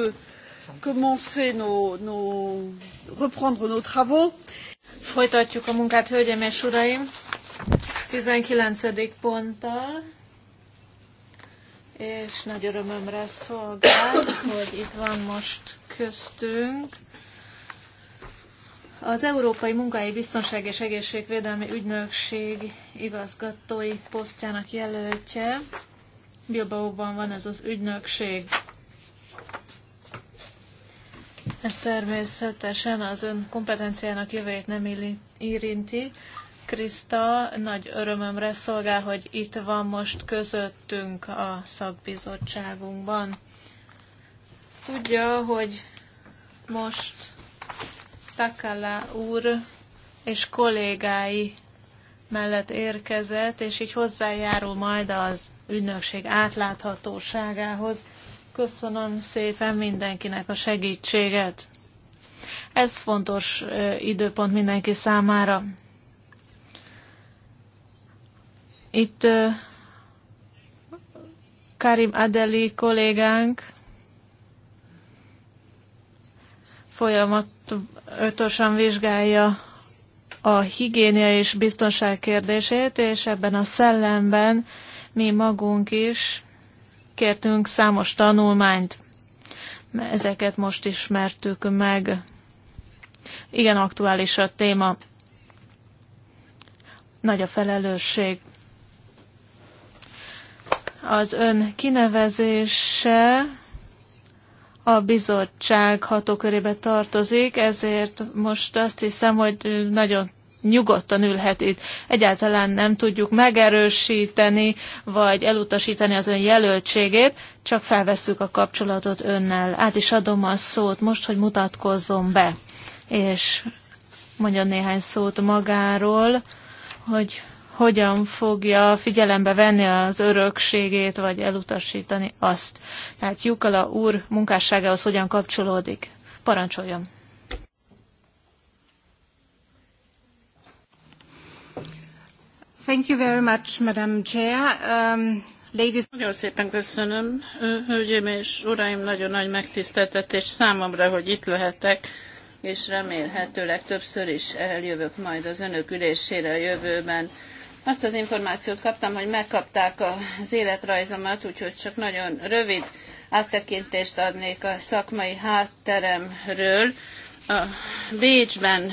de commencer nos, nos, reprendre nos travaux. Folytatjuk a munkát, hölgyeim és uraim, 19. ponttal, és nagy örömömre szolgál, hogy itt van most köztünk az Európai Munkai Biztonság és Egészségvédelmi Ügynökség igazgatói posztjának jelöltje. Bilbaóban van ez az ügynökség. Ez természetesen az ön kompetenciának jövőjét nem érinti. Kriszta, nagy örömömre szolgál, hogy itt van most közöttünk a szakbizottságunkban. Tudja, hogy most Takala úr és kollégái mellett érkezett, és így hozzájárul majd az ügynökség átláthatóságához. Köszönöm szépen mindenkinek a segítséget. Ez fontos időpont mindenki számára. Itt Karim Adeli kollégánk folyamatosan vizsgálja a higiénia és biztonság kérdését, és ebben a szellemben mi magunk is kértünk számos tanulmányt, ezeket most ismertük meg. Igen, aktuális a téma. Nagy a felelősség. Az ön kinevezése a bizottság hatókörébe tartozik, ezért most azt hiszem, hogy nagyon nyugodtan ülhet itt. Egyáltalán nem tudjuk megerősíteni, vagy elutasítani az ön jelöltségét, csak felvesszük a kapcsolatot önnel. Át is adom a szót most, hogy mutatkozzon be, és mondjon néhány szót magáról, hogy hogyan fogja figyelembe venni az örökségét, vagy elutasítani azt. Tehát Jukala úr munkásságához hogyan kapcsolódik. Parancsoljon! Thank you very much, Madam Chair. Um, ladies... Nagyon szépen köszönöm, hölgyeim és uraim, nagyon nagy megtiszteltetés számomra, hogy itt lehetek és remélhetőleg többször is eljövök majd az önök ülésére a jövőben. Azt az információt kaptam, hogy megkapták az életrajzomat, úgyhogy csak nagyon rövid áttekintést adnék a szakmai hátteremről. A Bécsben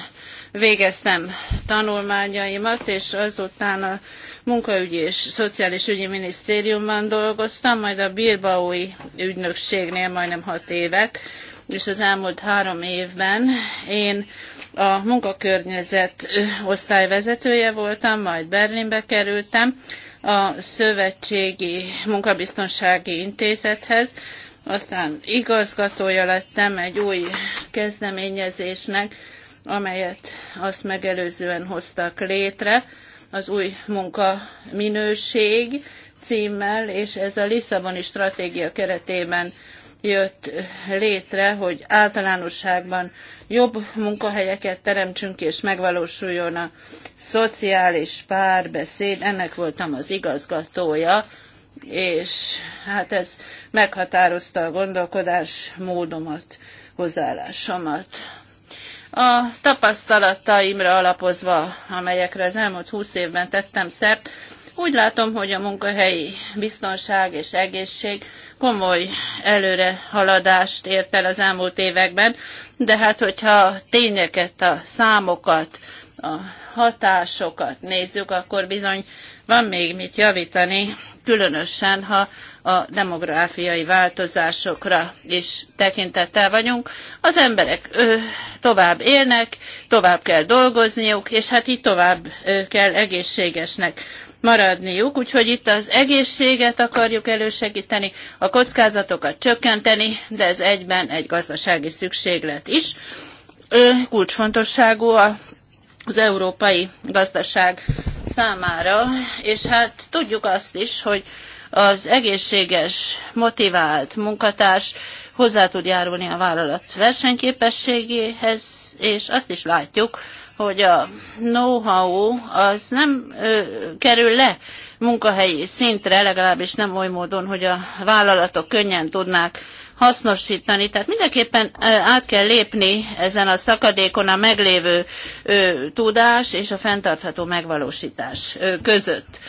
végeztem tanulmányaimat, és azután a munkaügyi és szociális ügyi minisztériumban dolgoztam, majd a Bilbaói ügynökségnél majdnem hat évet, és az elmúlt három évben én a munkakörnyezet osztályvezetője voltam, majd Berlinbe kerültem a Szövetségi Munkabiztonsági Intézethez, aztán igazgatója lettem egy új kezdeményezésnek, amelyet azt megelőzően hoztak létre, az új munkaminőség címmel, és ez a Lisszaboni stratégia keretében jött létre, hogy általánosságban jobb munkahelyeket teremtsünk, és megvalósuljon a szociális párbeszéd. Ennek voltam az igazgatója, és hát ez meghatározta a gondolkodás módomat, hozzáállásomat. A tapasztalataimra alapozva, amelyekre az elmúlt húsz évben tettem szert, úgy látom, hogy a munkahelyi biztonság és egészség komoly előre haladást ért el az elmúlt években, de hát hogyha a tényeket, a számokat, a hatásokat nézzük, akkor bizony van még mit javítani különösen ha a demográfiai változásokra is tekintettel vagyunk. Az emberek ö, tovább élnek, tovább kell dolgozniuk, és hát így tovább ö, kell egészségesnek maradniuk, úgyhogy itt az egészséget akarjuk elősegíteni, a kockázatokat csökkenteni, de ez egyben egy gazdasági szükséglet is. Ö, kulcsfontosságú a az európai gazdaság számára, és hát tudjuk azt is, hogy az egészséges, motivált munkatárs hozzá tud járulni a vállalat versenyképességéhez, és azt is látjuk, hogy a know-how az nem ö, kerül le munkahelyi szintre, legalábbis nem oly módon, hogy a vállalatok könnyen tudnák hasznosítani. Tehát mindenképpen át kell lépni ezen a szakadékon a meglévő tudás és a fenntartható megvalósítás között.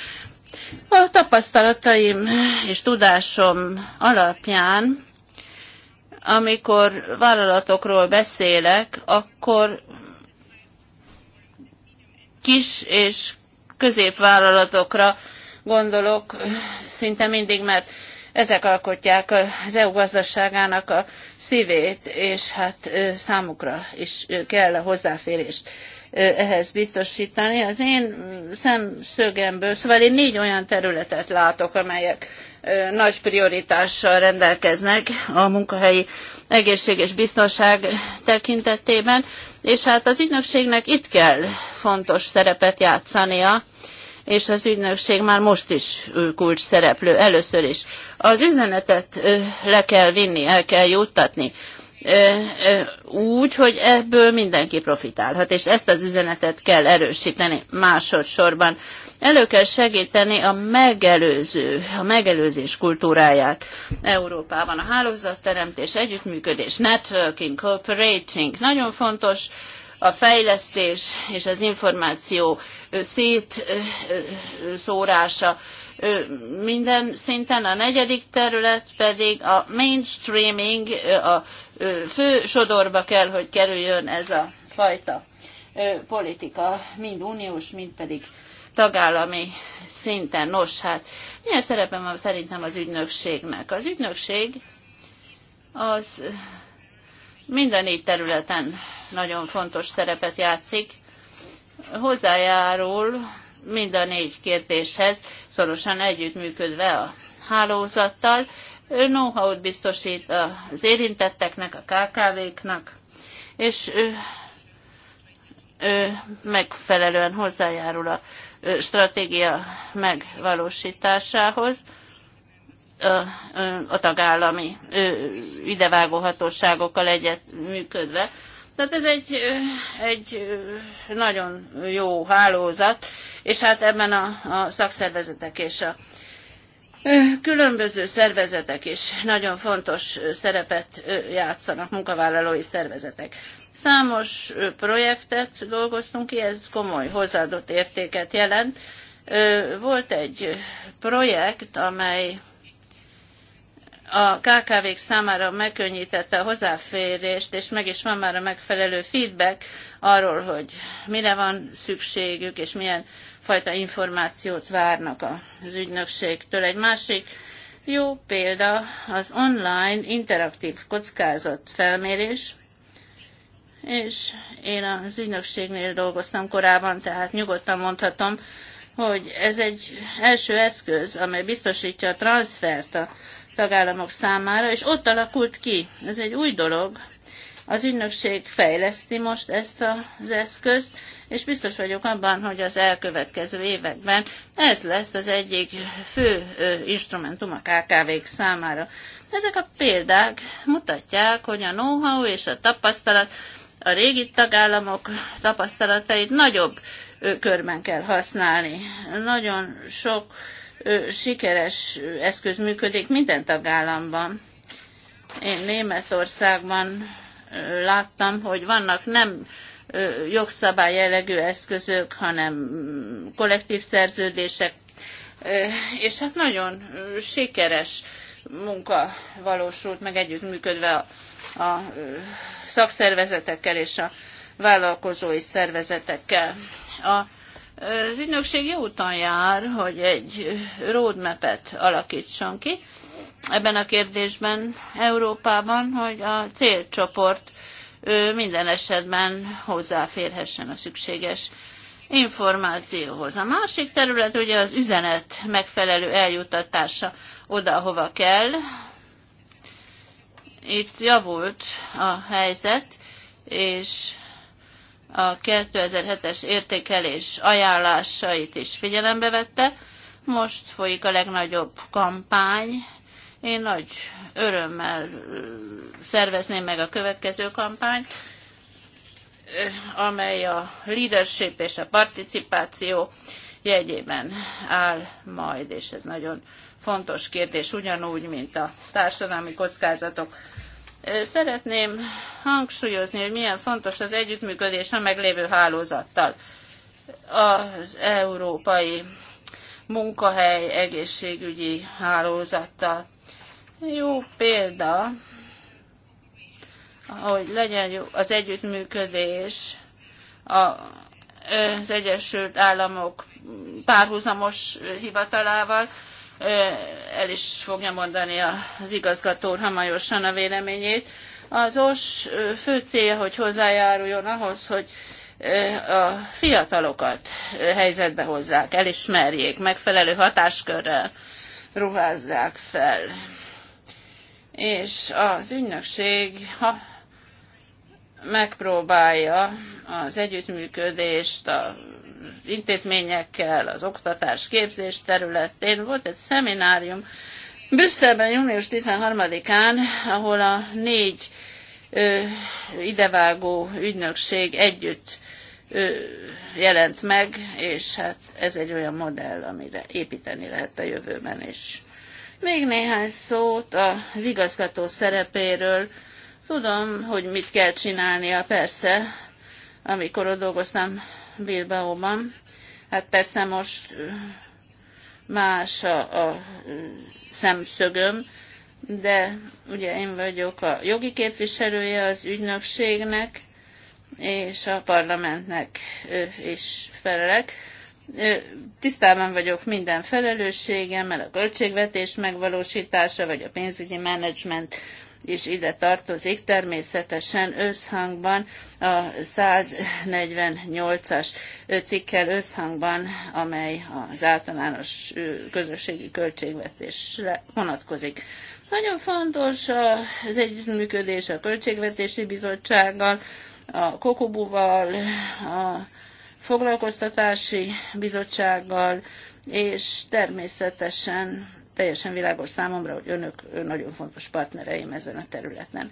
A tapasztalataim és tudásom alapján, amikor vállalatokról beszélek, akkor kis és középvállalatokra gondolok szinte mindig, mert ezek alkotják az EU gazdaságának a szívét, és hát számukra is kell a hozzáférést ehhez biztosítani. Az én szemszögemből, szóval én négy olyan területet látok, amelyek nagy prioritással rendelkeznek a munkahelyi egészség és biztonság tekintetében, és hát az ügynökségnek itt kell fontos szerepet játszania, és az ügynökség már most is kulcs szereplő, először is. Az üzenetet le kell vinni, el kell juttatni úgy, hogy ebből mindenki profitálhat, és ezt az üzenetet kell erősíteni másodszorban. Elő kell segíteni a megelőző, a megelőzés kultúráját Európában. A hálózatteremtés, együttműködés, networking, cooperating nagyon fontos, a fejlesztés és az információ szétszórása minden szinten, a negyedik terület pedig a mainstreaming, a fő sodorba kell, hogy kerüljön ez a fajta politika, mind uniós, mind pedig tagállami szinten. Nos, hát milyen szerepe van szerintem az ügynökségnek? Az ügynökség az minden négy területen nagyon fontos szerepet játszik. Hozzájárul mind a négy kérdéshez, szorosan együttműködve a hálózattal, know-how-t biztosít az érintetteknek, a KKV-knak, és ő, ő megfelelően hozzájárul a stratégia megvalósításához a, tagállami idevágó hatóságokkal egyet működve. Tehát ez egy, egy nagyon jó hálózat, és hát ebben a, a szakszervezetek és a különböző szervezetek is nagyon fontos szerepet játszanak, munkavállalói szervezetek. Számos projektet dolgoztunk ki, ez komoly hozzáadott értéket jelent. Volt egy projekt, amely a KKV-k számára megkönnyítette a hozzáférést, és meg is van már a megfelelő feedback arról, hogy mire van szükségük, és milyen fajta információt várnak az ügynökségtől. Egy másik jó példa az online interaktív kockázat felmérés, és én az ügynökségnél dolgoztam korábban, tehát nyugodtan mondhatom, hogy ez egy első eszköz, amely biztosítja a transfert a tagállamok számára, és ott alakult ki. Ez egy új dolog. Az ügynökség fejleszti most ezt az eszközt, és biztos vagyok abban, hogy az elkövetkező években ez lesz az egyik fő instrumentum a KKV-k számára. Ezek a példák mutatják, hogy a know-how és a tapasztalat a régi tagállamok tapasztalatait nagyobb körben kell használni. Nagyon sok sikeres eszköz működik minden tagállamban. Én Németországban láttam, hogy vannak nem jogszabály jellegű eszközök, hanem kollektív szerződések, és hát nagyon sikeres munka valósult meg együttműködve a, a szakszervezetekkel és a vállalkozói szervezetekkel. A az ügynökség jó úton jár, hogy egy roadmap-et alakítson ki ebben a kérdésben Európában, hogy a célcsoport minden esetben hozzáférhessen a szükséges információhoz. A másik terület ugye az üzenet megfelelő eljutatása oda, hova kell. Itt javult a helyzet, és a 2007-es értékelés ajánlásait is figyelembe vette. Most folyik a legnagyobb kampány. Én nagy örömmel szervezném meg a következő kampányt, amely a leadership és a participáció jegyében áll majd, és ez nagyon fontos kérdés, ugyanúgy, mint a társadalmi kockázatok Szeretném hangsúlyozni, hogy milyen fontos az együttműködés a meglévő hálózattal. Az európai munkahely egészségügyi hálózattal. Jó példa, hogy legyen jó az együttműködés az Egyesült Államok párhuzamos hivatalával, el is fogja mondani az igazgató hamajosan a véleményét. Az OS fő célja, hogy hozzájáruljon ahhoz, hogy a fiatalokat helyzetbe hozzák, elismerjék, megfelelő hatáskörrel ruházzák fel. És az ügynökség ha megpróbálja az együttműködést, a intézményekkel, az oktatás képzés területén. Volt egy szeminárium Brüsszelben június 13-án, ahol a négy ö, idevágó ügynökség együtt ö, jelent meg, és hát ez egy olyan modell, amire építeni lehet a jövőben is. Még néhány szót az igazgató szerepéről. Tudom, hogy mit kell csinálnia, persze, amikor ott dolgoztam Bilbaóban. Hát persze most más a, a szemszögöm, de ugye én vagyok a jogi képviselője az ügynökségnek, és a parlamentnek is felelek. Tisztában vagyok minden felelősségemmel, a költségvetés megvalósítása, vagy a pénzügyi menedzsment is ide tartozik, természetesen összhangban a 148-as cikkel összhangban, amely az általános közösségi költségvetésre vonatkozik. Nagyon fontos az együttműködés a Költségvetési Bizottsággal, a Kokobuval, a Foglalkoztatási Bizottsággal, és természetesen teljesen világos számomra, hogy önök nagyon fontos partnereim ezen a területen.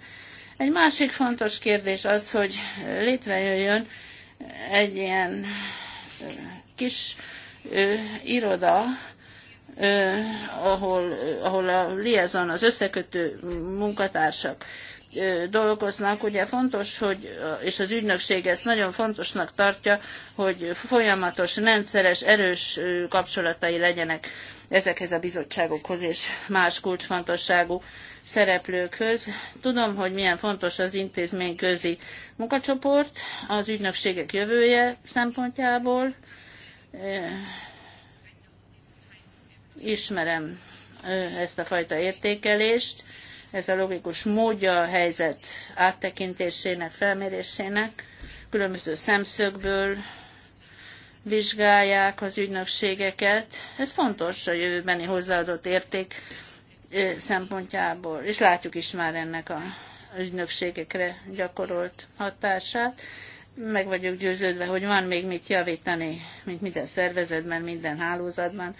Egy másik fontos kérdés az, hogy létrejöjjön egy ilyen kis ö, iroda, ö, ahol, ahol a liaison, az összekötő munkatársak dolgoznak. Ugye fontos, hogy, és az ügynökség ezt nagyon fontosnak tartja, hogy folyamatos, rendszeres, erős kapcsolatai legyenek ezekhez a bizottságokhoz és más kulcsfontosságú szereplőkhöz. Tudom, hogy milyen fontos az intézmény közi munkacsoport az ügynökségek jövője szempontjából. Ismerem ezt a fajta értékelést, ez a logikus módja a helyzet áttekintésének, felmérésének. Különböző szemszögből vizsgálják az ügynökségeket. Ez fontos a jövőbeni hozzáadott érték szempontjából, és látjuk is már ennek a ügynökségekre gyakorolt hatását. Meg vagyok győződve, hogy van még mit javítani, mint minden szervezetben, minden hálózatban.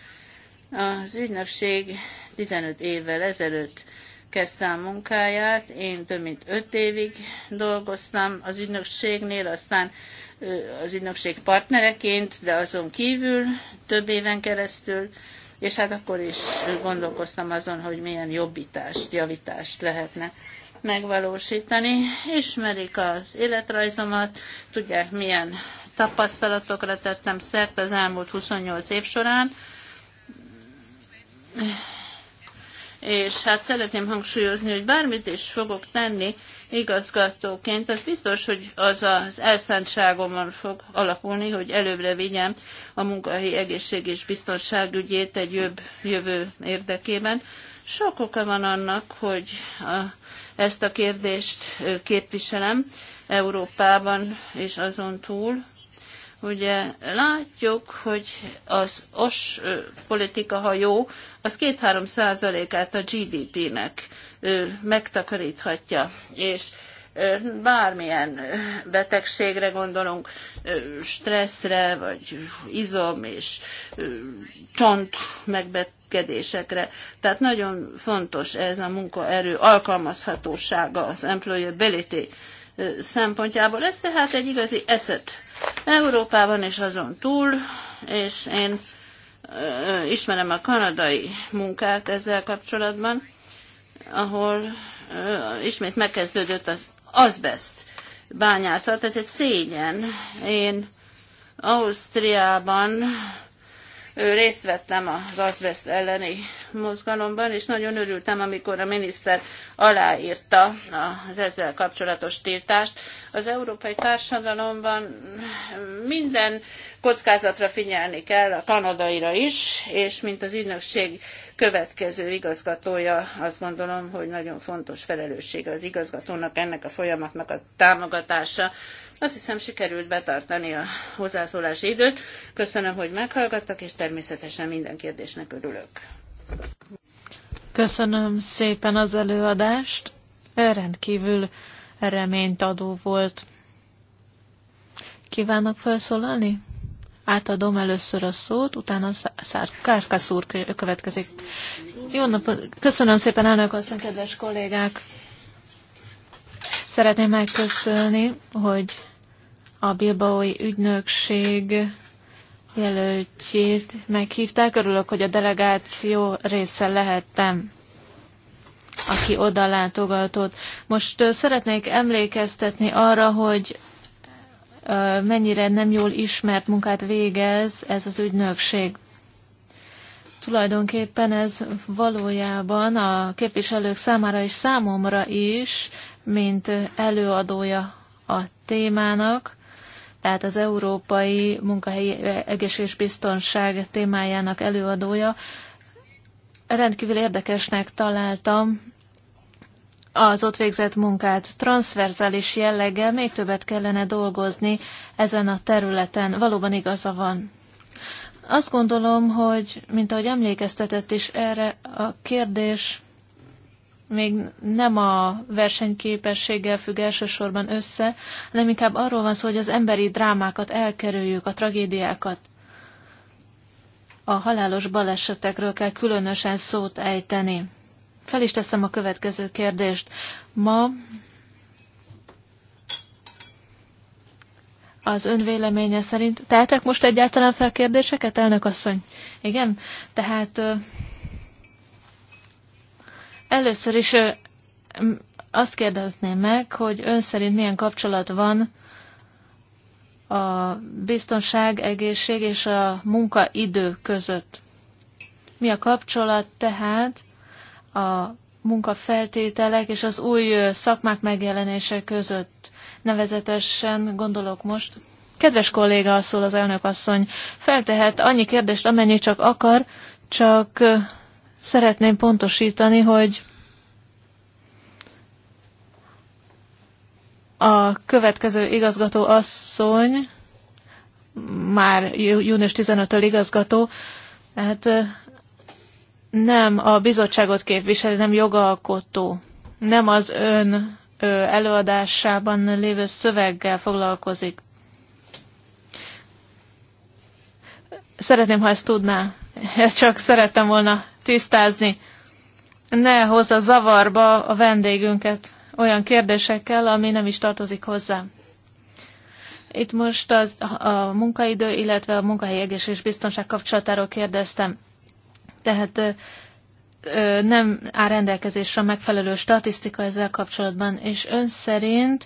Az ügynökség 15 évvel ezelőtt kezdte a munkáját. Én több mint öt évig dolgoztam az ügynökségnél, aztán az ügynökség partnereként, de azon kívül több éven keresztül, és hát akkor is gondolkoztam azon, hogy milyen jobbítást, javítást lehetne megvalósítani. Ismerik az életrajzomat, tudják milyen tapasztalatokra tettem szert az elmúlt 28 év során és hát szeretném hangsúlyozni, hogy bármit is fogok tenni igazgatóként, az biztos, hogy az az elszántságomon fog alapulni, hogy előbbre vigyem a munkahelyi egészség és biztonságügyét egy jobb jövő érdekében. Sok oka van annak, hogy a, ezt a kérdést képviselem Európában és azon túl, Ugye látjuk, hogy az OS politika, ha jó, az 2-3 százalékát a GDP-nek megtakaríthatja. És bármilyen betegségre gondolunk, stresszre, vagy izom és csont megbetegedésekre. Tehát nagyon fontos ez a munkaerő alkalmazhatósága, az employability szempontjából. Ez tehát egy igazi asset Európában és azon túl, és én ismerem a kanadai munkát ezzel kapcsolatban, ahol ismét megkezdődött az azbest bányászat. Ez egy szégyen. Én Ausztriában részt vettem az azbest elleni mozgalomban, és nagyon örültem, amikor a miniszter aláírta az ezzel kapcsolatos tiltást. Az európai társadalomban minden kockázatra figyelni kell, a kanadaira is, és mint az ügynökség következő igazgatója, azt gondolom, hogy nagyon fontos felelőssége az igazgatónak ennek a folyamatnak a támogatása. Azt hiszem, sikerült betartani a hozzászólási időt. Köszönöm, hogy meghallgattak, és természetesen minden kérdésnek örülök. Köszönöm szépen az előadást. Rendkívül reményt adó volt. Kívánok felszólalni? Átadom először a szót, utána Szár úr következik. Jó napot! Köszönöm szépen, elnök asszony, kedves kollégák! Szeretném megköszönni, hogy a Bilbaói ügynökség jelöltjét meghívták. Örülök, hogy a delegáció része lehettem aki oda látogatott. Most szeretnék emlékeztetni arra, hogy mennyire nem jól ismert munkát végez ez az ügynökség. Tulajdonképpen ez valójában a képviselők számára és számomra is, mint előadója a témának, tehát az Európai Munkahelyi eh, Egészségbiztonság témájának előadója. Rendkívül érdekesnek találtam az ott végzett munkát. transzverzális jelleggel még többet kellene dolgozni ezen a területen. Valóban igaza van. Azt gondolom, hogy, mint ahogy emlékeztetett is erre a kérdés, még nem a versenyképességgel függ elsősorban össze, hanem inkább arról van szó, hogy az emberi drámákat elkerüljük, a tragédiákat. A halálos balesetekről kell különösen szót ejteni. Fel is teszem a következő kérdést. Ma az ön véleménye szerint. Tehetek most egyáltalán fel kérdéseket, elnök asszony? Igen? Tehát Először is azt kérdezném meg, hogy ön szerint milyen kapcsolat van a biztonság, egészség és a munkaidő között. Mi a kapcsolat tehát a munkafeltételek és az új szakmák megjelenése között? Nevezetesen gondolok most. Kedves kolléga, szól az elnök asszony, feltehet annyi kérdést, amennyi csak akar, csak Szeretném pontosítani, hogy a következő igazgató asszony, már június 15-től igazgató, tehát nem a bizottságot képviseli, nem jogalkotó, nem az ön előadásában lévő szöveggel foglalkozik. Szeretném, ha ezt tudná. Ezt csak szerettem volna tisztázni. Ne hozza zavarba a vendégünket olyan kérdésekkel, ami nem is tartozik hozzá. Itt most az, a munkaidő, illetve a munkahelyi egész és biztonság kapcsolatáról kérdeztem. Tehát ö, nem áll rendelkezésre megfelelő statisztika ezzel kapcsolatban, és ön szerint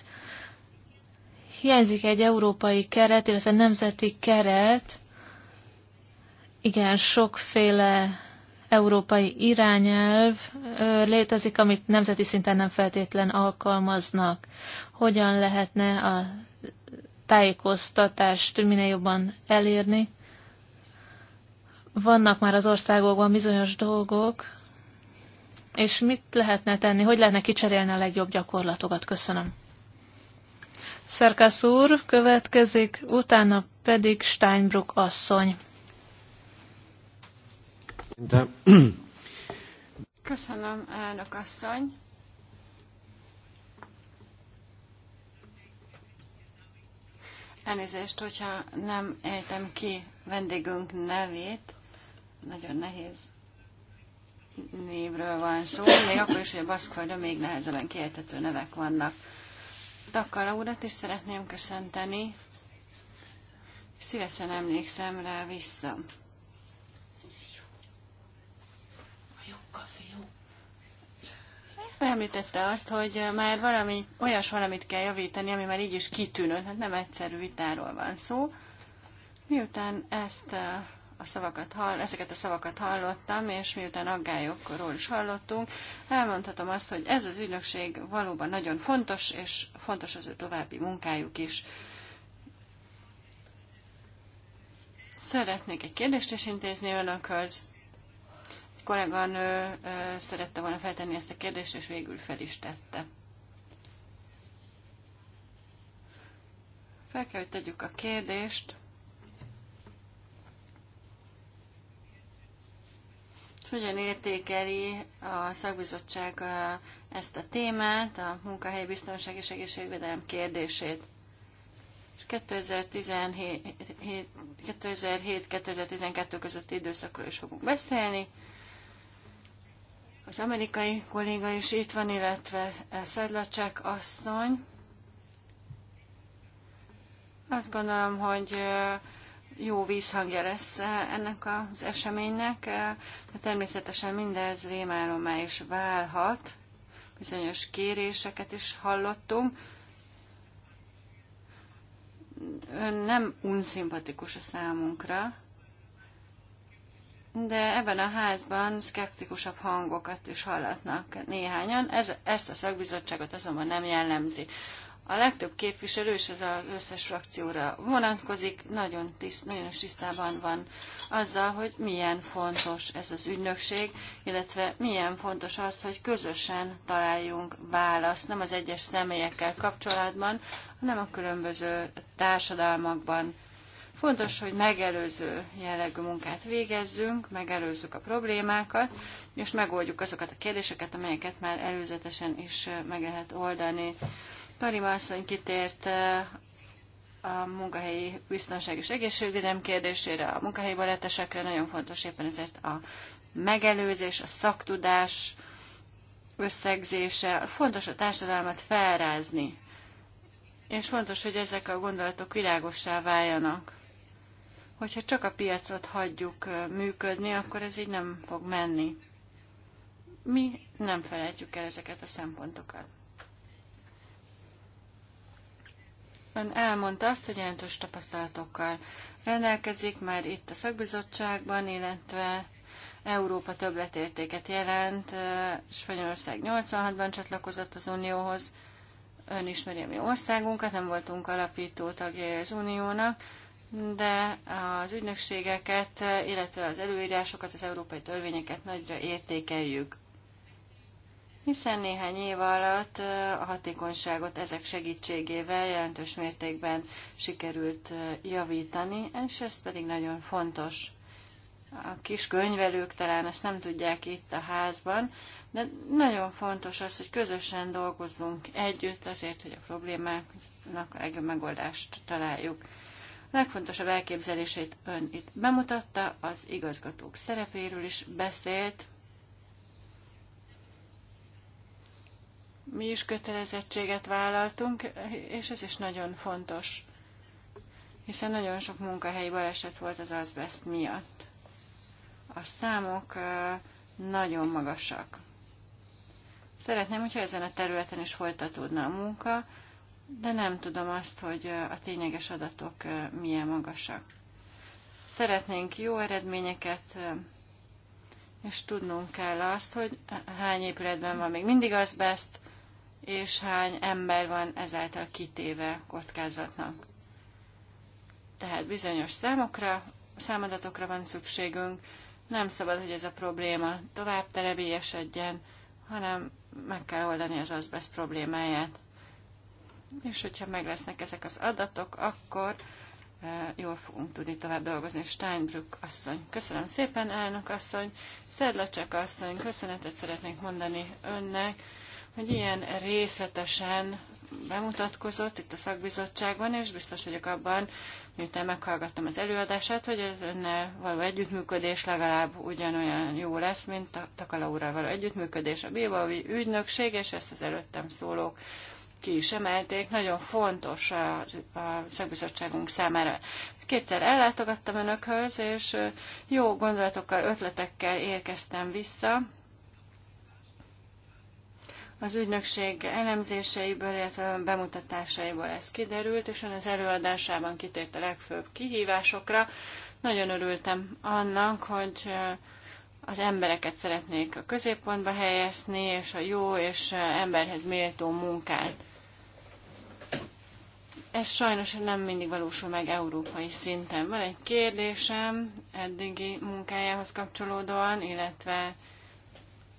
hiányzik egy európai keret, illetve nemzeti keret, igen, sokféle európai irányelv létezik, amit nemzeti szinten nem feltétlen alkalmaznak. Hogyan lehetne a tájékoztatást minél jobban elérni? Vannak már az országokban bizonyos dolgok, és mit lehetne tenni, hogy lehetne kicserélni a legjobb gyakorlatokat? Köszönöm. Szerkasz úr következik, utána pedig Steinbruck asszony. De... Köszönöm, elnök asszony. Elnézést, hogyha nem ejtem ki vendégünk nevét, nagyon nehéz névről van szó, még akkor is, hogy a baszkfajda még nehezebben kiejtető nevek vannak. Takkala urat is szeretném köszönteni, szívesen emlékszem rá vissza. Említette azt, hogy már valami, olyas valamit kell javítani, ami már így is kitűnő, hát nem egyszerű vitáról van szó. Miután ezt eh, a szavakat hall, ezeket a szavakat hallottam, és miután aggályokról is hallottunk, elmondhatom azt, hogy ez az ügynökség valóban nagyon fontos, és fontos az ő további munkájuk is. Szeretnék egy kérdést is intézni önökhöz kolléganő szerette volna feltenni ezt a kérdést, és végül fel is tette. Fel kell, hogy tegyük a kérdést. Hogyan értékeli a szakbizottság ezt a témát, a munkahelyi biztonság és egészségvédelem kérdését? 2017-2012 közötti időszakról is fogunk beszélni. Az amerikai kolléga is itt van, illetve eh, Szedlacsek asszony. Azt gondolom, hogy eh, jó vízhangja lesz eh, ennek az eseménynek, de természetesen mindez rémálomá is válhat. Bizonyos kéréseket is hallottunk. Ön nem unszimpatikus a számunkra, de ebben a házban szkeptikusabb hangokat is hallatnak néhányan. Ez, ezt a szakbizottságot azonban nem jellemzi. A legtöbb képviselő, és ez az összes frakcióra vonatkozik, nagyon, tiszt, nagyon tisztában van azzal, hogy milyen fontos ez az ügynökség, illetve milyen fontos az, hogy közösen találjunk választ, nem az egyes személyekkel kapcsolatban, hanem a különböző társadalmakban Fontos, hogy megelőző jellegű munkát végezzünk, megelőzzük a problémákat, és megoldjuk azokat a kérdéseket, amelyeket már előzetesen is meg lehet oldani. Karima asszony kitért a munkahelyi biztonság és egészségvédelem kérdésére, a munkahelyi baletesekre, nagyon fontos éppen ezért a megelőzés, a szaktudás összegzése. Fontos a társadalmat felrázni, és fontos, hogy ezek a gondolatok világossá váljanak. Hogyha csak a piacot hagyjuk működni, akkor ez így nem fog menni. Mi nem felejtjük el ezeket a szempontokat. Ön elmondta azt, hogy jelentős tapasztalatokkal rendelkezik már itt a szakbizottságban, illetve Európa többletértéket jelent. Spanyolország 86-ban csatlakozott az Unióhoz. Ön ismeri a mi országunkat, nem voltunk alapító tagjai az Uniónak de az ügynökségeket, illetve az előírásokat, az európai törvényeket nagyra értékeljük. Hiszen néhány év alatt a hatékonyságot ezek segítségével jelentős mértékben sikerült javítani, és ez pedig nagyon fontos. A kis könyvelők talán ezt nem tudják itt a házban, de nagyon fontos az, hogy közösen dolgozzunk együtt azért, hogy a problémáknak a legjobb megoldást találjuk legfontosabb elképzelését ön itt bemutatta, az igazgatók szerepéről is beszélt. Mi is kötelezettséget vállaltunk, és ez is nagyon fontos, hiszen nagyon sok munkahelyi baleset volt az azbest miatt. A számok nagyon magasak. Szeretném, hogyha ezen a területen is folytatódna a munka, de nem tudom azt, hogy a tényleges adatok milyen magasak. Szeretnénk jó eredményeket, és tudnunk kell azt, hogy hány épületben van még mindig az best, és hány ember van ezáltal kitéve kockázatnak. Tehát bizonyos számokra, számadatokra van szükségünk, nem szabad, hogy ez a probléma tovább terebélyesedjen, hanem meg kell oldani az azbest problémáját és hogyha meglesznek ezek az adatok, akkor e, jól fogunk tudni tovább dolgozni. Steinbrück asszony, köszönöm szépen, elnök asszony, Szedlacsek asszony, köszönetet szeretnék mondani önnek, hogy ilyen részletesen bemutatkozott itt a szakbizottságban, és biztos vagyok abban, miután meghallgattam az előadását, hogy az önnel való együttműködés legalább ugyanolyan jó lesz, mint a Takala úrral való együttműködés, a Bébavi ügynökség, és ezt az előttem szólók ki is emelték, nagyon fontos a, a szakbizottságunk számára. Kétszer ellátogattam önökhöz, és jó gondolatokkal, ötletekkel érkeztem vissza. Az ügynökség elemzéseiből, illetve bemutatásaiból ez kiderült, és ön az előadásában kitért a legfőbb kihívásokra. Nagyon örültem annak, hogy az embereket szeretnék a középpontba helyezni, és a jó és emberhez méltó munkát ez sajnos nem mindig valósul meg európai szinten. Van egy kérdésem eddigi munkájához kapcsolódóan, illetve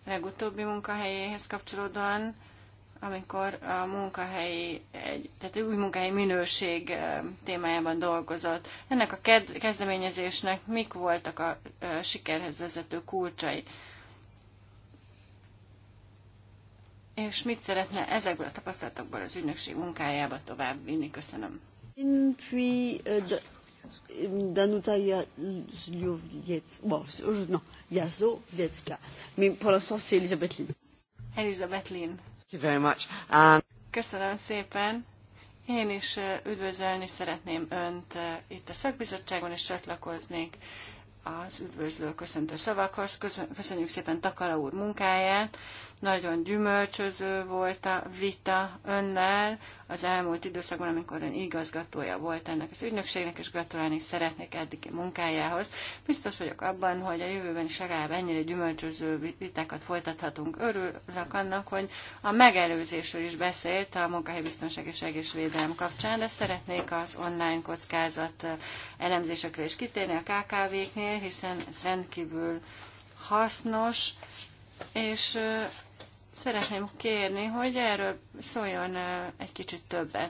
legutóbbi munkahelyéhez kapcsolódóan, amikor a munkahelyi, egy, tehát új munkahelyi minőség témájában dolgozott. Ennek a kezdeményezésnek mik voltak a sikerhez vezető kulcsai? és mit szeretne ezekből a tapasztalatokból az ügynökség munkájába tovább vinni? Köszönöm. Elizabeth Danuta Lynn. Thank you very much. Um, Köszönöm szépen. Én is üdvözölni szeretném Önt itt a szakbizottságon, és csatlakoznék az üdvözlő köszöntő szavakhoz. Köszönjük szépen Takala úr munkáját. Nagyon gyümölcsöző volt a vita önnel az elmúlt időszakban, amikor ön igazgatója volt ennek az ügynökségnek, és gratulálni szeretnék eddigi munkájához. Biztos vagyok abban, hogy a jövőben is legalább ennyire gyümölcsöző vitákat folytathatunk. Örülök annak, hogy a megelőzésről is beszélt a munkahelybiztonság és egészvédelem kapcsán, de szeretnék az online kockázat elemzésekre is kitérni a KKV-knél, hiszen ez rendkívül hasznos, és Szeretném kérni, hogy erről szóljon egy kicsit többen.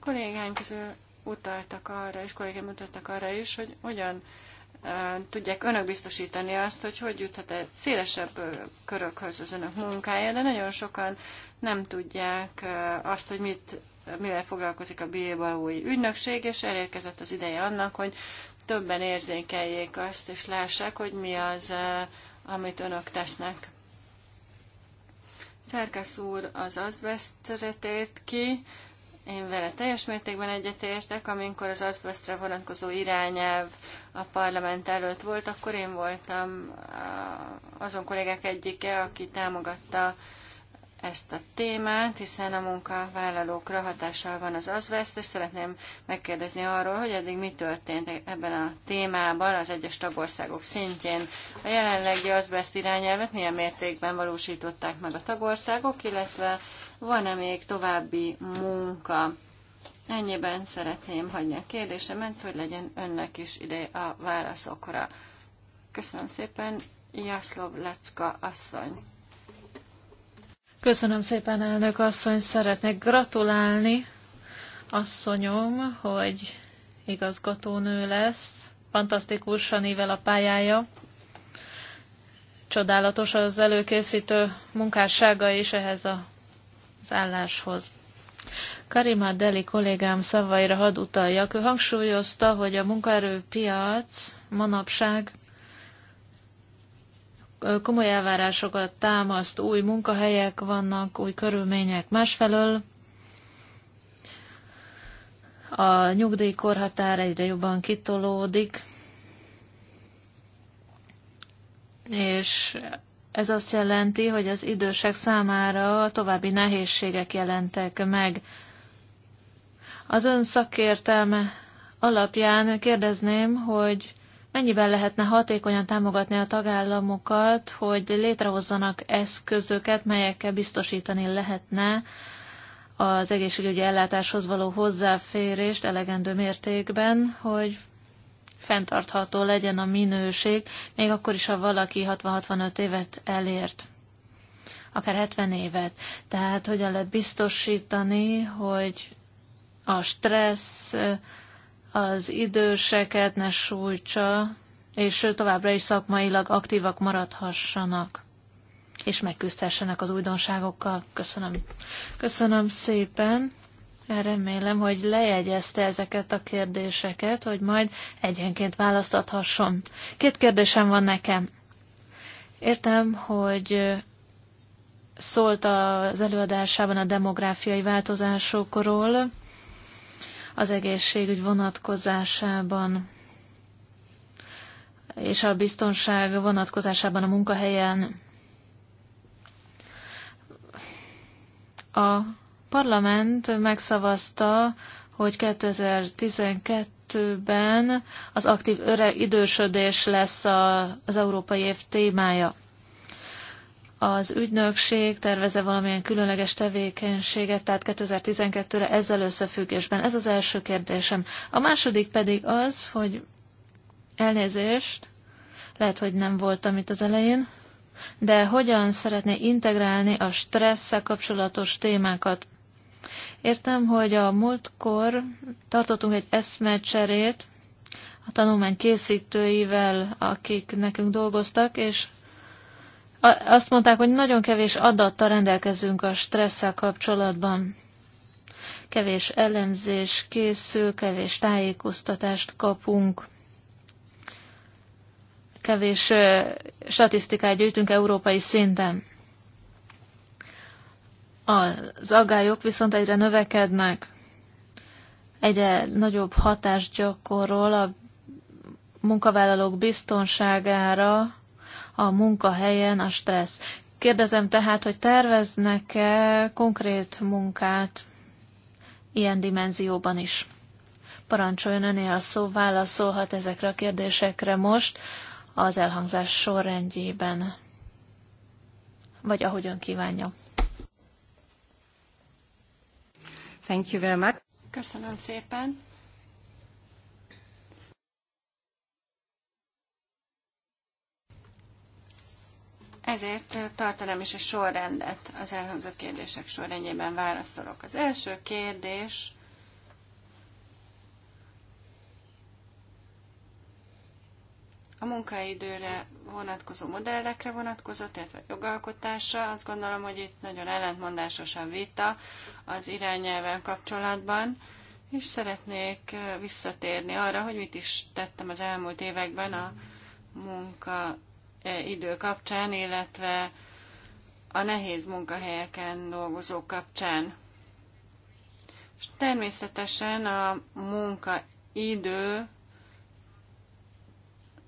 A kollégáim közül utaltak arra, és kollégáim utaltak arra is, hogy hogyan tudják önök biztosítani azt, hogy hogy juthat -e szélesebb körökhöz az önök munkája, de nagyon sokan nem tudják azt, hogy mit, mivel foglalkozik a Bilbaói ügynökség, és elérkezett az ideje annak, hogy többen érzékeljék azt, és lássák, hogy mi az amit önök tesznek. Szerkesz úr az azbestre tért ki, én vele teljes mértékben egyetértek, amikor az azbestre vonatkozó irányelv a parlament előtt volt, akkor én voltam azon kollégák egyike, aki támogatta ezt a témát, hiszen a munkavállalókra hatással van az azveszt, és szeretném megkérdezni arról, hogy eddig mi történt ebben a témában az egyes tagországok szintjén. A jelenlegi azveszt irányelvet milyen mértékben valósították meg a tagországok, illetve van-e még további munka? Ennyiben szeretném hagyni a kérdésemet, hogy legyen önnek is ide a válaszokra. Köszönöm szépen, Jaszlov Lecka asszony. Köszönöm szépen, elnök asszony. Szeretnék gratulálni asszonyom, hogy igazgatónő lesz. Fantasztikusan ível a pályája. Csodálatos az előkészítő munkássága is ehhez a, az álláshoz. Karima Deli kollégám szavaira hadd utaljak. Ő hangsúlyozta, hogy a munkaerőpiac manapság komoly elvárásokat támaszt, új munkahelyek vannak, új körülmények. Másfelől a nyugdíjkorhatár egyre jobban kitolódik, és ez azt jelenti, hogy az idősek számára további nehézségek jelentek meg. Az ön szakértelme alapján kérdezném, hogy Mennyiben lehetne hatékonyan támogatni a tagállamokat, hogy létrehozzanak eszközöket, melyekkel biztosítani lehetne az egészségügyi ellátáshoz való hozzáférést elegendő mértékben, hogy fenntartható legyen a minőség, még akkor is, ha valaki 60-65 évet elért, akár 70 évet. Tehát hogyan lehet biztosítani, hogy a stressz, az időseket ne sújtsa, és továbbra is szakmailag aktívak maradhassanak, és megküzdhessenek az újdonságokkal. Köszönöm. Köszönöm szépen. Remélem, hogy lejegyezte ezeket a kérdéseket, hogy majd egyenként választathasson. Két kérdésem van nekem. Értem, hogy szólt az előadásában a demográfiai változásokról, az egészségügy vonatkozásában és a biztonság vonatkozásában a munkahelyen. A parlament megszavazta, hogy 2012-ben az aktív öreg idősödés lesz az európai év témája az ügynökség terveze valamilyen különleges tevékenységet, tehát 2012-re ezzel összefüggésben. Ez az első kérdésem. A második pedig az, hogy elnézést, lehet, hogy nem voltam itt az elején, de hogyan szeretné integrálni a stresszel kapcsolatos témákat? Értem, hogy a múltkor tartottunk egy eszmecserét a tanulmány készítőivel, akik nekünk dolgoztak, és azt mondták, hogy nagyon kevés adattal rendelkezünk a stresszel kapcsolatban. Kevés elemzés készül, kevés tájékoztatást kapunk, kevés statisztikát gyűjtünk európai szinten. Az aggályok viszont egyre növekednek, egyre nagyobb hatást gyakorol a munkavállalók biztonságára, a munkahelyen a stressz. Kérdezem tehát, hogy terveznek-e konkrét munkát ilyen dimenzióban is? Parancsoljon öné a szó, válaszolhat ezekre a kérdésekre most az elhangzás sorrendjében, vagy ahogyan kívánja. Thank you very much. Köszönöm szépen. Ezért tartanám is a sorrendet az elhangzó kérdések sorrendjében válaszolok. Az első kérdés a munkaidőre vonatkozó modellekre vonatkozott, illetve jogalkotásra. Azt gondolom, hogy itt nagyon ellentmondásos a vita az irányelven kapcsolatban, és szeretnék visszatérni arra, hogy mit is tettem az elmúlt években a munka E, idő kapcsán, illetve a nehéz munkahelyeken dolgozók kapcsán. És természetesen a munkaidő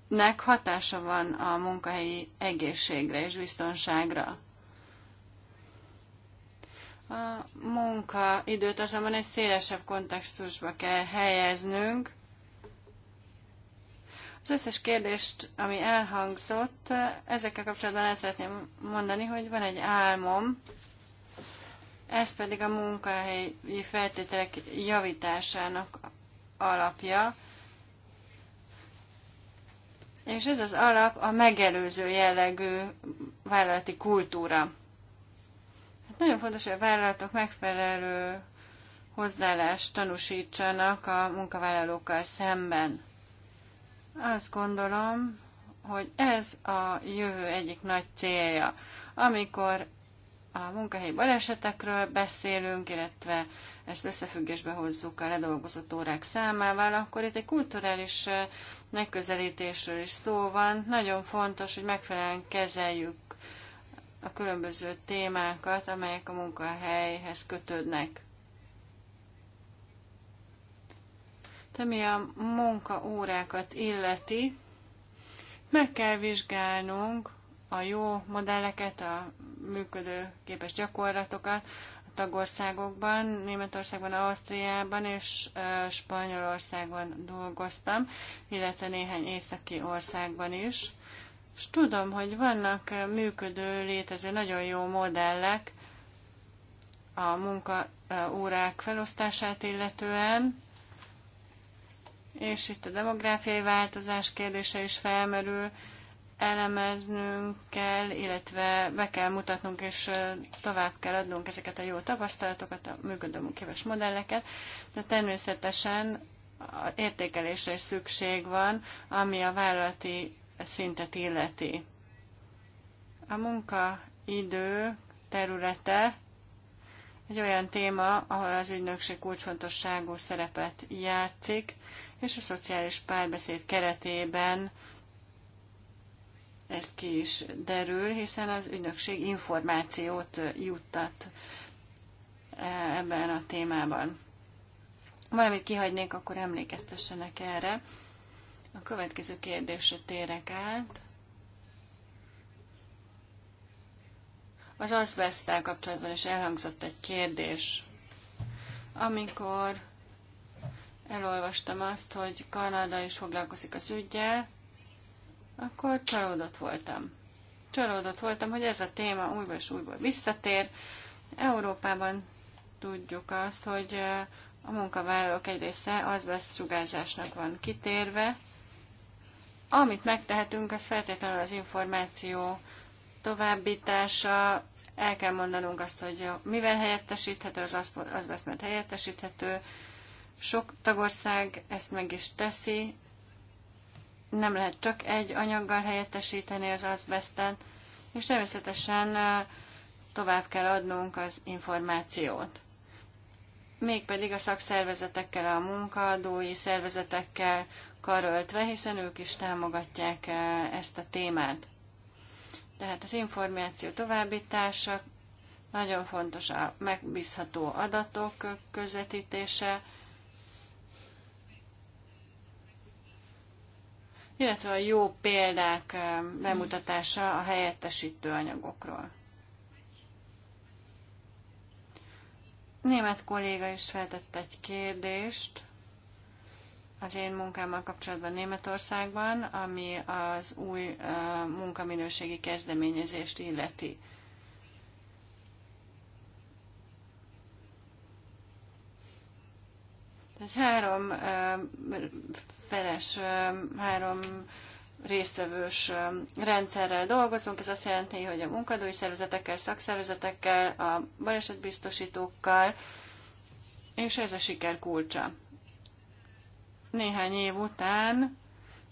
nek hatása van a munkahelyi egészségre és biztonságra. A munkaidőt azonban egy szélesebb kontextusba kell helyeznünk, az összes kérdést, ami elhangzott, ezekkel kapcsolatban el szeretném mondani, hogy van egy álmom, ez pedig a munkahelyi feltételek javításának alapja, és ez az alap a megelőző jellegű vállalati kultúra. Hát nagyon fontos, hogy a vállalatok megfelelő hozzáállást tanúsítsanak a munkavállalókkal szemben. Azt gondolom, hogy ez a jövő egyik nagy célja. Amikor a munkahelyi balesetekről beszélünk, illetve ezt összefüggésbe hozzuk a ledolgozott órák számával, akkor itt egy kulturális megközelítésről is szó van. Nagyon fontos, hogy megfelelően kezeljük a különböző témákat, amelyek a munkahelyhez kötődnek. ami a munkaórákat illeti, meg kell vizsgálnunk a jó modelleket, a működő képes gyakorlatokat a tagországokban, Németországban, Ausztriában és Spanyolországban dolgoztam, illetve néhány északi országban is. És tudom, hogy vannak működő, létező nagyon jó modellek a munkaórák felosztását illetően, és itt a demográfiai változás kérdése is felmerül, elemeznünk kell, illetve be kell mutatnunk, és tovább kell adnunk ezeket a jó tapasztalatokat, a működőmunkéves modelleket, de természetesen értékelésre is szükség van, ami a vállalati szintet illeti. A munkaidő területe egy olyan téma, ahol az ügynökség kulcsfontosságú szerepet játszik, és a szociális párbeszéd keretében ez ki is derül, hiszen az ügynökség információt juttat e, ebben a témában. Valamit kihagynék, akkor emlékeztessenek erre. A következő kérdésre térek át. Az azbesztel kapcsolatban is elhangzott egy kérdés. Amikor elolvastam azt, hogy Kanada is foglalkozik az ügyjel, akkor csalódott voltam. Csalódott voltam, hogy ez a téma újból és újból visszatér. Európában tudjuk azt, hogy a munkavállalók egy része az lesz sugárzásnak van kitérve. Amit megtehetünk, az feltétlenül az információ továbbítása, el kell mondanunk azt, hogy mivel helyettesíthető, az az mert helyettesíthető. Sok tagország ezt meg is teszi, nem lehet csak egy anyaggal helyettesíteni az azbeszten, és természetesen tovább kell adnunk az információt. Mégpedig a szakszervezetekkel, a munkadói szervezetekkel karöltve, hiszen ők is támogatják ezt a témát. Tehát az információ továbbítása, nagyon fontos a megbízható adatok közvetítése, illetve a jó példák eh, bemutatása a helyettesítő anyagokról. Német kolléga is feltett egy kérdést az én munkámmal kapcsolatban Németországban, ami az új munkaminőségi kezdeményezést illeti. Tehát három feles, három résztvevős rendszerrel dolgozunk. Ez azt jelenti, hogy a munkadói szervezetekkel, szakszervezetekkel, a balesetbiztosítókkal, és ez a siker kulcsa néhány év után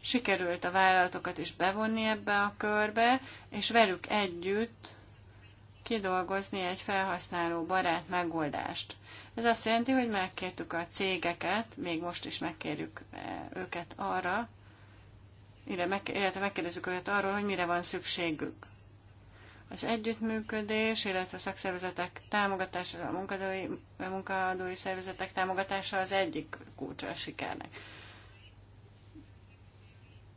sikerült a vállalatokat is bevonni ebbe a körbe, és velük együtt kidolgozni egy felhasználó barát megoldást. Ez azt jelenti, hogy megkértük a cégeket, még most is megkérjük eh, őket arra, illetve megkérdezzük őket arról, hogy mire van szükségük. Az együttműködés, illetve a szakszervezetek támogatása, a munkadói, a munkadói szervezetek támogatása az egyik kulcsa a sikernek.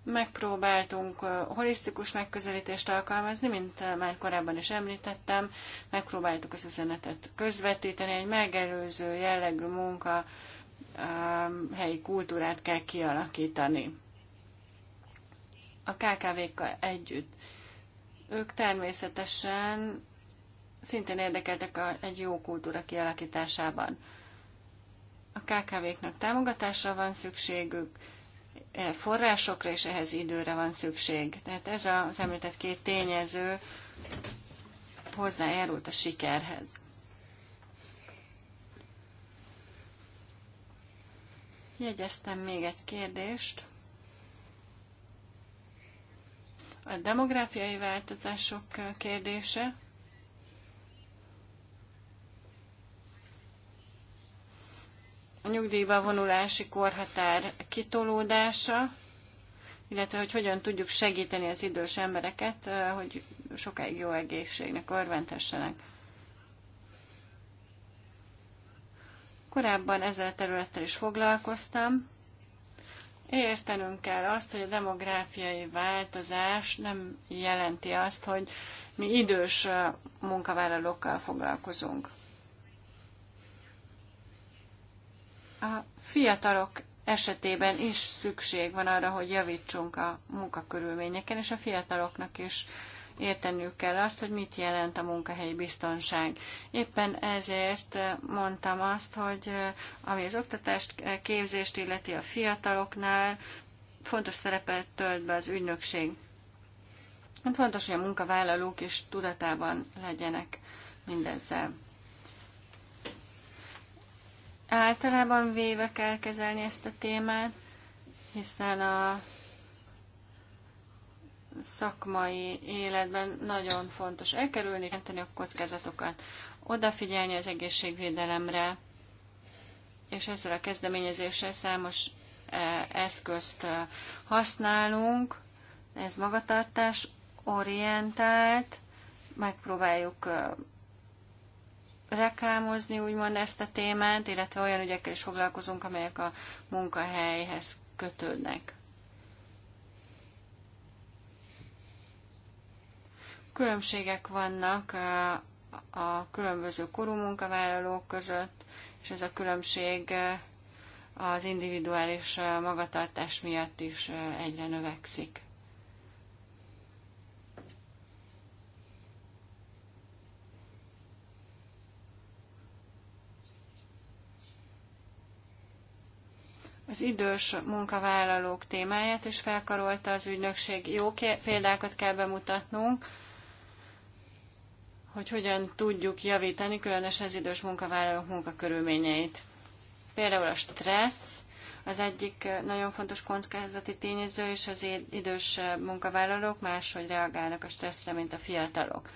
Megpróbáltunk holisztikus megközelítést alkalmazni, mint már korábban is említettem, megpróbáltuk az üzenetet közvetíteni, egy megelőző jellegű munka helyi kultúrát kell kialakítani a KKV-kkal együtt. Ők természetesen szintén érdekeltek a, egy jó kultúra kialakításában. A KKV-knak támogatásra van szükségük, e forrásokra és ehhez időre van szükség. Tehát ez az említett két tényező hozzájárult a sikerhez. Jegyeztem még egy kérdést. a demográfiai változások kérdése. A nyugdíjba vonulási korhatár kitolódása, illetve hogy hogyan tudjuk segíteni az idős embereket, eh, hogy sokáig jó egészségnek örvendhessenek. Korábban ezzel a területtel is foglalkoztam. Értenünk kell azt, hogy a demográfiai változás nem jelenti azt, hogy mi idős munkavállalókkal foglalkozunk. A fiatalok esetében is szükség van arra, hogy javítsunk a munkakörülményeken, és a fiataloknak is uh, érteniük kell azt, hogy mit jelent a munkahelyi biztonság. Éppen ezért mondtam azt, hogy ami az oktatást, képzést illeti a fiataloknál, fontos szerepet tölt be az ügynökség. Fontos, hogy a munkavállalók is tudatában legyenek mindezzel. Általában véve kell kezelni ezt a témát, hiszen a szakmai életben nagyon fontos elkerülni, jelenteni a kockázatokat, odafigyelni az egészségvédelemre, és ezzel a kezdeményezéssel számos e, eszközt e, használunk, ez magatartás orientált, megpróbáljuk e, reklámozni úgymond ezt a témát, illetve olyan ügyekkel is foglalkozunk, amelyek a munkahelyhez kötődnek. Különbségek vannak a különböző korú munkavállalók között, és ez a különbség az individuális magatartás miatt is egyre növekszik. az idős munkavállalók témáját is felkarolta az ügynökség. Jó példákat kell bemutatnunk, hogy hogyan tudjuk javítani különösen az idős munkavállalók munkakörülményeit. Például a stressz az egyik eh, nagyon fontos kockázati tényező, és az idős eh, munkavállalók máshogy reagálnak a stresszre, mint a fiatalok.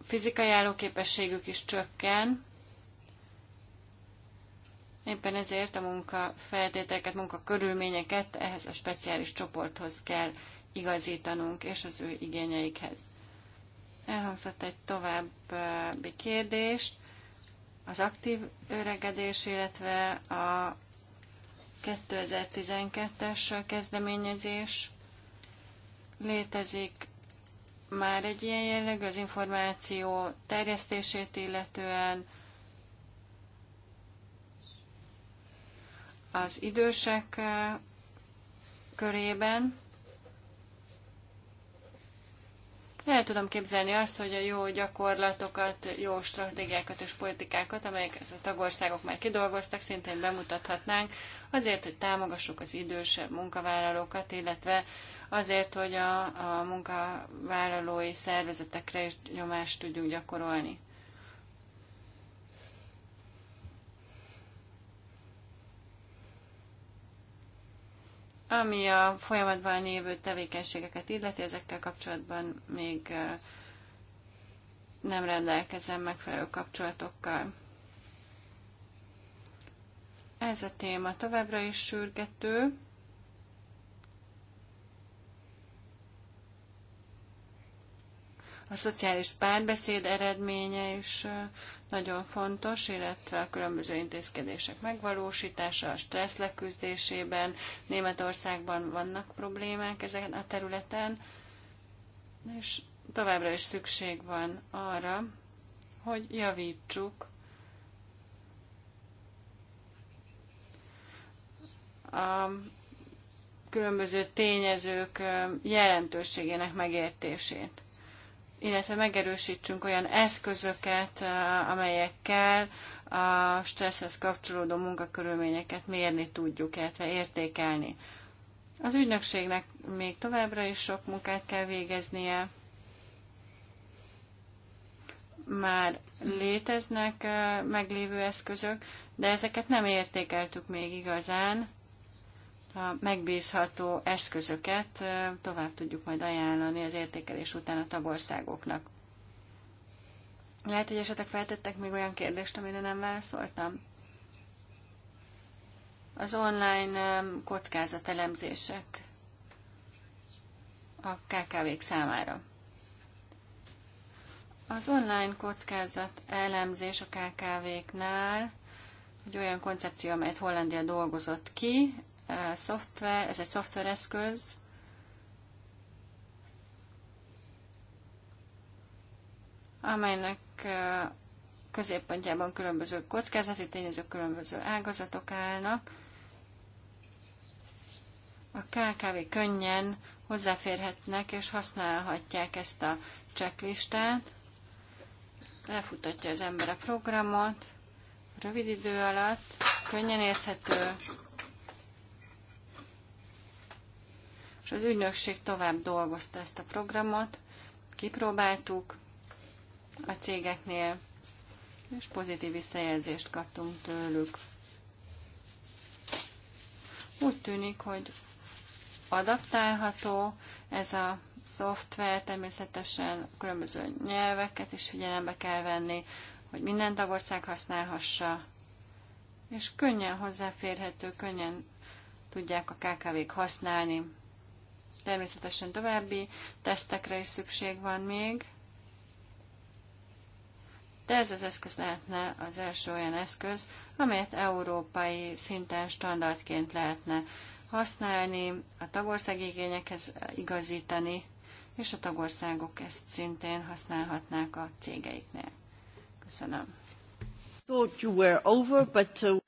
A fizikai állóképességük is csökken, Éppen ezért a munkafeltételeket, munkakörülményeket ehhez a speciális csoporthoz kell igazítanunk, és az ő igényeikhez. Elhangzott egy további kérdést, az aktív öregedés, illetve a 2012-es kezdeményezés létezik már egy ilyen jellegű az információ terjesztését illetően, az idősek eh, körében, El tudom képzelni azt, hogy a jó gyakorlatokat, jó stratégiákat és politikákat, amelyeket a tagországok már kidolgoztak, szintén bemutathatnánk, azért, hogy támogassuk az idősebb munkavállalókat, illetve azért, hogy a, a munkavállalói szervezetekre is nyomást tudjunk gyakorolni. Ami a folyamatban lévő tevékenységeket illeti, ezekkel kapcsolatban még nem rendelkezem megfelelő kapcsolatokkal. Ez a téma továbbra is sürgető. A szociális párbeszéd eredménye is nagyon fontos, illetve a különböző intézkedések megvalósítása, a stressz leküzdésében. Németországban vannak problémák ezen a területen, és továbbra is szükség van arra, hogy javítsuk a különböző tényezők jelentőségének megértését illetve megerősítsünk olyan eszközöket, eh, amelyekkel a stresszhez kapcsolódó munkakörülményeket mérni tudjuk, illetve értékelni. Az ügynökségnek még továbbra is sok munkát kell végeznie. Már léteznek eh, meglévő eszközök, de ezeket nem értékeltük még igazán a megbízható eszközöket tovább tudjuk majd ajánlani az értékelés után a tagországoknak. Lehet, hogy esetleg feltettek még olyan kérdést, amire nem válaszoltam. Az online kockázatelemzések a KKV-k számára. Az online kockázat elemzés a KKV-knál egy olyan koncepció, amelyet Hollandia dolgozott ki, szoftver, ez egy szoftvereszköz, amelynek középpontjában különböző kockázati tényezők, különböző ágazatok állnak. A KKV könnyen hozzáférhetnek és használhatják ezt a checklistát. Lefutatja az ember a programot rövid idő alatt, könnyen érthető, és az ügynökség tovább dolgozta ezt a programot, kipróbáltuk a cégeknél, és pozitív visszajelzést kaptunk tőlük. Úgy tűnik, hogy adaptálható ez a szoftver, természetesen különböző nyelveket is figyelembe kell venni, hogy minden tagország használhassa, és könnyen hozzáférhető, könnyen tudják a KKV-k használni. Természetesen további tesztekre is szükség van még, de ez az eszköz lehetne az első olyan eszköz, amelyet európai szinten standardként lehetne használni, a tagország igényekhez igazítani, és a tagországok ezt szintén használhatnák a cégeiknél. Köszönöm. Thought you were over, but, uh,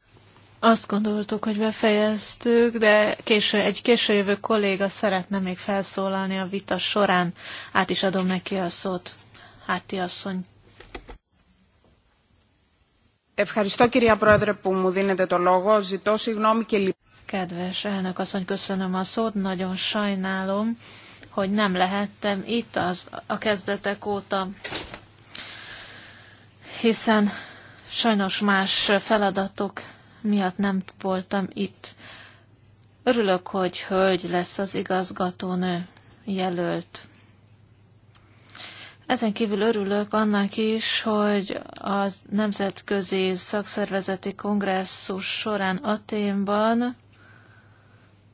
azt gondoltuk, hogy befejeztük, de késő, egy későjövő kolléga szeretne még felszólalni a vita során. Át is adom neki a szót. Háti asszony. Kedves elnök asszony, köszönöm a szót. Nagyon sajnálom, hogy nem lehettem itt az, a kezdetek óta, hiszen sajnos más feladatok miatt nem voltam itt. Örülök, hogy hölgy lesz az igazgatónő jelölt. Ezen kívül örülök annak is, hogy a Nemzetközi Szakszervezeti Kongresszus során Aténban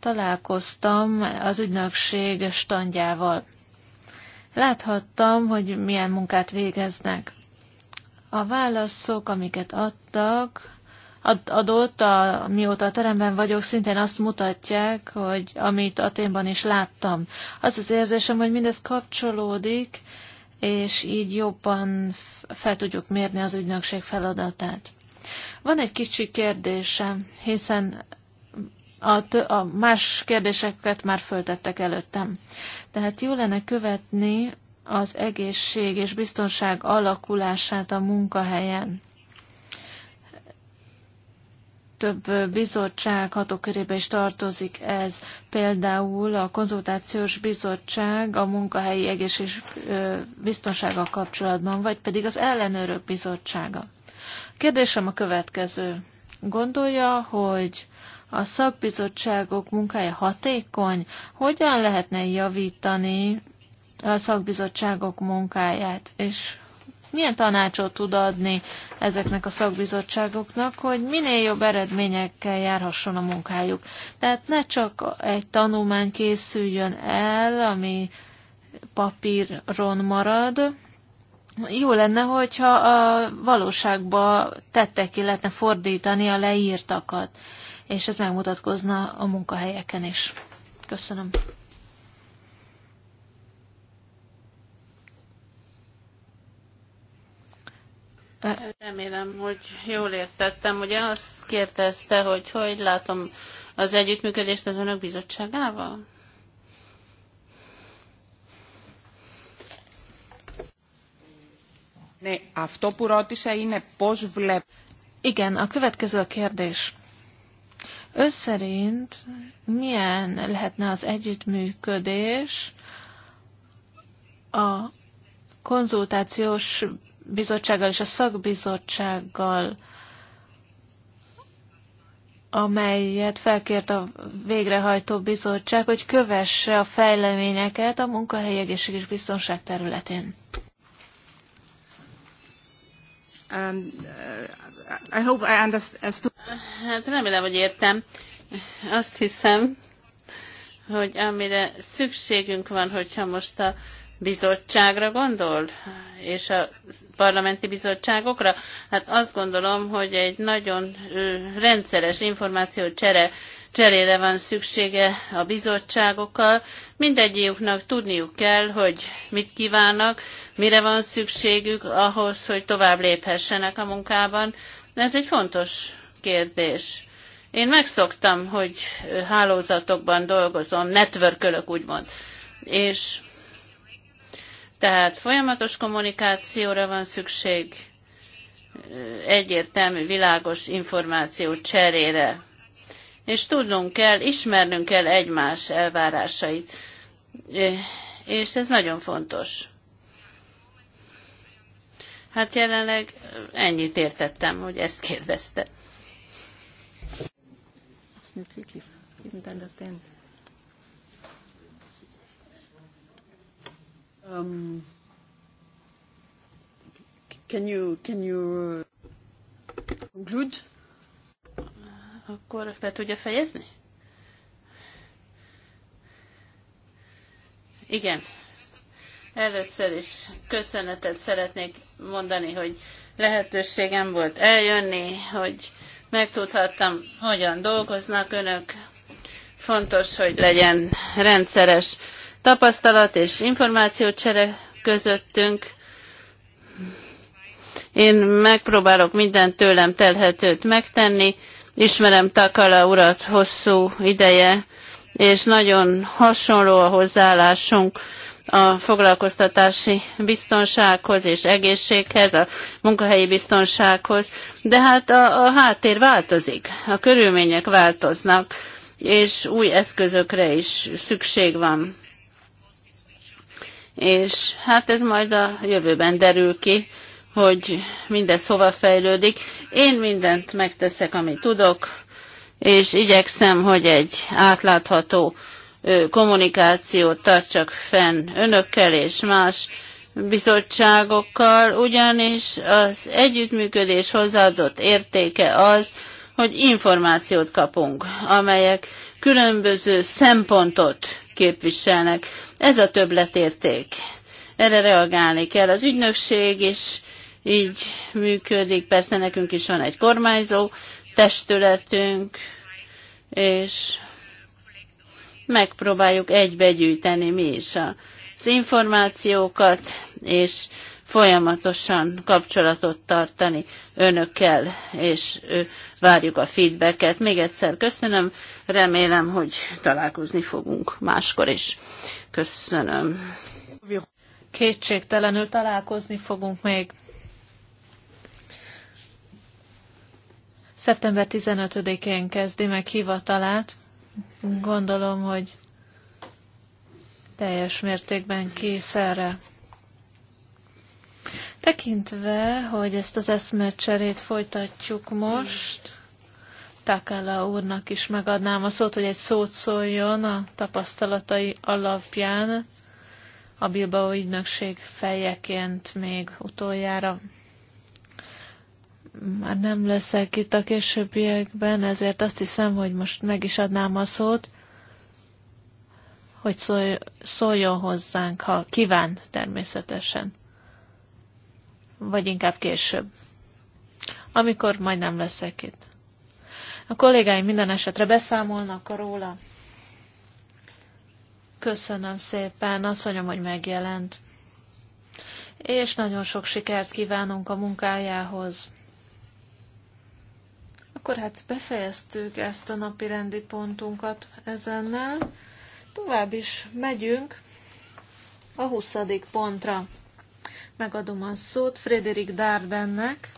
találkoztam az ügynökség standjával. Láthattam, hogy milyen munkát végeznek. A válaszok, amiket adtak, adott, a, mióta a teremben vagyok, szintén azt mutatják, hogy amit Aténban is láttam. Az az érzésem, hogy mindez kapcsolódik, és így jobban fel tudjuk mérni az ügynökség feladatát. Van egy kicsi kérdésem, hiszen a, a más kérdéseket már föltettek előttem. Tehát jó lenne követni az egészség és biztonság alakulását a munkahelyen több bizottság hatókörébe is tartozik ez. Például a konzultációs bizottság a munkahelyi egészség és biztonsággal kapcsolatban, vagy pedig az ellenőrök bizottsága. Kérdésem a következő. Gondolja, hogy a szakbizottságok munkája hatékony? Hogyan lehetne javítani a szakbizottságok munkáját? És milyen tanácsot tud adni ezeknek a szakbizottságoknak, hogy minél jobb eredményekkel járhasson a munkájuk. Tehát ne csak egy tanulmány készüljön el, ami papíron marad, jó lenne, hogyha a valóságba tettek, illetve fordítani a leírtakat, és ez megmutatkozna a munkahelyeken is. Köszönöm. Remélem, hogy jól értettem. Ugye azt kérdezte, hogy hogy látom az együttműködést az önök bizottságával? Ναι, αυτό που ρώτησα είναι πώς βλέπω. Igen, a következő a kérdés. Ön szerint milyen lehetne az együttműködés a konzultációs bizottsággal és a szakbizottsággal, amelyet felkért a végrehajtó bizottság, hogy kövesse a fejleményeket a munkahelyi egészség és biztonság területén. Uh, I hope I understand. Hát remélem, hogy értem. Azt hiszem, hogy amire szükségünk van, hogyha most a bizottságra gondol, és a parlamenti bizottságokra? Hát azt gondolom, hogy egy nagyon rendszeres csere cserére van szüksége a bizottságokkal. Mindegyiknak tudniuk kell, hogy mit kívánnak, mire van szükségük ahhoz, hogy tovább léphessenek a munkában. Ez egy fontos kérdés. Én megszoktam, hogy hálózatokban dolgozom, networkölök úgymond. És tehát folyamatos kommunikációra van szükség, egyértelmű, világos információ cserére. És tudnunk kell, ismernünk kell egymás elvárásait. És ez nagyon fontos. Hát jelenleg ennyit értettem, hogy ezt kérdezte. Absolutely. Didn't understand. Um, can you, can you uh, conclude? Akkor be tudja fejezni? Igen. Először is köszönetet szeretnék mondani, hogy lehetőségem volt eljönni, hogy megtudhattam, hogyan dolgoznak önök. Fontos, hogy legyen rendszeres tapasztalat és információcsere közöttünk. Én megpróbálok minden tőlem telhetőt megtenni. Ismerem Takala urat hosszú ideje, és nagyon hasonló a hozzáállásunk a foglalkoztatási biztonsághoz és egészséghez, a munkahelyi biztonsághoz, de hát a, a háttér változik, a körülmények változnak, és új eszközökre is szükség van és hát ez majd a jövőben derül ki, hogy mindez hova fejlődik. Én mindent megteszek, amit tudok, és igyekszem, hogy egy átlátható kommunikációt tartsak fenn önökkel és más bizottságokkal, ugyanis az együttműködés hozzáadott értéke az, hogy információt kapunk, amelyek különböző szempontot képviselnek. Ez a többletérték. Erre reagálni kell. Az ügynökség is így működik. Persze nekünk is van egy kormányzó testületünk, és megpróbáljuk egybegyűjteni mi is az információkat, és folyamatosan kapcsolatot tartani önökkel, és várjuk a feedbacket. Még egyszer köszönöm, remélem, hogy találkozni fogunk máskor is. Köszönöm. Kétségtelenül találkozni fogunk még. Szeptember 15-én kezdi meg hivatalát. Gondolom, hogy teljes mértékben kész erre. Tekintve, hogy ezt az eszmecserét folytatjuk most, Takala úrnak is megadnám a szót, hogy egy szót szóljon a tapasztalatai alapján a Bilbao ügynökség fejeként még utoljára. Már nem leszek itt a későbbiekben, ezért azt hiszem, hogy most meg is adnám a szót, hogy szóljon hozzánk, ha kíván természetesen vagy inkább később, amikor majd nem leszek itt. A kollégáim minden esetre beszámolnak róla. Köszönöm szépen, mondjam, hogy megjelent. És nagyon sok sikert kívánunk a munkájához. Akkor hát befejeztük ezt a napi rendi pontunkat ezennel. Tovább is megyünk a 20. pontra megadom a szót Frederik Dardennek,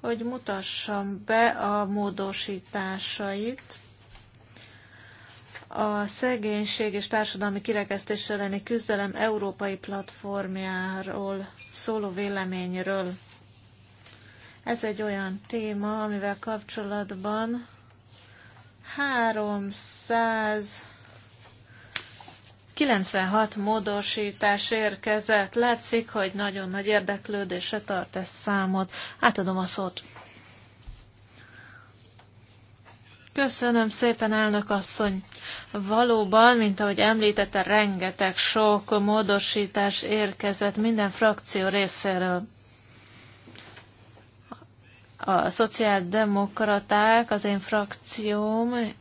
hogy mutassam be a módosításait. A szegénység és társadalmi kirekesztés elleni küzdelem európai platformjáról szóló véleményről. Ez egy olyan téma, amivel kapcsolatban 300 96 módosítás érkezett. Látszik, hogy nagyon nagy érdeklődésre tart ez számot. Átadom a szót. Köszönöm szépen, elnök asszony. Valóban, mint ahogy említette, rengeteg sok módosítás érkezett minden frakció részéről. A szociáldemokraták, az én frakcióm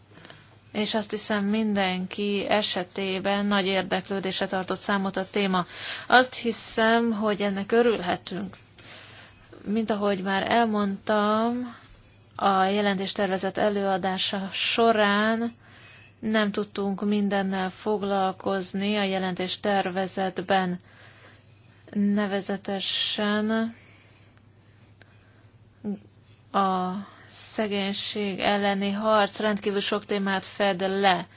és azt hiszem mindenki esetében nagy érdeklődésre tartott számot a téma. Azt hiszem, hogy ennek örülhetünk. Mint ahogy már elmondtam, a jelentéstervezet előadása során nem tudtunk mindennel foglalkozni a jelentéstervezetben, nevezetesen a szegénység elleni harc rendkívül sok témát fed le,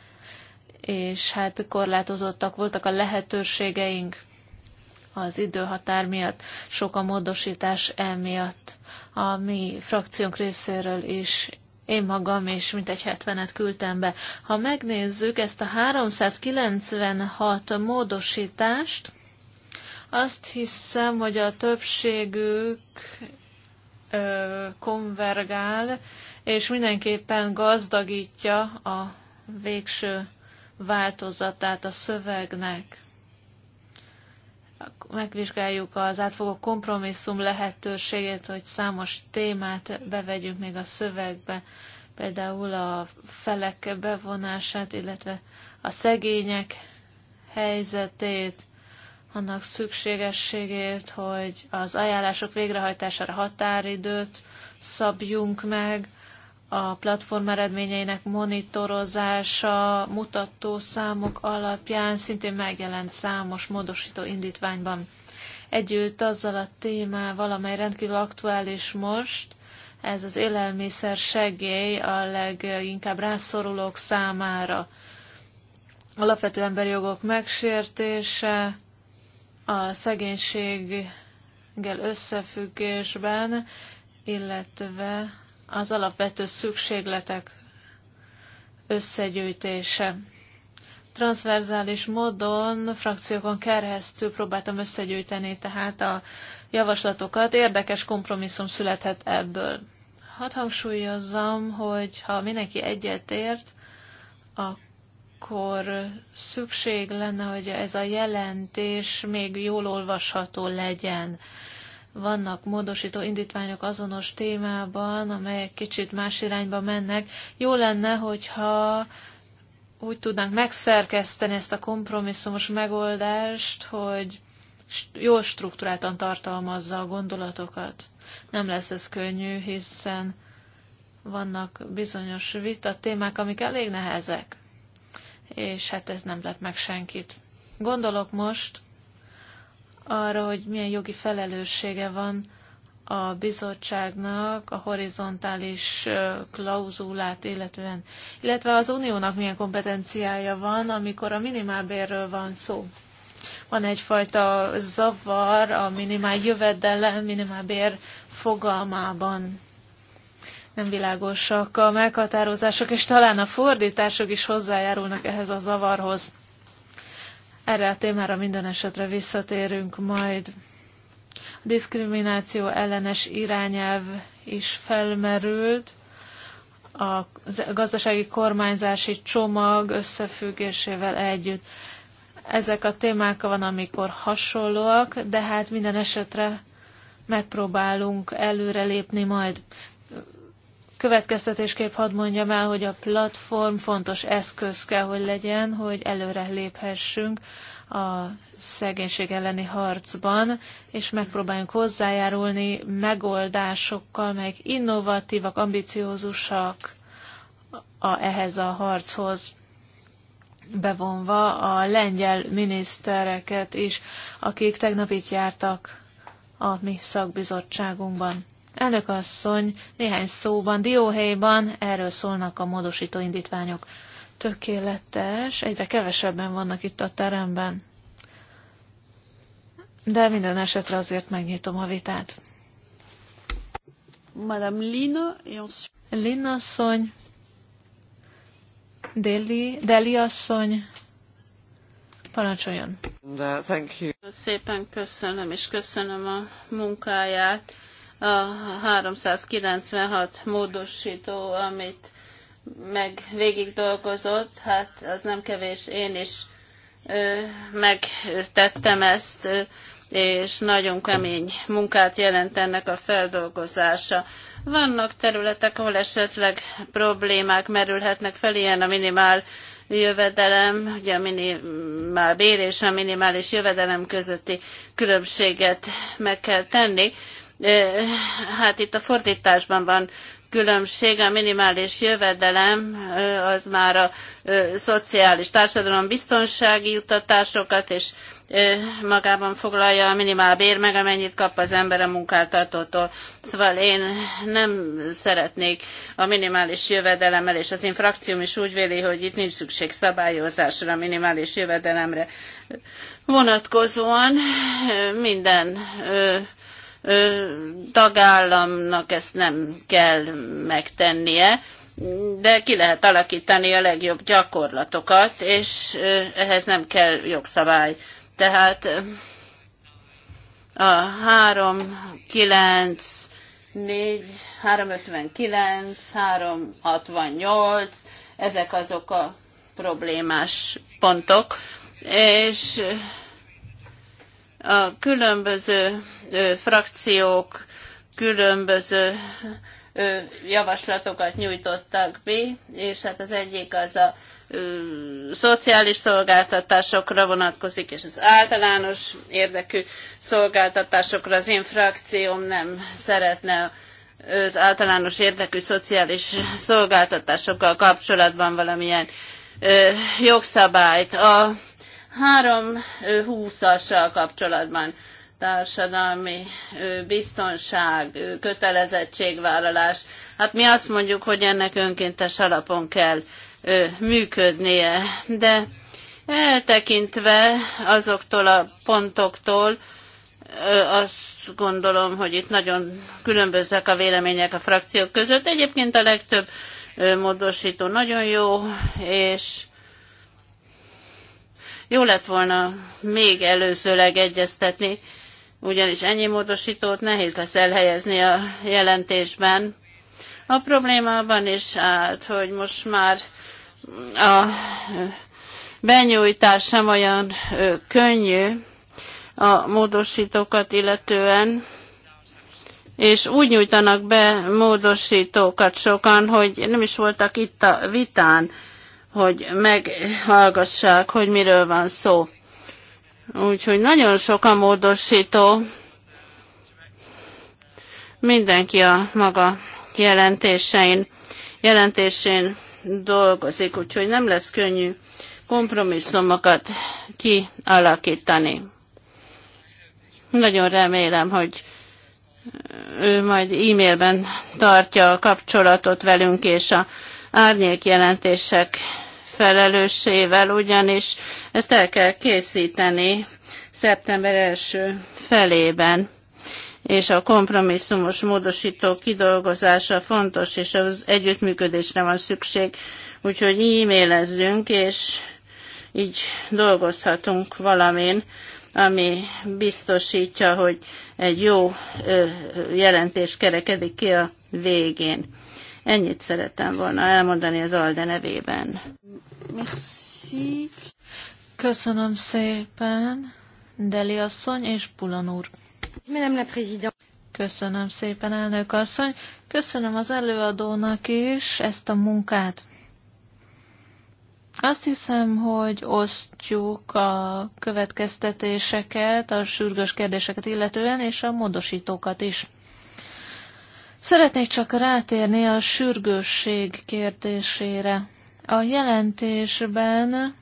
és hát korlátozottak voltak a lehetőségeink az időhatár miatt, sok a módosítás emiatt. A mi frakciónk részéről is én magam is mintegy 70-et küldtem be. Ha megnézzük ezt a 396 módosítást, azt hiszem, hogy a többségük konvergál, és mindenképpen gazdagítja a végső változatát a szövegnek. Megvizsgáljuk az átfogó kompromisszum lehetőségét, hogy számos témát bevegyünk még a szövegbe, például a felek bevonását, illetve a szegények helyzetét, annak szükségességét, hogy az ajánlások végrehajtására határidőt szabjunk meg, a platform eredményeinek monitorozása mutató számok alapján szintén megjelent számos módosító indítványban. Együtt azzal a témával, amely rendkívül aktuális most, ez az élelmiszer segély a leginkább rászorulók számára. Alapvető emberi jogok megsértése, a szegénységgel összefüggésben, illetve az alapvető szükségletek összegyűjtése. Transverzális módon frakciókon keresztül próbáltam összegyűjteni tehát a javaslatokat. Érdekes kompromisszum születhet ebből. Hadd hangsúlyozzam, hogy ha mindenki egyetért, akkor akkor szükség lenne, hogy ez a jelentés még jól olvasható legyen. Vannak módosító indítványok azonos témában, amelyek kicsit más irányba mennek. Jó lenne, hogyha úgy tudnánk megszerkeszteni ezt a kompromisszumos megoldást, hogy jól struktúráltan tartalmazza a gondolatokat. Nem lesz ez könnyű, hiszen vannak bizonyos vita témák, amik elég nehezek és hát ez nem lett meg senkit. Gondolok most arra, hogy milyen jogi felelőssége van a bizottságnak a horizontális klauzulát, illetően, illetve az uniónak milyen kompetenciája van, amikor a minimálbérről van szó. Van egyfajta zavar a minimál jövedelem, minimálbér fogalmában nem világosak a meghatározások, és talán a fordítások is hozzájárulnak ehhez a zavarhoz. Erre a témára minden esetre visszatérünk majd. A diszkrimináció ellenes irányelv is felmerült. A gazdasági kormányzási csomag összefüggésével együtt. Ezek a témák van, amikor hasonlóak, de hát minden esetre megpróbálunk előrelépni majd. Következtetésképp hadd mondjam el, hogy a platform fontos eszköz kell, hogy legyen, hogy előre léphessünk a szegénység elleni harcban, és megpróbáljunk hozzájárulni megoldásokkal, meg innovatívak, ambiciózusak a, ehhez a harchoz bevonva a lengyel minisztereket is, akik tegnap itt jártak a mi szakbizottságunkban. Elnök asszony, néhány szóban, dióhéjban erről szólnak a módosító indítványok. Tökéletes, egyre kevesebben vannak itt a teremben. De minden esetre azért megnyitom a vitát. Madame Lina, és... Lina asszony, Deli, Deli asszony, parancsoljon. De, uh, thank you. Szépen köszönöm, és köszönöm a munkáját a 396 módosító, amit meg végig dolgozott, hát az nem kevés, én is ö, megtettem ezt, ö, és nagyon kemény munkát jelent ennek a feldolgozása. Vannak területek, ahol esetleg problémák merülhetnek fel, ilyen a minimál jövedelem, ugye a minimál bér és a minimális jövedelem közötti különbséget meg kell tenni, Hát itt a fordításban van különbség, a minimális jövedelem az már a szociális társadalom biztonsági juttatásokat, és magában foglalja a bér meg amennyit kap az ember a munkáltatótól. Szóval én nem szeretnék a minimális jövedelemmel, és az infrakcióm is úgy véli, hogy itt nincs szükség szabályozásra a minimális jövedelemre vonatkozóan minden tagállamnak ezt nem kell megtennie, de ki lehet alakítani a legjobb gyakorlatokat, és ehhez nem kell jogszabály. Tehát a 3, 9, 4, 359, 368, ezek azok a problémás pontok, és a különböző frakciók különböző javaslatokat nyújtottak be, és hát az egyik az a szociális szolgáltatásokra vonatkozik, és az általános érdekű szolgáltatásokra az én frakcióm nem szeretne az általános érdekű szociális szolgáltatásokkal kapcsolatban valamilyen jogszabályt. A 3.20-assal kapcsolatban társadalmi biztonság, kötelezettségvállalás. Hát mi azt mondjuk, hogy ennek önkéntes alapon kell működnie, de eltekintve azoktól a pontoktól, azt gondolom, hogy itt nagyon különbözzek a vélemények a frakciók között. Egyébként a legtöbb módosító nagyon jó, és jó lett volna még előzőleg egyeztetni, ugyanis ennyi módosítót nehéz lesz elhelyezni a jelentésben. A probléma abban is állt, hogy most már a benyújtás sem olyan könnyű a módosítókat illetően, és úgy nyújtanak be módosítókat sokan, hogy nem is voltak itt a vitán hogy meghallgassák, hogy miről van szó. Úgyhogy nagyon sok a módosító, mindenki a maga jelentésein, jelentésén dolgozik, úgyhogy nem lesz könnyű kompromisszumokat kialakítani. Nagyon remélem, hogy ő majd e-mailben tartja a kapcsolatot velünk, és a árnyék jelentések felelősével, ugyanis ezt el kell készíteni szeptember első felében és a kompromisszumos módosító kidolgozása fontos, és az együttműködésre van szükség, úgyhogy e-mailezzünk, és így dolgozhatunk valamin, ami biztosítja, hogy egy jó jelentés kerekedik ki a végén. Ennyit szerettem volna elmondani az ALDE nevében. Merci. Köszönöm szépen, Deli asszony és Pulan úr. Madame la Köszönöm szépen, elnök asszony. Köszönöm az előadónak is ezt a munkát. Azt hiszem, hogy osztjuk a következtetéseket, a sürgős kérdéseket illetően, és a módosítókat is. Szeretnék csak rátérni a sürgősség kérdésére. A jelentésben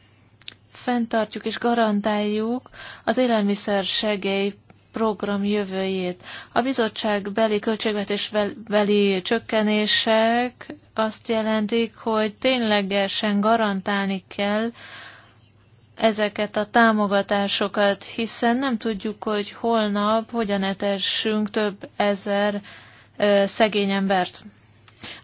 fenntartjuk és garantáljuk az élelmiszer segély program jövőjét. A bizottság beli költségvetésbeli csökkenések azt jelentik, hogy ténylegesen garantálni kell ezeket a támogatásokat, hiszen nem tudjuk, hogy holnap hogyan etessünk több ezer szegény embert.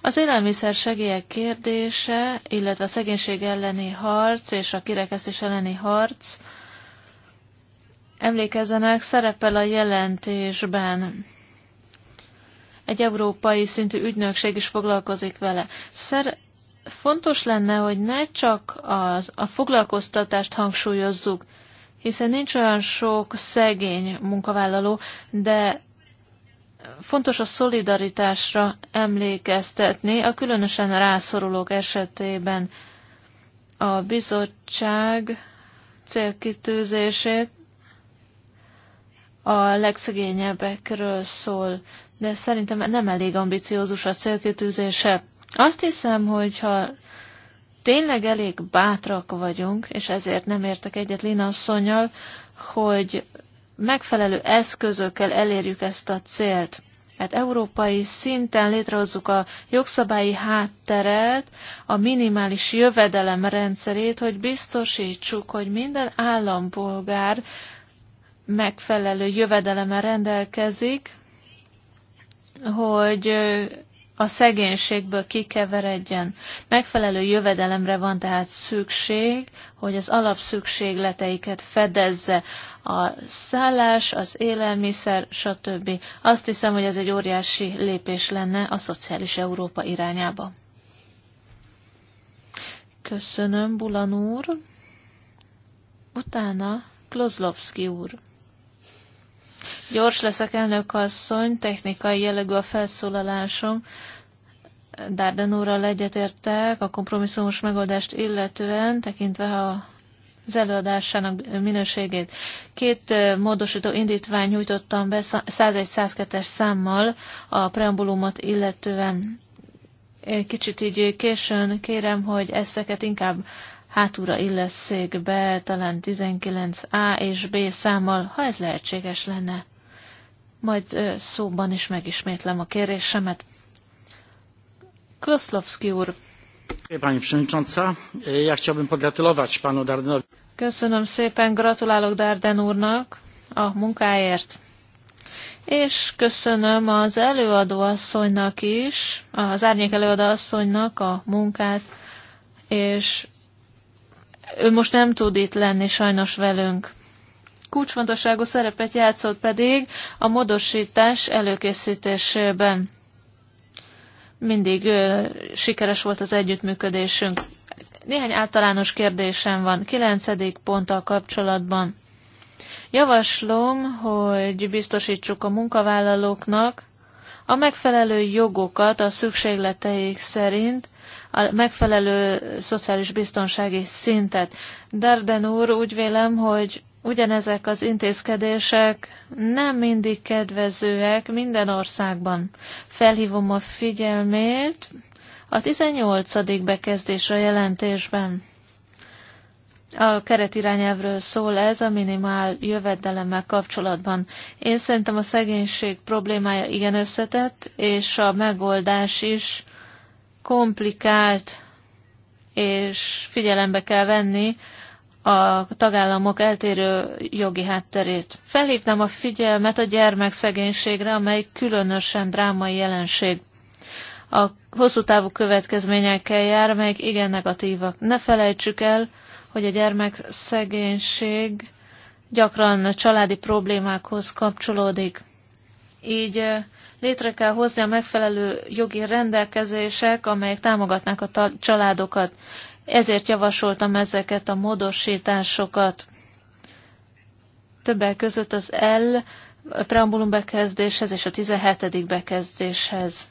Az élelmiszer segélyek kérdése, illetve a szegénység elleni harc és a kirekesztés elleni harc emlékezzenek, szerepel a jelentésben. Egy európai szintű ügynökség is foglalkozik vele. Szer fontos lenne, hogy ne csak az, a foglalkoztatást hangsúlyozzuk, hiszen nincs olyan sok szegény munkavállaló, de Fontos a szolidaritásra emlékeztetni, a különösen rászorulók esetében a bizottság célkitűzését a legszegényebbekről szól, de szerintem nem elég ambiciózus a célkitűzése. Azt hiszem, hogy ha tényleg elég bátrak vagyunk, és ezért nem értek egyet Lina asszonynal, hogy megfelelő eszközökkel elérjük ezt a célt. Hát európai szinten létrehozzuk a jogszabályi hátteret, a minimális jövedelem rendszerét, hogy biztosítsuk, hogy minden állampolgár megfelelő jövedelemmel rendelkezik, hogy a szegénységből kikeveredjen. Megfelelő jövedelemre van tehát szükség, hogy az alapszükségleteiket fedezze a szállás, az élelmiszer, stb. Azt hiszem, hogy ez egy óriási lépés lenne a szociális Európa irányába. Köszönöm, Bulan úr. Utána Klozlovski úr. Gyors leszek, elnök asszony, technikai jellegű a felszólalásom. Darden úrral egyetértek a kompromisszumos megoldást illetően, tekintve a az előadásának minőségét. Két módosító indítvány nyújtottam be 101-102-es számmal a preambulumot illetően. Kicsit így későn kérem, hogy ezeket inkább hátúra illesszék be, talán 19A és B számmal, ha ez lehetséges lenne. Majd szóban is megismétlem a kérésemet. Kloszlovszki úr Pani Przewodnicząca, ja chciałbym pogratulować panu Dardenowi. Köszönöm szépen, gratulálok Darden úrnak a munkáért. És köszönöm az előadóasszonynak is, az árnyék előadóasszonynak a munkát, és ő most nem tud itt lenni sajnos velünk. Kulcsfontosságú szerepet játszott pedig a modosítás előkészítésében mindig sikeres volt az együttműködésünk. Néhány általános kérdésem van. Kilencedik ponttal kapcsolatban. Javaslom, hogy biztosítsuk a munkavállalóknak a megfelelő jogokat a szükségleteik szerint, a megfelelő szociális biztonsági szintet. Darden úr úgy vélem, hogy ugyanezek az intézkedések nem mindig kedvezőek minden országban. Felhívom a figyelmét a 18. bekezdés a jelentésben. A keretirányelvről szól ez a minimál jövedelemmel kapcsolatban. Én szerintem a szegénység problémája igen összetett, és a megoldás is komplikált, és figyelembe kell venni a tagállamok eltérő jogi hátterét. Felhívnám a figyelmet a gyermekszegénységre, amely különösen drámai jelenség. A hosszú távú következményekkel jár, melyek igen negatívak. Ne felejtsük el, hogy a gyermekszegénység gyakran a családi problémákhoz kapcsolódik. Így létre kell hozni a megfelelő jogi rendelkezések, amelyek támogatnák a családokat. Ezért javasoltam ezeket a módosításokat. Többek között az L preambulum bekezdéshez és a 17. bekezdéshez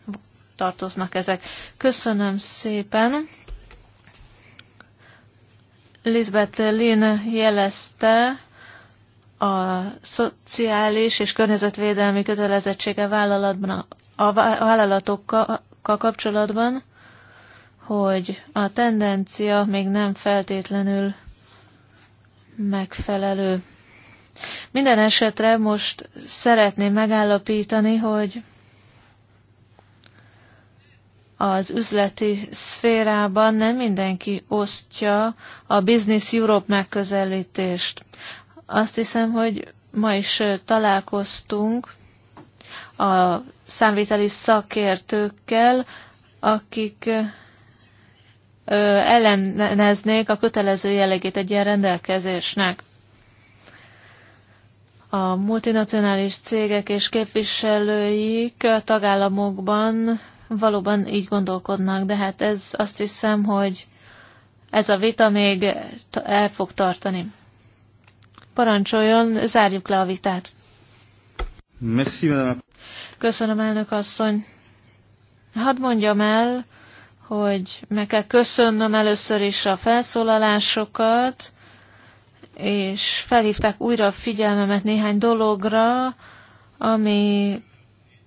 tartoznak ezek. Köszönöm szépen! Lisbeth Lin jelezte a szociális és környezetvédelmi kötelezettsége vállalatban, a vállalatokkal kapcsolatban, hogy a tendencia még nem feltétlenül megfelelő. Minden esetre most szeretném megállapítani, hogy az üzleti szférában nem mindenki osztja a Business Europe megközelítést. Azt hiszem, hogy ma is találkoztunk a számviteli szakértőkkel, akik elleneznék a kötelező jellegét egy ilyen rendelkezésnek. A multinacionális cégek és képviselőik tagállamokban valóban így gondolkodnak, de hát ez azt hiszem, hogy ez a vita még el fog tartani. Parancsoljon, zárjuk le a vitát. Merci, Köszönöm, elnök asszony. Hadd mondjam el, hogy meg kell köszönnöm először is a felszólalásokat, és felhívták újra a figyelmemet néhány dologra, ami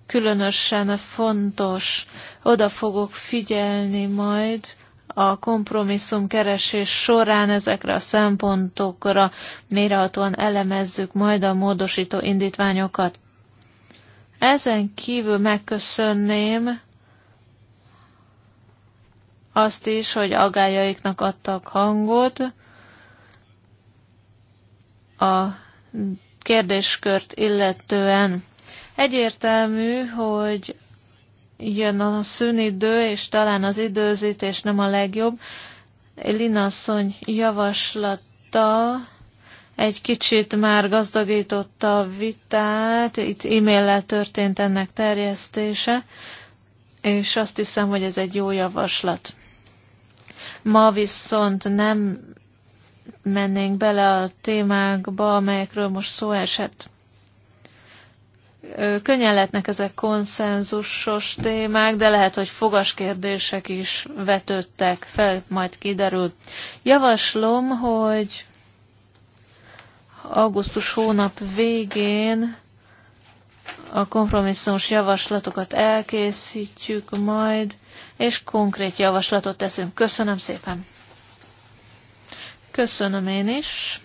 különösen fontos. Oda fogok figyelni majd a kompromisszum keresés során ezekre a szempontokra mérehatóan elemezzük majd a módosító indítványokat. Ezen kívül megköszönném azt is, hogy agályaiknak adtak hangot. A kérdéskört illetően egyértelmű, hogy jön a szünidő, és talán az időzítés nem a legjobb. Linasszony asszony javaslata egy kicsit már gazdagította a vitát, itt e-maillel történt ennek terjesztése, és azt hiszem, hogy ez egy jó javaslat. Ma viszont nem mennénk bele a témákba, amelyekről most szó esett. Könnyen lehetnek ezek konszenzusos témák, de lehet, hogy fogaskérdések is vetődtek fel, majd kiderül. Javaslom, hogy augusztus hónap végén a kompromisszumos javaslatokat elkészítjük majd, és konkrét javaslatot teszünk. Köszönöm szépen! Köszönöm én is.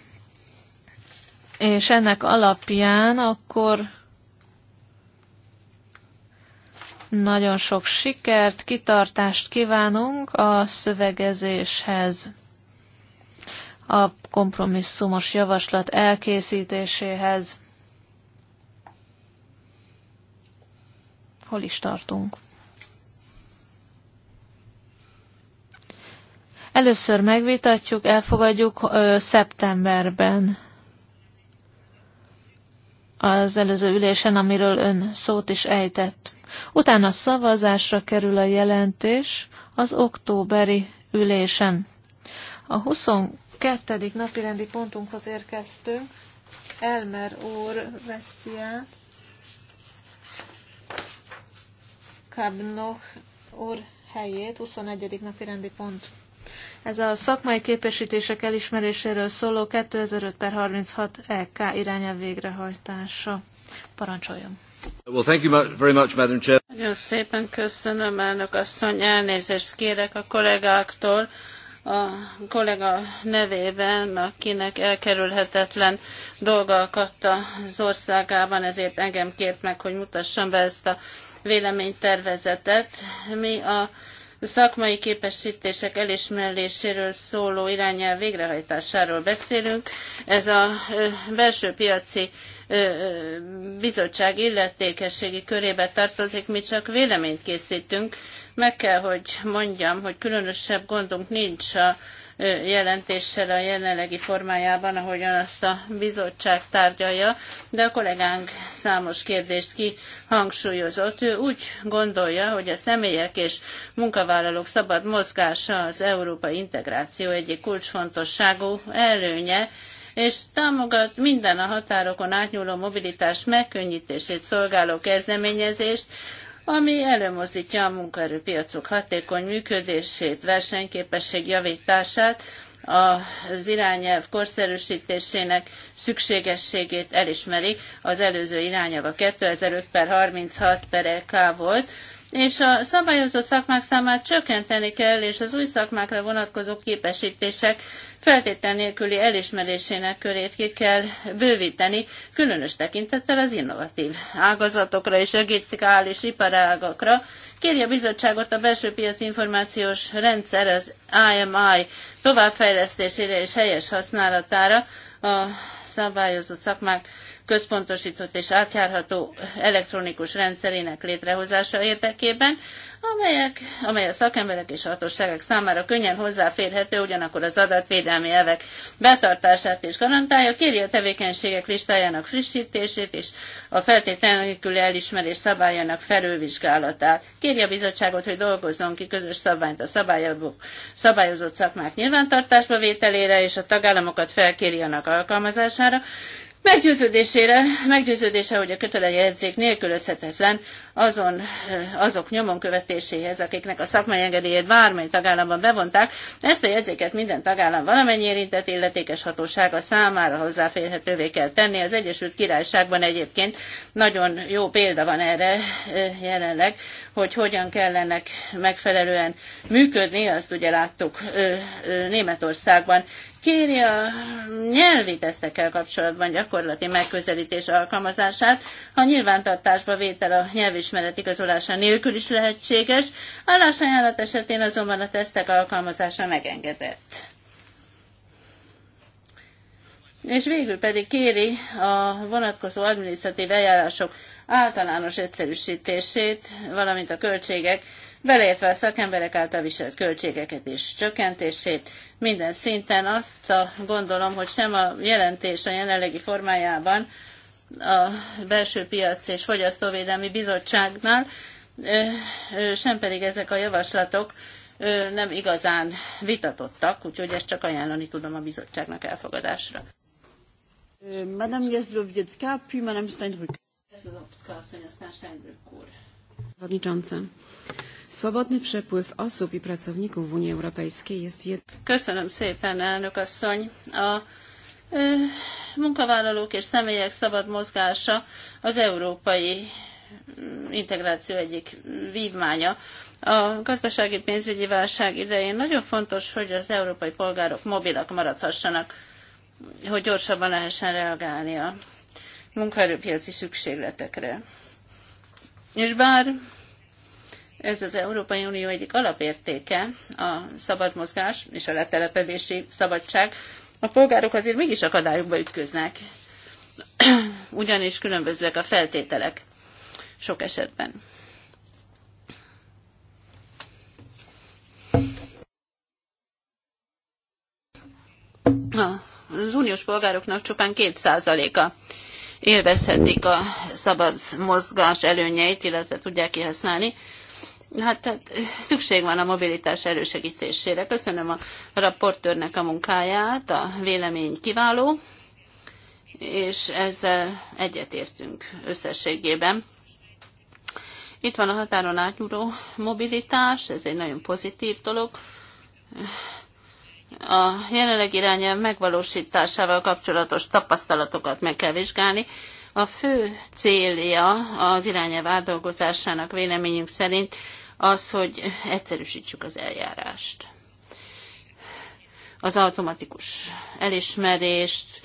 És ennek alapján akkor nagyon sok sikert, kitartást kívánunk a szövegezéshez, a kompromisszumos javaslat elkészítéséhez. Hol is tartunk? Először megvitatjuk, elfogadjuk ö, szeptemberben az előző ülésen, amiről ön szót is ejtett. Utána szavazásra kerül a jelentés az októberi ülésen. A 22. napirendi pontunkhoz érkeztünk. Elmer úr veszi át. Kabnoch úr helyét, 21. napirendi pont. Ez a szakmai képesítések elismeréséről szóló 2005 per 36 EK irányelv végrehajtása. Parancsoljon! Well, thank you very much, Madam Chair. Nagyon szépen köszönöm, elnök asszony, elnézést kérek a kollégáktól a kollega nevében, akinek elkerülhetetlen dolga akadt az országában, ezért engem kért meg, hogy mutassam be ezt a véleménytervezetet. Mi a a szakmai képesítések elismeréséről szóló irányelv végrehajtásáról beszélünk. Ez a belső piaci bizottság illetékességi körébe tartozik, mi csak véleményt készítünk. Meg kell, hogy mondjam, hogy különösebb gondunk nincs a jelentéssel a jelenlegi formájában, ahogyan azt a bizottság tárgyalja, de a kollégánk számos kérdést kihangsúlyozott. Ő úgy gondolja, hogy a személyek és munkavállalók szabad mozgása az európai integráció egyik kulcsfontosságú előnye, és támogat minden a határokon átnyúló mobilitás megkönnyítését szolgáló kezdeményezést, ami előmozdítja a munkaerőpiacok hatékony működését, versenyképesség javítását, az irányelv korszerűsítésének szükségességét elismeri. Az előző irányelv a 2005 per 36 per EK volt, és a szabályozott szakmák számát csökkenteni kell, és az új szakmákra vonatkozó képesítések feltétel nélküli elismerésének körét ki kell bővíteni, különös tekintettel az innovatív ágazatokra és egitikális iparágakra. Kérje a bizottságot a belső piac információs rendszer az IMI továbbfejlesztésére és helyes használatára a szabályozott szakmák központosított és átjárható elektronikus rendszerének létrehozása érdekében, amelyek, amely a szakemberek és a hatóságok számára könnyen hozzáférhető, ugyanakkor az adatvédelmi elvek betartását is garantálja, kéri a tevékenységek listájának frissítését és a feltétel nélküli elismerés szabályának felülvizsgálatát. Kéri a bizottságot, hogy dolgozzon ki közös szabványt a szabályozott szakmák nyilvántartásba vételére, és a tagállamokat felkéri annak alkalmazására, Meggyőződésére, meggyőződése, hogy a kötelejegyzék nélkülözhetetlen azon, eh, azok nyomon követéséhez, akiknek a szakmai engedélyét bármely tagállamban bevonták, ezt a jegyzéket minden tagállam valamennyi érintett illetékes hatósága számára hozzáférhetővé kell tenni. Az Egyesült Királyságban egyébként nagyon jó példa van erre eh, jelenleg, hogy hogyan kellene megfelelően működni, azt ugye láttuk eh, Németországban kéri a nyelvi tesztekkel kapcsolatban gyakorlati megközelítés alkalmazását, ha nyilvántartásba vétel a nyelvismeret igazolása nélkül is lehetséges, állásajánlat esetén azonban a tesztek alkalmazása megengedett. És végül pedig kéri a vonatkozó adminisztratív eljárások általános egyszerűsítését, valamint a költségek, beleértve a szakemberek által viselt költségeket és csökkentését minden szinten. Azt a gondolom, hogy sem a jelentés a jelenlegi formájában a Belső Piac és Fogyasztóvédelmi Bizottságnál, sem pedig ezek a javaslatok nem igazán vitatottak, úgyhogy ezt csak ajánlani tudom a bizottságnak elfogadásra. Madame Jazdrowiecka, puis Madame Steinbrück. Przewodniczący. Swobodny przepływ osób i pracowników w Unii Europejskiej jest Köszönöm szépen, elnök asszony. A e, munkavállalók és személyek szabad mozgása az európai mm, integráció egyik vívmánya. A gazdasági pénzügyi válság idején nagyon fontos, hogy az európai polgárok mobilak maradhassanak, hogy gyorsabban lehessen reagálni a munkaerőpiaci szükségletekre. És bár ez az Európai Unió egyik alapértéke, a szabad mozgás és a letelepedési szabadság, a polgárok azért mégis akadályokba ütköznek, ugyanis különbözőek a feltételek sok esetben. Az uniós polgároknak csupán 2%-a élvezhetik a szabad mozgás előnyeit, illetve tudják kihasználni. Hát tehát eh, szükség van a mobilitás elősegítésére. Köszönöm a raportőrnek a munkáját, a vélemény kiváló, és ezzel egyetértünk összességében. Itt van a határon átnyúló mobilitás, ez egy nagyon pozitív dolog a jelenleg irányelv megvalósításával kapcsolatos tapasztalatokat meg kell vizsgálni. A fő célja az irányelv átdolgozásának véleményünk szerint az, hogy egyszerűsítsük az eljárást. Az automatikus elismerést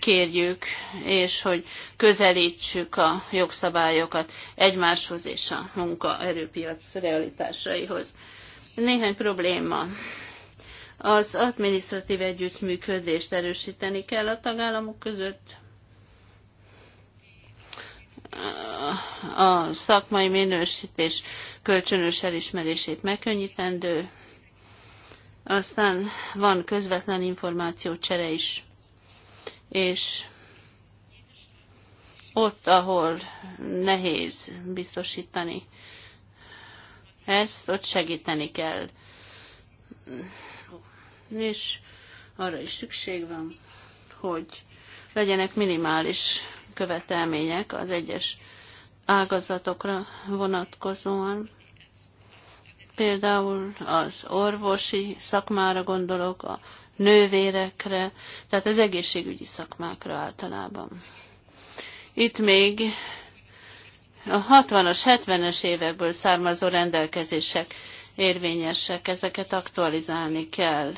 kérjük, és hogy közelítsük a jogszabályokat egymáshoz és a munkaerőpiac realitásaihoz. Néhány probléma az adminisztratív együttműködést erősíteni kell a tagállamok között. A szakmai minősítés kölcsönös elismerését megkönnyítendő. Aztán van közvetlen információcsere is, és ott, ahol nehéz biztosítani ezt, ott segíteni kell és arra is szükség van, hogy legyenek minimális követelmények az egyes ágazatokra vonatkozóan. Például az orvosi szakmára gondolok, a nővérekre, tehát az egészségügyi szakmákra általában. Itt még a 60-as, 70-es évekből származó rendelkezések érvényesek, ezeket aktualizálni kell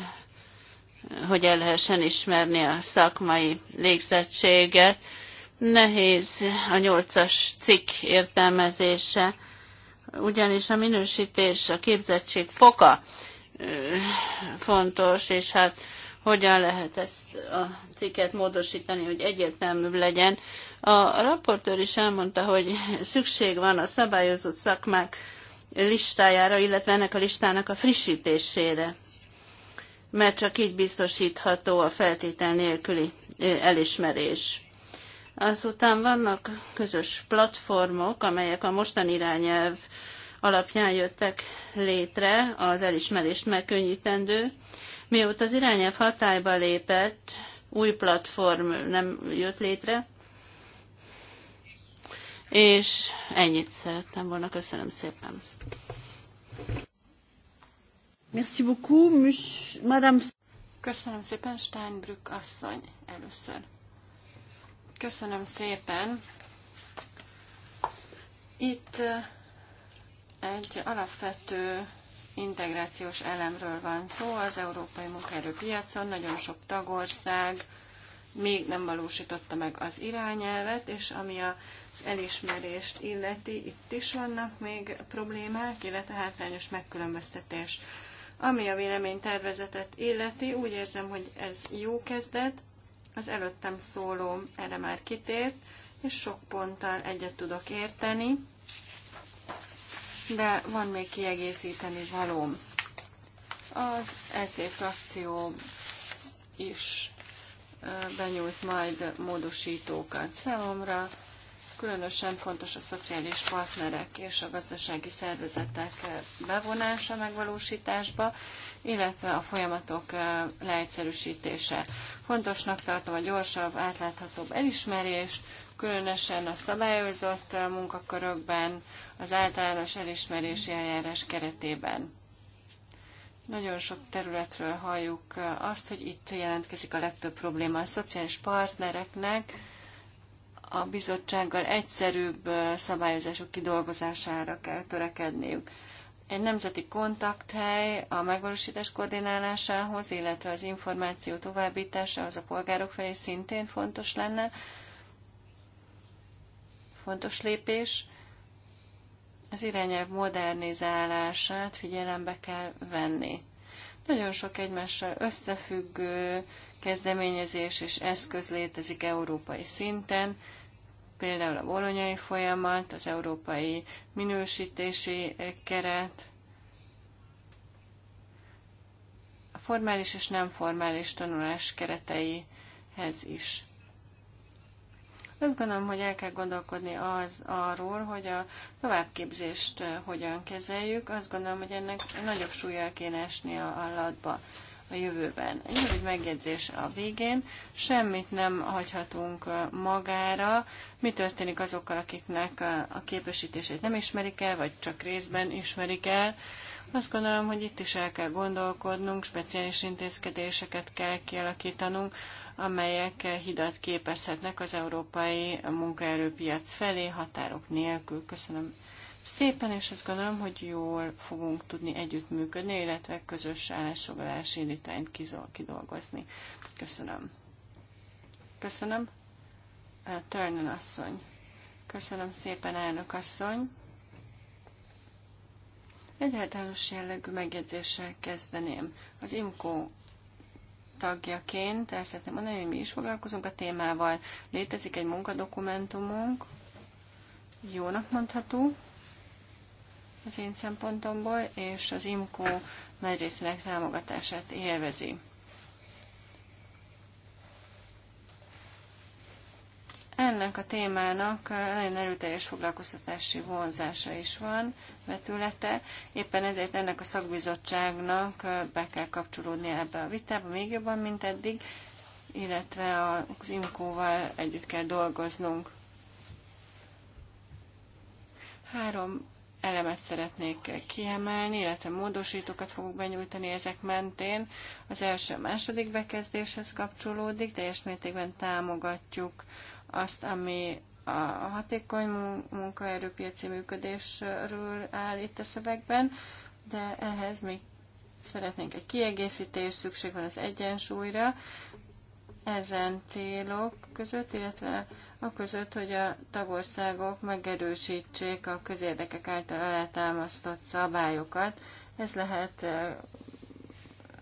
hogy el lehessen ismerni a szakmai végzettséget. Nehéz a nyolcas cikk értelmezése, ugyanis a minősítés, a képzettség foka fontos, és hát hogyan lehet ezt a cikket módosítani, hogy egyértelműbb legyen. A raportőr is elmondta, hogy szükség van a szabályozott szakmák listájára, illetve ennek a listának a frissítésére mert csak így biztosítható a feltétel nélküli elismerés. Azután vannak közös platformok, amelyek a mostani irányelv alapján jöttek létre, az elismerést megkönnyítendő. Mióta az irányelv hatályba lépett, új platform nem jött létre, és ennyit szerettem volna. Köszönöm szépen. Merci beaucoup, Madame. Köszönöm szépen, Steinbrück asszony először. Köszönöm szépen. Itt egy alapvető integrációs elemről van szó az európai munkaerőpiacon. Nagyon sok tagország még nem valósította meg az irányelvet, és ami az elismerést illeti, itt is vannak még problémák, illetve hátrányos megkülönböztetés. Ami a tervezetet illeti, úgy érzem, hogy ez jó kezdet, az előttem szóló erre már kitért, és sok ponttal egyet tudok érteni, de van még kiegészíteni valóm. Az SZD frakció is benyújt majd módosítókat számomra. Különösen fontos a szociális partnerek és a gazdasági szervezetek bevonása megvalósításba, illetve a folyamatok leegyszerűsítése. Fontosnak tartom a gyorsabb, átláthatóbb elismerést, különösen a szabályozott munkakörökben, az általános elismerési eljárás keretében. Nagyon sok területről halljuk azt, hogy itt jelentkezik a legtöbb probléma a szociális partnereknek, a bizottsággal egyszerűbb szabályozások kidolgozására kell törekedniük. Egy nemzeti kontakthely a megvalósítás koordinálásához, illetve az információ az a polgárok felé szintén fontos lenne. Fontos lépés. Az irányelv modernizálását figyelembe kell venni. Nagyon sok egymással összefüggő kezdeményezés és eszköz létezik európai szinten, például a bolonyai folyamat, az európai minősítési eh, keret, a formális és nem formális tanulás kereteihez is. Azt gondolom, hogy el kell gondolkodni az, arról, hogy a továbbképzést eh, hogyan kezeljük. Azt gondolom, hogy ennek nagyobb súlyjal kéne esni a, a latba a jövőben. Egy rövid megjegyzés a végén. Semmit nem hagyhatunk magára. Mi történik azokkal, akiknek a képesítését nem ismerik el, vagy csak részben ismerik el? Azt gondolom, hogy itt is el kell gondolkodnunk, speciális intézkedéseket kell kialakítanunk, amelyek hidat képezhetnek az európai munkaerőpiac felé határok nélkül. Köszönöm szépen, és azt gondolom, hogy jól fogunk tudni együttműködni, illetve közös állásfoglalási indítványt kidolgozni. Köszönöm. Köszönöm. Törnön asszony. Köszönöm szépen, elnök asszony. Egy általános jellegű megjegyzéssel kezdeném. Az IMCO tagjaként ezt szeretném mondani, hogy mi is foglalkozunk a témával. Létezik egy munkadokumentumunk, jónak mondható, az én szempontomból, és az IMCO nagy részének támogatását élvezi. Ennek a témának nagyon erőteljes foglalkoztatási vonzása is van, vetülete. Éppen ezért ennek a szakbizottságnak be kell kapcsolódni ebbe a vitába még jobban, mint eddig, illetve az IMCO-val együtt kell dolgoznunk. Három elemet szeretnék kiemelni, illetve módosítókat fogok benyújtani ezek mentén. Az első a második bekezdéshez kapcsolódik, teljes mértékben támogatjuk azt, ami a hatékony munkaerőpiaci működésről áll itt a szövegben, de ehhez még szeretnénk egy kiegészítés szükség van az egyensúlyra, ezen célok között, illetve a között, hogy a tagországok megerősítsék a közérdekek által eltámasztott szabályokat. Ez lehet eh,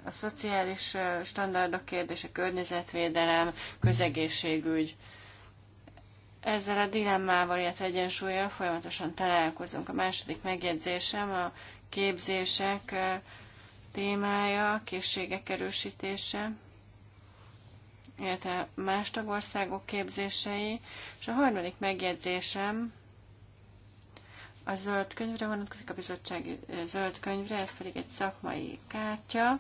a szociális eh, standardok kérdése, környezetvédelem, közegészségügy. Ezzel a dilemmával, illetve egyensúlyjal folyamatosan találkozunk. A második megjegyzésem a képzések eh, témája, készségek erősítése illetve más tagországok képzései. És a harmadik megjegyzésem a zöld könyvre vonatkozik, a bizottsági zöld könyvre, ez pedig egy szakmai kártya.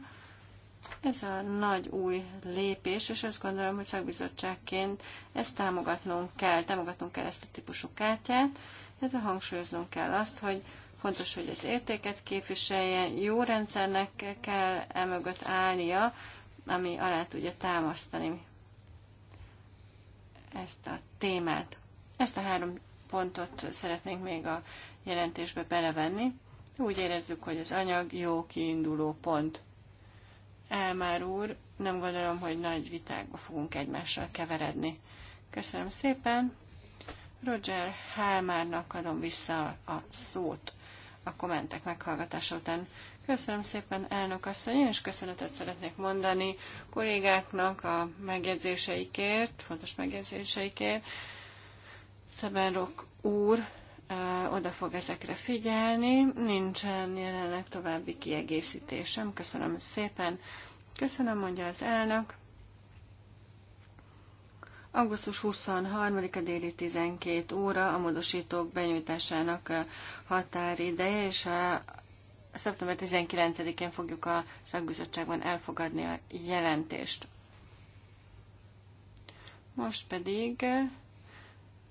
Ez a nagy új lépés, és azt gondolom, hogy szakbizottságként ezt támogatnunk kell, támogatnunk kell ezt a típusú kártyát, illetve hangsúlyoznunk kell azt, hogy fontos, hogy az értéket képviseljen, jó rendszernek kell emögött állnia, ami alá tudja támasztani ezt a témát. Ezt a három pontot szeretnénk még a jelentésbe belevenni. Úgy érezzük, hogy az anyag jó kiinduló pont. Elmár úr, nem gondolom, hogy nagy vitákba fogunk egymással keveredni. Köszönöm szépen. Roger Hálmárnak adom vissza a szót a kommentek meghallgatása után. Köszönöm szépen, elnök asszony, és köszönetet szeretnék mondani kollégáknak a megjegyzéseikért, fontos megjegyzéseikért. Szebenrok úr oda fog ezekre figyelni, nincsen jelenleg további kiegészítésem. Köszönöm szépen. Köszönöm, mondja az elnök. Augusztus 23-a déli 12 óra a módosítók benyújtásának határideje, és a szeptember 19-én fogjuk a szakbizottságban elfogadni a jelentést. Most pedig,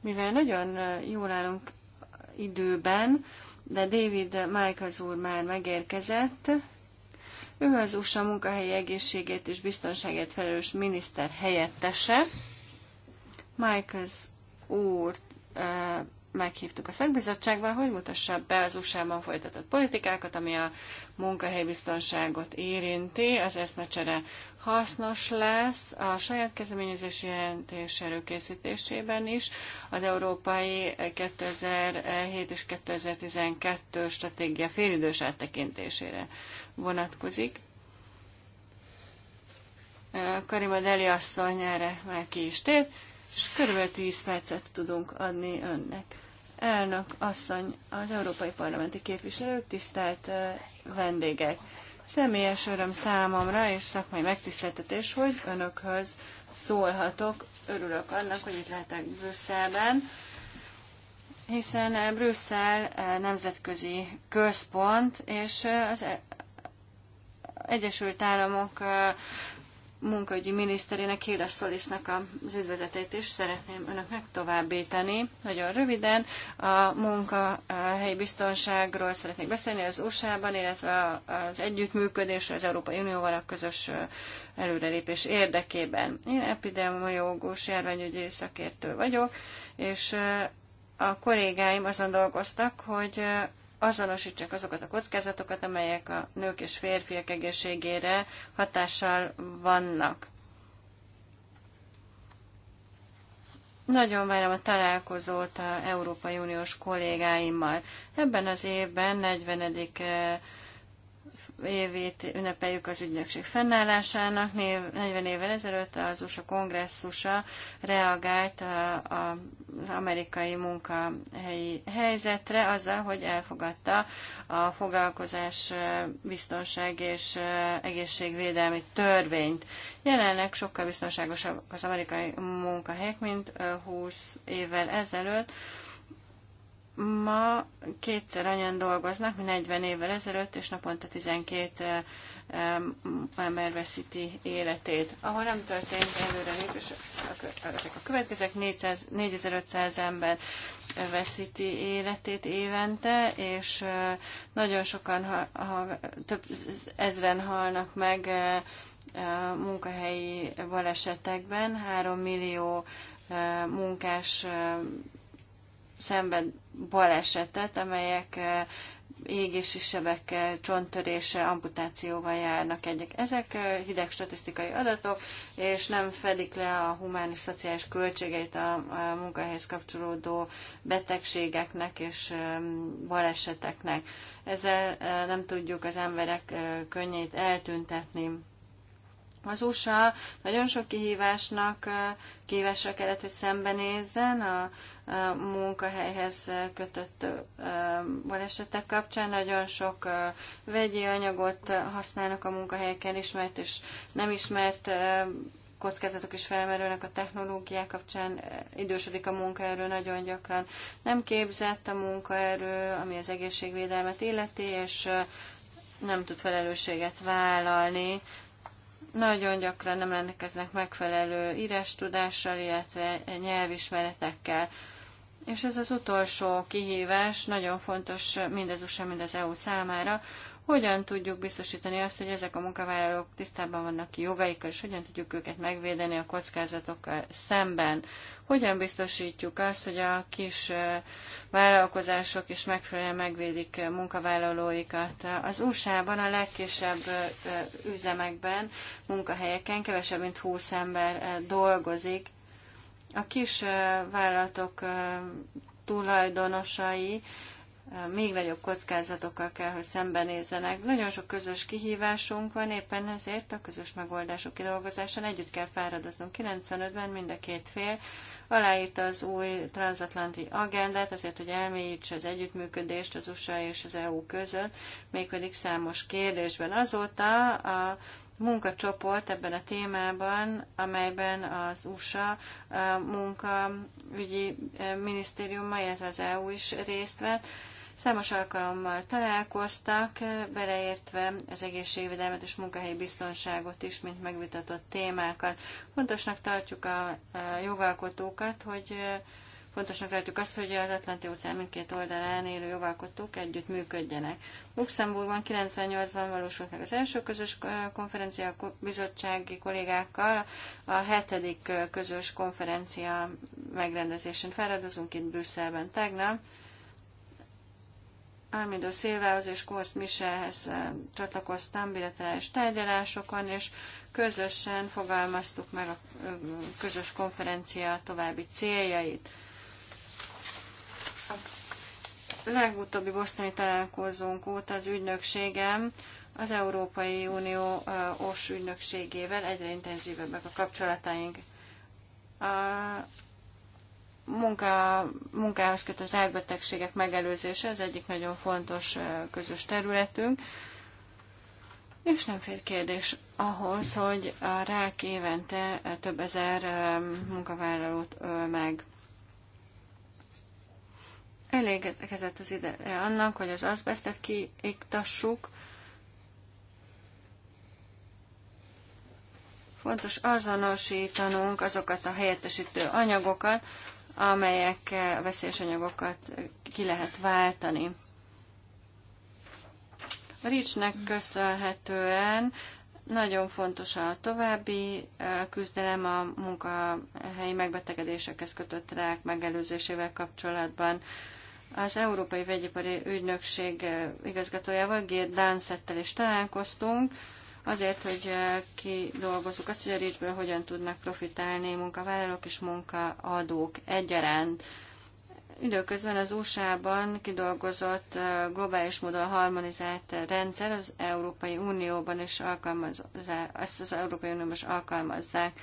mivel nagyon jól állunk időben, de David Michaels úr már megérkezett, ő az USA munkahelyi egészségét és biztonságért felelős miniszter helyettese. Michaels úr meghívtuk a szakbizottságba, hogy mutassa be az USA-ban folytatott politikákat, ami a munkahelybiztonságot érinti. Az eszmecsere hasznos lesz a saját kezdeményezési jelentés előkészítésében is. Az európai 2007 és 2012 stratégia félidős áttekintésére vonatkozik. Karima Deli asszony erre már ki is tér és körülbelül 10 percet tudunk adni önnek. Elnök asszony, az európai parlamenti képviselők, tisztelt vendégek! Személyes öröm számomra és szakmai megtiszteltetés, hogy önökhöz szólhatok. Örülök annak, hogy itt lehetek Brüsszelben, hiszen Brüsszel nemzetközi központ, és az Egyesült Államok munkaügyi miniszterének, Hilda Szolisznak az üdvözletét is szeretném önöknek továbbítani. Nagyon röviden a munkahelyi biztonságról szeretnék beszélni az USA-ban, illetve az együttműködés az Európai Unióval a közös előrelépés érdekében. Én epidemiológus járványügyi szakértő vagyok, és a kollégáim azon dolgoztak, hogy azonosítsák azokat a kockázatokat, amelyek a nők és férfiak egészségére hatással vannak. Nagyon várom a találkozót a Európai Uniós kollégáimmal. Ebben az évben 40 évét ünnepeljük az ügynökség fennállásának. 40 évvel ezelőtt az USA kongresszusa reagált az amerikai munkahelyi helyzetre azzal, hogy elfogadta a foglalkozás biztonság és egészségvédelmi törvényt. Jelenleg sokkal biztonságosabb az amerikai munkahelyek, mint 20 évvel ezelőtt ma kétszer annyian dolgoznak, mint 40 évvel ezelőtt, és naponta 12 ember veszíti életét. Ahol nem történt előrelépés, ezek a következők 400, 4500 ember veszíti életét évente, és nagyon sokan, ha, ha, több ezren halnak meg munkahelyi balesetekben, 3 millió munkás szenved balesetet, amelyek eh, égési sebek, eh, csonttörése, amputációval járnak egyek. Ezek eh, hideg statisztikai adatok, és nem fedik le a humán és szociális költségeit a, a munkahelyhez kapcsolódó betegségeknek és baleseteknek. Ezzel nem tudjuk az emberek könnyét eltüntetni. Az USA nagyon sok kihívásnak, kihívásra kellett, hogy szembenézzen a munkahelyhez kötött balesetek kapcsán. Nagyon sok vegyi anyagot használnak a munkahelyeken, ismert és nem ismert kockázatok is felmerülnek a technológiák kapcsán, idősödik a munkaerő nagyon gyakran. Nem képzett a munkaerő, ami az egészségvédelmet illeti, és nem tud felelősséget vállalni. Nagyon gyakran nem rendelkeznek megfelelő írás tudással, illetve nyelvismeretekkel. És ez az utolsó kihívás nagyon fontos mind az USA, mind az EU számára. Hogyan tudjuk biztosítani azt, hogy ezek a munkavállalók tisztában vannak jogaikkal, és hogyan tudjuk őket megvédeni a kockázatokkal szemben? Hogyan biztosítjuk azt, hogy a kis vállalkozások is megfelelően megvédik munkavállalóikat? Az USA-ban a legkisebb üzemekben, munkahelyeken kevesebb, mint 20 ember dolgozik, a kis vállalatok tulajdonosai még nagyobb kockázatokkal kell, hogy szembenézzenek. Nagyon sok közös kihívásunk van, éppen ezért a közös megoldások kidolgozásán együtt kell fáradoznunk. 95-ben mind a két fél aláírta az új transatlanti agendát, azért, hogy elmélyítse az együttműködést az USA és az EU között, mégpedig számos kérdésben. Azóta a munkacsoport ebben a témában, amelyben az USA munkaügyi e, minisztériuma, illetve az EU is részt vett. Számos alkalommal találkoztak, e, beleértve az egészségvédelmet és munkahelyi biztonságot is, mint megvitatott témákat. Fontosnak tartjuk a jogalkotókat, hogy e, Fontosnak lehetjük azt, hogy az Atlanti óceán mindkét oldalán élő jogalkotók együtt működjenek. Luxemburgban 98-ban valósult meg az első közös konferencia a bizottsági kollégákkal, a hetedik közös konferencia megrendezésén feladozunk itt Brüsszelben tegnap. Armindo Szilvához és Korsz Michelhez csatlakoztam bilaterális tárgyalásokon, és közösen fogalmaztuk meg a közös konferencia további céljait. A legutóbbi bosztoni találkozónk óta az ügynökségem az Európai Unió OS ügynökségével egyre intenzívebbek a kapcsolataink. A munka, munkához kötött rákbetegségek megelőzése az egyik nagyon fontos közös területünk, és nem fér kérdés ahhoz, hogy a rák évente több ezer munkavállalót öl meg. Elégedkezett az ide eh, annak, hogy az azbesztet kiiktassuk. Fontos azonosítanunk azokat a helyettesítő anyagokat, amelyekkel a veszélyes anyagokat ki lehet váltani. A ricsnek köszönhetően nagyon fontos a további eh, küzdelem a munkahelyi megbetegedésekhez kötött rák megelőzésével kapcsolatban. Az Európai Vegyipari Ügynökség eh, igazgatójával, Gér Dánszettel is találkoztunk, azért, hogy eh, kidolgozzuk azt, hogy a ricsből hogyan tudnak profitálni munkavállalók és munkaadók egyaránt. Időközben az USA-ban kidolgozott eh, globális módon harmonizált rendszer az Európai Unióban is alkalmazza ezt az Európai Unióban is alkalmazzák.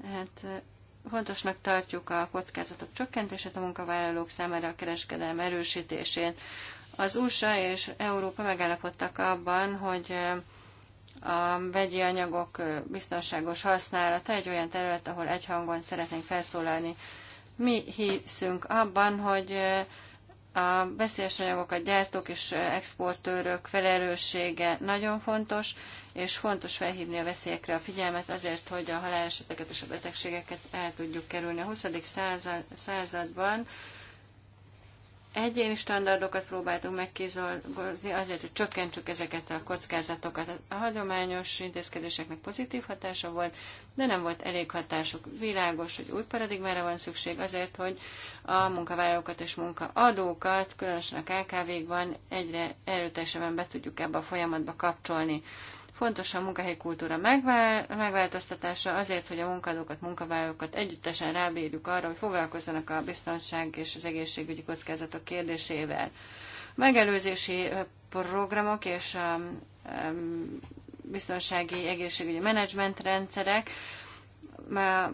Tehát Fontosnak tartjuk a kockázatok csökkentését, a munkavállalók számára a kereskedelem erősítésén. Az USA és Európa megállapodtak abban, hogy eh, a vegyi anyagok eh, biztonságos használata egy olyan terület, ahol egyhangon szeretnénk felszólalni. Mi hiszünk abban, hogy eh, a veszélyes anyagokat gyártók és exportőrök felelőssége nagyon fontos, és fontos felhívni a veszélyekre a figyelmet azért, hogy a haláleseteket és a betegségeket el tudjuk kerülni. A 20. században egyéni standardokat próbáltunk megkizolgozni azért, hogy csökkentsük ezeket a kockázatokat. A hagyományos intézkedéseknek pozitív hatása volt, de nem volt elég hatásuk. Világos, hogy új paradigmára van szükség azért, hogy a munkavállalókat és munkaadókat, különösen a KKV-kban egyre erőteljesebben be tudjuk ebbe a folyamatba kapcsolni. Fontos a munkahelyi kultúra megvál, megváltoztatása azért, hogy a munkadókat, munkavállalókat együttesen rábírjuk arra, hogy foglalkozzanak a biztonság és az egészségügyi kockázatok kérdésével. Megelőzési programok és a biztonsági egészségügyi menedzsment rendszerek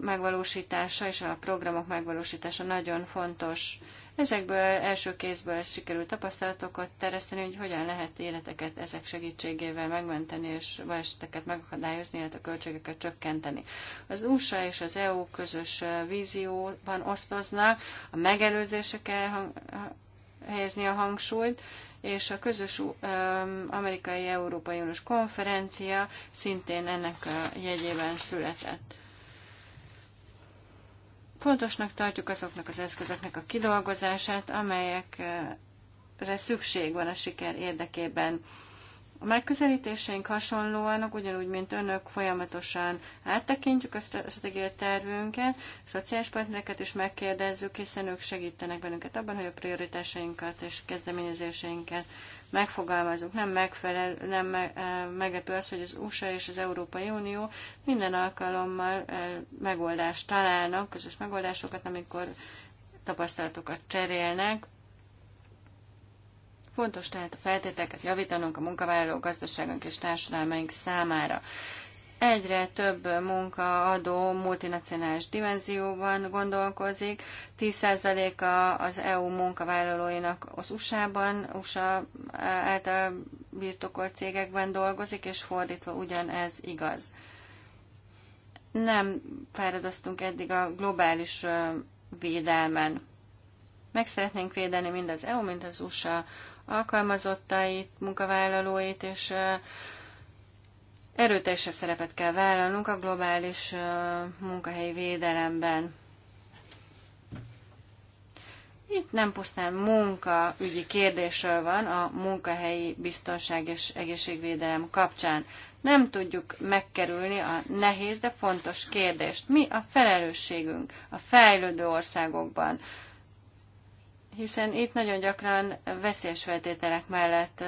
megvalósítása és a programok megvalósítása nagyon fontos. Ezekből első kézből sikerült tapasztalatokat terjeszteni, hogy hogyan lehet életeket ezek segítségével megmenteni, és baleseteket megakadályozni, illetve a költségeket csökkenteni. Az USA és az EU közös vízióban osztoznak, a megelőzésekkel helyezni a hangsúlyt, és a közös amerikai-európai uniós konferencia szintén ennek a jegyében született. Fontosnak tartjuk azoknak az eszközöknek a kidolgozását, amelyekre szükség van a siker érdekében. A megközelítéseink hasonlóanak, ugyanúgy, mint önök folyamatosan áttekintjük a stratégiai tervünket, a szociális partnereket is megkérdezzük, hiszen ők segítenek bennünket abban, hogy a prioritásainkat és kezdeményezéseinket megfogalmazunk. Nem, megfelel, nem eh, meglepő az, hogy az USA és az Európai Unió minden alkalommal eh, megoldást találnak, közös megoldásokat, amikor tapasztalatokat cserélnek, Fontos tehát a feltételeket javítanunk a munkavállaló gazdaságunk és társadalmaink számára. Egyre több munkaadó multinacionális dimenzióban gondolkozik. 10%-a az EU munkavállalóinak az USA-ban, USA által birtokolt cégekben dolgozik, és fordítva ugyanez igaz. Nem fáradoztunk eddig a globális védelmen. Meg szeretnénk védeni mind az EU, mind az USA alkalmazottait, munkavállalóit, és erőteljesebb szerepet kell vállalnunk a globális munkahelyi védelemben. Itt nem pusztán munkaügyi kérdésről van a munkahelyi biztonság és egészségvédelem kapcsán. Nem tudjuk megkerülni a nehéz, de fontos kérdést. Mi a felelősségünk a fejlődő országokban? hiszen itt nagyon gyakran veszélyes feltételek mellett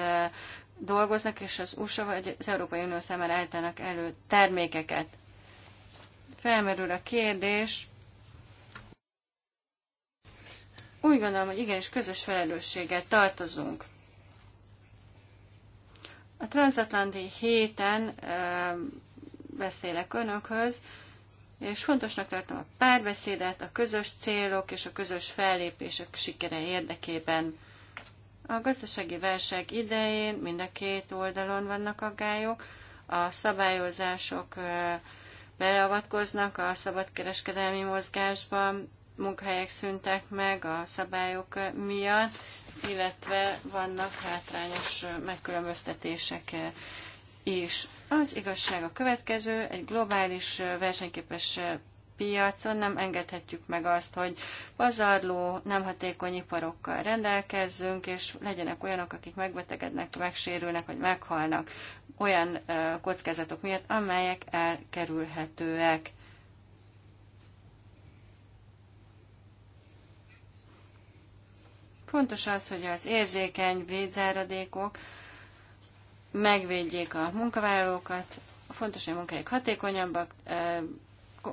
dolgoznak, és az USA vagy az Európai Unió számára állítanak elő termékeket. Felmerül a kérdés, úgy gondolom, hogy igenis közös felelősséggel tartozunk. A transatlanti héten beszélek önökhöz, és fontosnak tartom a párbeszédet a közös célok és a közös fellépések sikere érdekében. A gazdasági válság idején mind a két oldalon vannak aggályok, a szabályozások beleavatkoznak a szabadkereskedelmi mozgásban, munkahelyek szüntek meg a szabályok miatt, illetve vannak hátrányos megkülönböztetések is. Az igazság a következő, egy globális versenyképes piacon nem engedhetjük meg azt, hogy pazarló, nem hatékony iparokkal rendelkezzünk, és legyenek olyanok, akik megbetegednek, megsérülnek, vagy meghalnak olyan kockázatok miatt, amelyek elkerülhetőek. Fontos az, hogy az érzékeny védzáradékok, megvédjék a munkavállalókat, fontos, hogy a munkáik hatékonyabbak,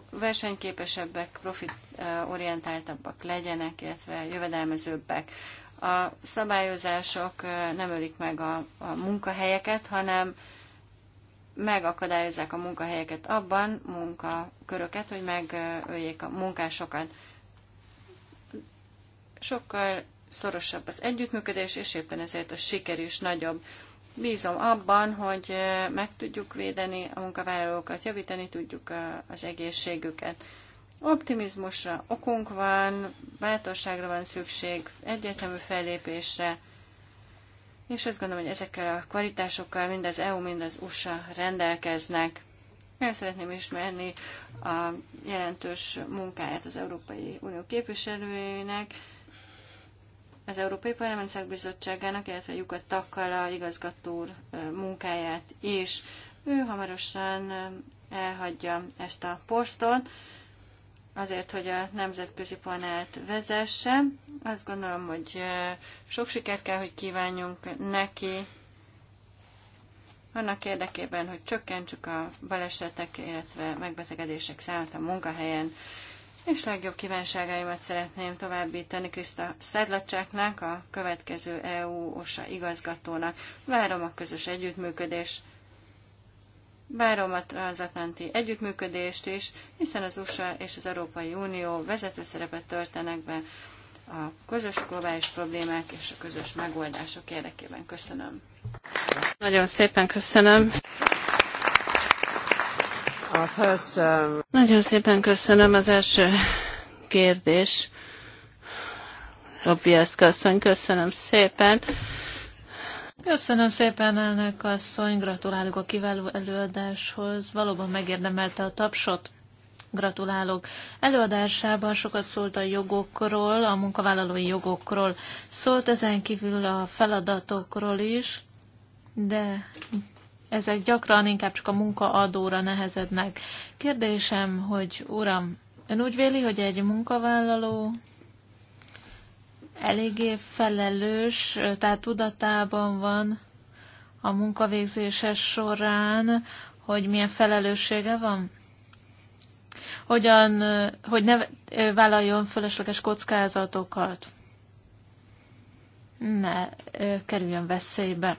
versenyképesebbek, profitorientáltabbak legyenek, illetve jövedelmezőbbek. A szabályozások nem ölik meg a, a munkahelyeket, hanem megakadályozzák a munkahelyeket abban, munkaköröket, hogy megöljék a munkásokat. Sokkal szorosabb az együttműködés, és éppen ezért a siker is nagyobb. Bízom abban, hogy meg tudjuk védeni a munkavállalókat, javítani tudjuk az egészségüket. Optimizmusra okunk van, bátorságra van szükség, egyértelmű fellépésre, és azt gondolom, hogy ezekkel a kvalitásokkal mind az EU, mind az USA rendelkeznek. El szeretném ismerni a jelentős munkáját az Európai Unió képviselőjének, az Európai Parlament Szakbizottságának, illetve lyukat takkal a igazgató úr munkáját is. Ő hamarosan elhagyja ezt a posztot, azért, hogy a nemzetközi panelt vezesse. Azt gondolom, hogy sok sikert kell, hogy kívánjunk neki, annak érdekében, hogy csökkentsük a balesetek, illetve megbetegedések számát a munkahelyen. És legjobb kívánságaimat szeretném továbbítani Krista Szedlacsáknak, a következő EU-osa igazgatónak. Várom a közös együttműködést, várom a transatlanti együttműködést is, hiszen az USA és az Európai Unió vezető szerepet töltenek be a közös globális problémák és a közös megoldások érdekében. Köszönöm. Nagyon szépen köszönöm. Um, Nagyon szépen köszönöm az első kérdés. Robieszka asszony, köszönöm szépen. Köszönöm szépen, elnök asszony, gratulálok a kiváló előadáshoz. Valóban megérdemelte a tapsot. Gratulálok. Előadásában sokat szólt a jogokról, a munkavállalói jogokról. Szólt ezen kívül a feladatokról is, de ezek gyakran inkább csak a munkaadóra nehezednek. Kérdésem, hogy uram, ön úgy véli, hogy egy munkavállaló eléggé felelős, tehát tudatában van a munkavégzése során, hogy milyen felelőssége van? Hogyan, hogy ne vállaljon fölösleges kockázatokat? Ne kerüljön veszélybe.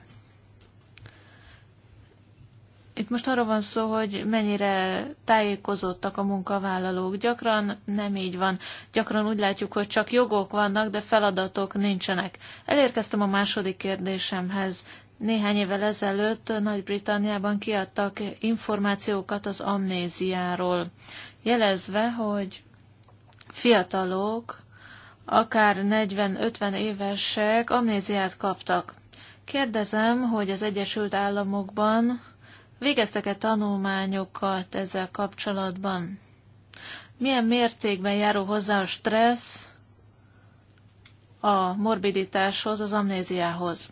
Itt most arról van szó, hogy mennyire tájékozottak a munkavállalók. Gyakran nem így van. Gyakran úgy látjuk, hogy csak jogok vannak, de feladatok nincsenek. Elérkeztem a második kérdésemhez. Néhány évvel ezelőtt Nagy-Britanniában kiadtak információkat az amnéziáról, jelezve, hogy fiatalok, akár 40-50 évesek amnéziát kaptak. Kérdezem, hogy az Egyesült Államokban Végeztek-e tanulmányokat ezzel kapcsolatban? Milyen mértékben járul hozzá a stressz a morbiditáshoz, az amnéziához?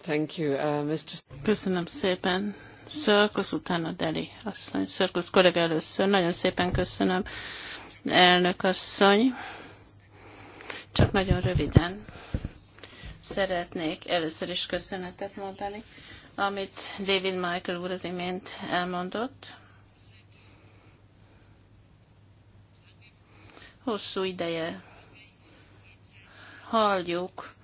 Thank you, uh, Mr. Köszönöm szépen. Szörkusz, utána Deli asszony. Szörkusz kollega először. Nagyon szépen köszönöm, elnök asszony. Csak nagyon röviden szeretnék először is köszönetet mondani amit David Michael úr az imént elmondott. Hosszú ideje halljuk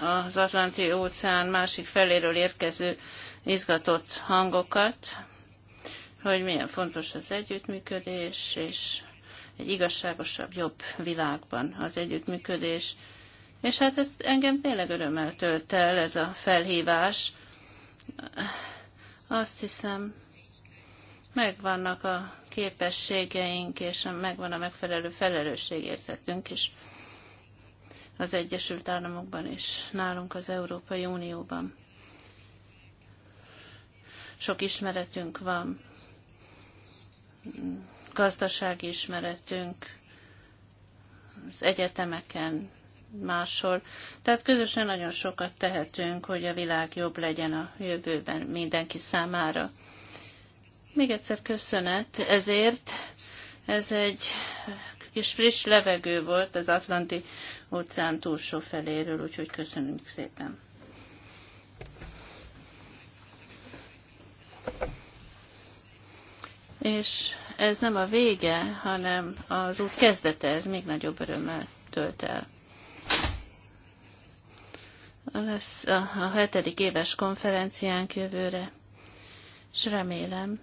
az Atlanti óceán másik feléről érkező izgatott hangokat, hogy milyen fontos az együttműködés, és egy igazságosabb, jobb világban az együttműködés és hát ez engem tényleg örömmel tölt el ez a felhívás. Azt hiszem, megvannak a képességeink, és megvan a megfelelő felelősségérzetünk is az Egyesült Államokban és nálunk az Európai Unióban. Sok ismeretünk van, gazdasági ismeretünk, az egyetemeken máshol. Tehát közösen nagyon sokat tehetünk, hogy a világ jobb legyen a jövőben mindenki számára. Még egyszer köszönet ezért. Ez egy kis friss levegő volt az Atlanti óceán túlsó feléről, úgyhogy köszönjük szépen. És ez nem a vége, hanem az út kezdete, ez még nagyobb örömmel tölt el lesz a, a hetedik éves konferenciánk jövőre, és remélem,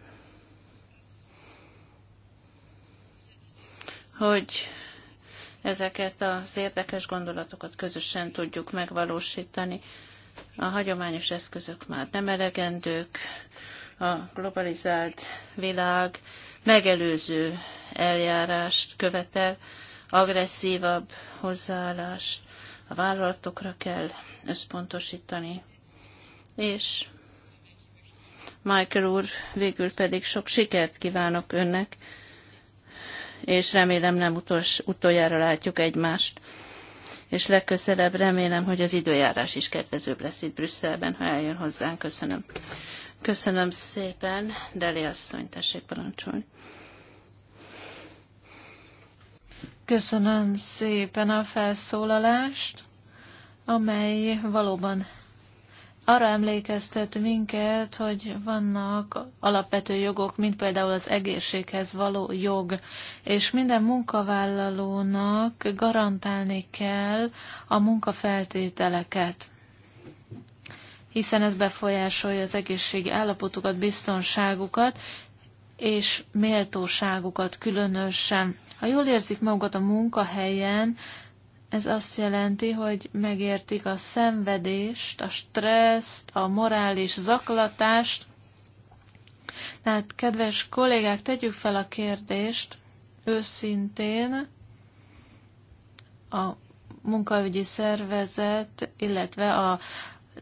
hogy ezeket az érdekes gondolatokat közösen tudjuk megvalósítani. A hagyományos eszközök már nem elegendők, a globalizált világ megelőző eljárást követel, agresszívabb hozzáállást a vállalatokra kell összpontosítani. És Michael úr, végül pedig sok sikert kívánok önnek, és remélem nem utos, utoljára látjuk egymást. És legközelebb remélem, hogy az időjárás is kedvezőbb lesz itt Brüsszelben, ha eljön hozzánk. Köszönöm. Köszönöm szépen. Deli asszony, tessék parancsolni. Köszönöm szépen a felszólalást, amely valóban arra emlékeztet minket, hogy vannak alapvető jogok, mint például az egészséghez való jog, és minden munkavállalónak garantálni kell a munkafeltételeket hiszen ez befolyásolja az egészségi állapotukat, biztonságukat és méltóságukat különösen. Ha jól érzik magukat a munkahelyen, ez azt jelenti, hogy megértik a szenvedést, a stresszt, a morális zaklatást. Tehát, kedves kollégák, tegyük fel a kérdést őszintén a munkaügyi szervezet, illetve a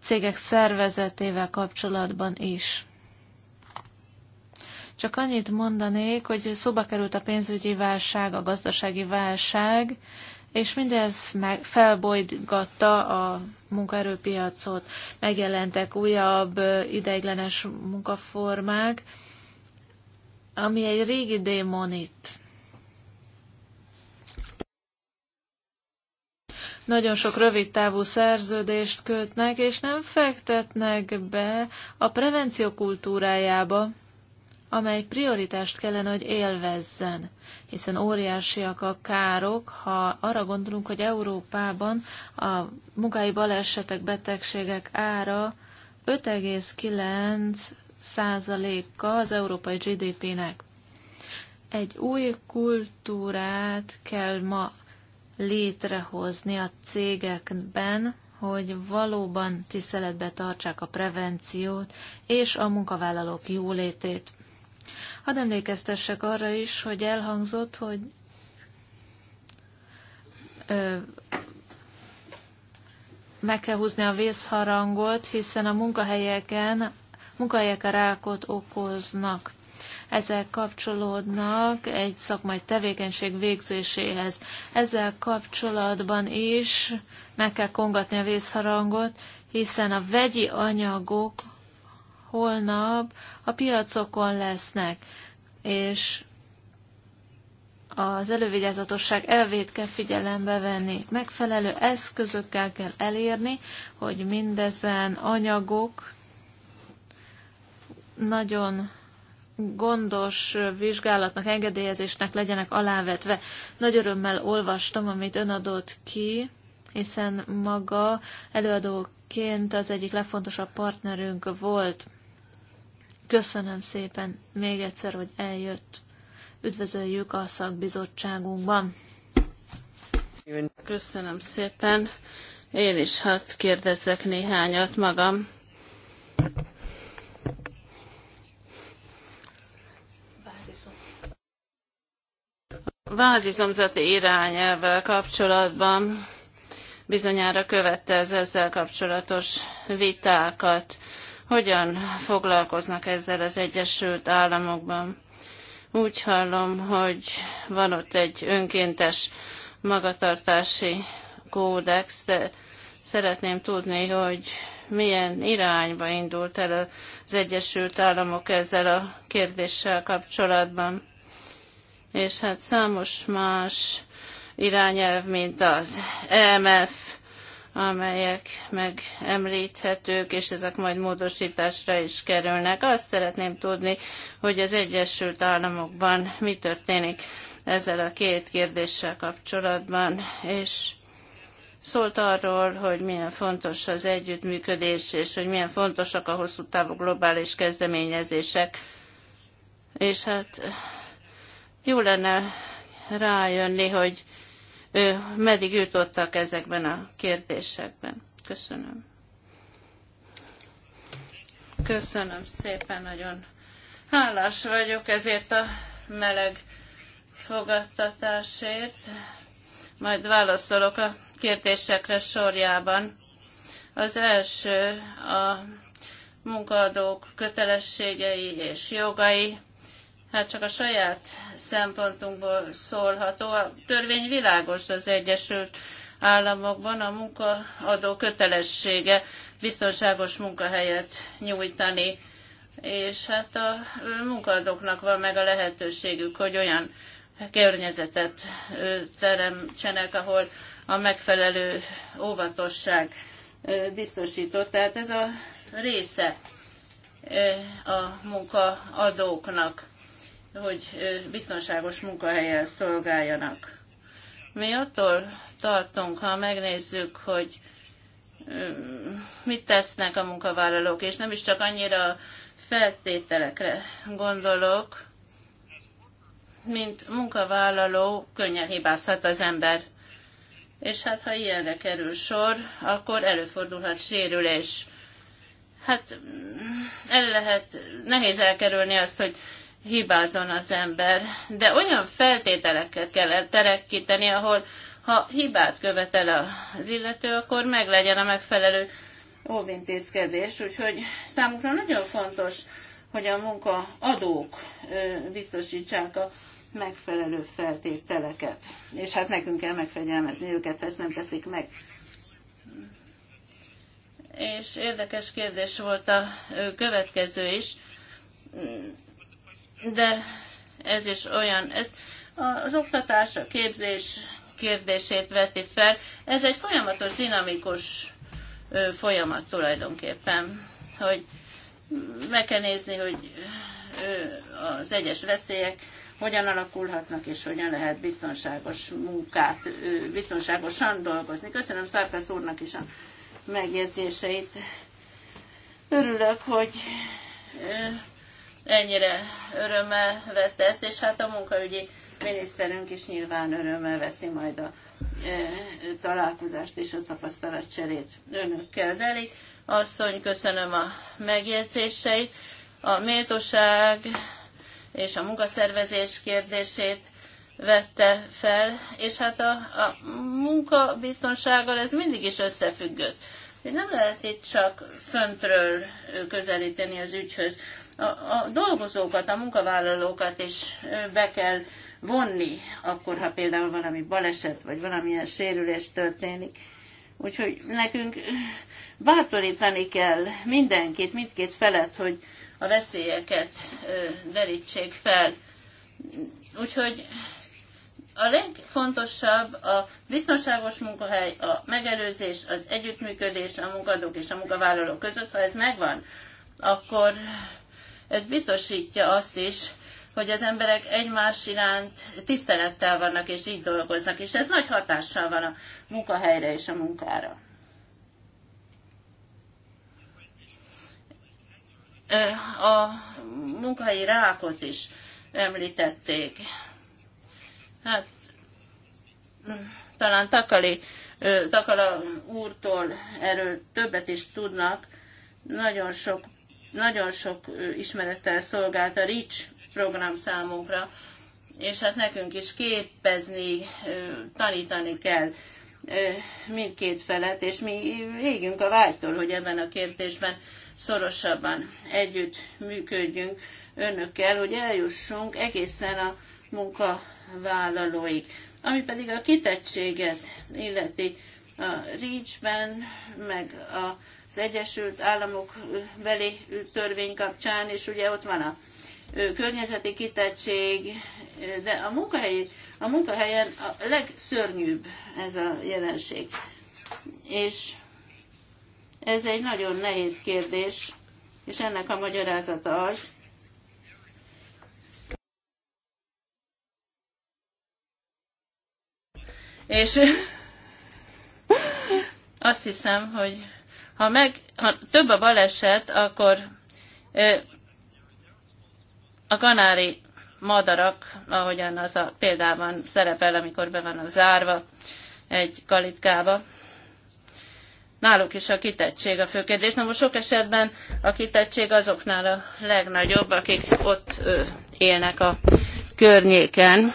cégek szervezetével kapcsolatban is. Csak annyit mondanék, hogy szóba került a pénzügyi válság, a gazdasági válság, és mindez meg felbolygatta a munkaerőpiacot, megjelentek újabb ideiglenes munkaformák, ami egy régi démonit. Nagyon sok rövid távú szerződést kötnek, és nem fektetnek be a prevenció kultúrájába, amely prioritást kellene, hogy élvezzen, hiszen óriásiak a károk, ha arra gondolunk, hogy Európában a munkai balesetek, betegségek ára 5,9 százaléka az európai GDP-nek. Egy új kultúrát kell ma létrehozni a cégekben, hogy valóban tiszteletbe tartsák a prevenciót és a munkavállalók jólétét. Hadd emlékeztessek arra is, hogy elhangzott, hogy ö, meg kell húzni a vészharangot, hiszen a munkahelyeken munkahelyek a rákot okoznak. Ezzel kapcsolódnak egy szakmai tevékenység végzéséhez. Ezzel kapcsolatban is meg kell kongatni a vészharangot, hiszen a vegyi anyagok holnap a piacokon lesznek, és az elővigyázatosság elvét kell figyelembe venni. Megfelelő eszközökkel kell elérni, hogy mindezen anyagok nagyon gondos vizsgálatnak, engedélyezésnek legyenek alávetve. Nagy örömmel olvastam, amit ön adott ki, hiszen maga előadóként az egyik legfontosabb partnerünk volt Köszönöm szépen még egyszer, hogy eljött. Üdvözöljük a szakbizottságunkban. Köszönöm szépen. Én is hadd kérdezzek néhányat magam. vázizomzati irányelvvel kapcsolatban bizonyára követte ez ezzel kapcsolatos vitákat hogyan foglalkoznak ezzel az Egyesült Államokban. Úgy hallom, hogy van ott egy önkéntes magatartási kódex, de szeretném tudni, hogy milyen irányba indult el az Egyesült Államok ezzel a kérdéssel kapcsolatban. És hát számos más irányelv, mint az EMF, amelyek megemlíthetők, és ezek majd módosításra is kerülnek. Azt szeretném tudni, hogy az Egyesült Államokban mi történik ezzel a két kérdéssel kapcsolatban, és szólt arról, hogy milyen fontos az együttműködés, és hogy milyen fontosak a hosszú távú globális kezdeményezések. És hát jó lenne rájönni, hogy meddig jutottak ezekben a kérdésekben. Köszönöm. Köszönöm szépen, nagyon hálás vagyok ezért a meleg fogadtatásért. Majd válaszolok a kérdésekre sorjában. Az első a munkaadók kötelességei és jogai hát csak a saját szempontunkból szólható. A törvény világos az Egyesült Államokban a munkaadó kötelessége biztonságos munkahelyet nyújtani, és hát a munkaadóknak van meg a lehetőségük, hogy olyan környezetet teremtsenek, ahol a megfelelő óvatosság biztosított. Tehát ez a része a munkaadóknak hogy biztonságos munkahelyen szolgáljanak. Mi attól tartunk, ha megnézzük, hogy mit tesznek a munkavállalók, és nem is csak annyira feltételekre gondolok, mint munkavállaló könnyen hibázhat az ember. És hát, ha ilyenre kerül sor, akkor előfordulhat sérülés. Hát el lehet, nehéz elkerülni azt, hogy hibázon az ember, de olyan feltételeket kell terekíteni, ahol ha hibát követel az illető, akkor legyen a megfelelő óvintézkedés. Úgyhogy számukra nagyon fontos, hogy a munkaadók biztosítsák a megfelelő feltételeket. És hát nekünk kell megfegyelmezni őket, ha ezt nem teszik meg. És érdekes kérdés volt a következő is de ez is olyan, ez az oktatás, a képzés kérdését veti fel. Ez egy folyamatos, dinamikus folyamat tulajdonképpen, hogy meg kell nézni, hogy az egyes veszélyek hogyan alakulhatnak, és hogyan lehet biztonságos munkát, biztonságosan dolgozni. Köszönöm Szárkász úrnak is a megjegyzéseit. Örülök, hogy ennyire örömmel vette ezt, és hát a munkaügyi miniszterünk is nyilván örömmel veszi majd a e, találkozást és a cserét önökkel. Deli asszony, köszönöm a megjegyzéseit. A méltóság és a munkaszervezés kérdését vette fel, és hát a, a munkabiztonsággal ez mindig is összefüggött. nem lehet itt csak föntről közelíteni az ügyhöz a, a dolgozókat, a munkavállalókat is be kell vonni, akkor, ha például valami baleset, vagy valamilyen sérülés történik. Úgyhogy nekünk bátorítani kell mindenkit, mindkét felet, hogy a veszélyeket derítsék fel. Úgyhogy a legfontosabb a biztonságos munkahely, a megelőzés, az együttműködés a munkadók és a munkavállalók között. Ha ez megvan, akkor ez biztosítja azt is, hogy az emberek egymás iránt tisztelettel vannak, és így dolgoznak, és ez nagy hatással van a munkahelyre és a munkára. A munkahelyi rákot is említették. Hát, talán Takali, Takala úrtól erről többet is tudnak. Nagyon sok nagyon sok ismerettel szolgált a RICS program számunkra, és hát nekünk is képezni, tanítani kell mindkét felet, és mi égünk a vágytól, hogy ebben a kérdésben szorosabban együtt működjünk önökkel, hogy eljussunk egészen a munkavállalóig. Ami pedig a kitettséget illeti a reach meg a az Egyesült Államok beli törvény kapcsán, és ugye ott van a környezeti kitettség, de a, munkahelyi, a munkahelyen a legszörnyűbb ez a jelenség. És ez egy nagyon nehéz kérdés, és ennek a magyarázata az, és azt hiszem, hogy ha, meg, ha több a baleset, akkor a kanári madarak, ahogyan az a példában szerepel, amikor be vannak zárva egy kalitkába, náluk is a kitettség a fő kérdés. Na most sok esetben a kitettség azoknál a legnagyobb, akik ott élnek a környéken.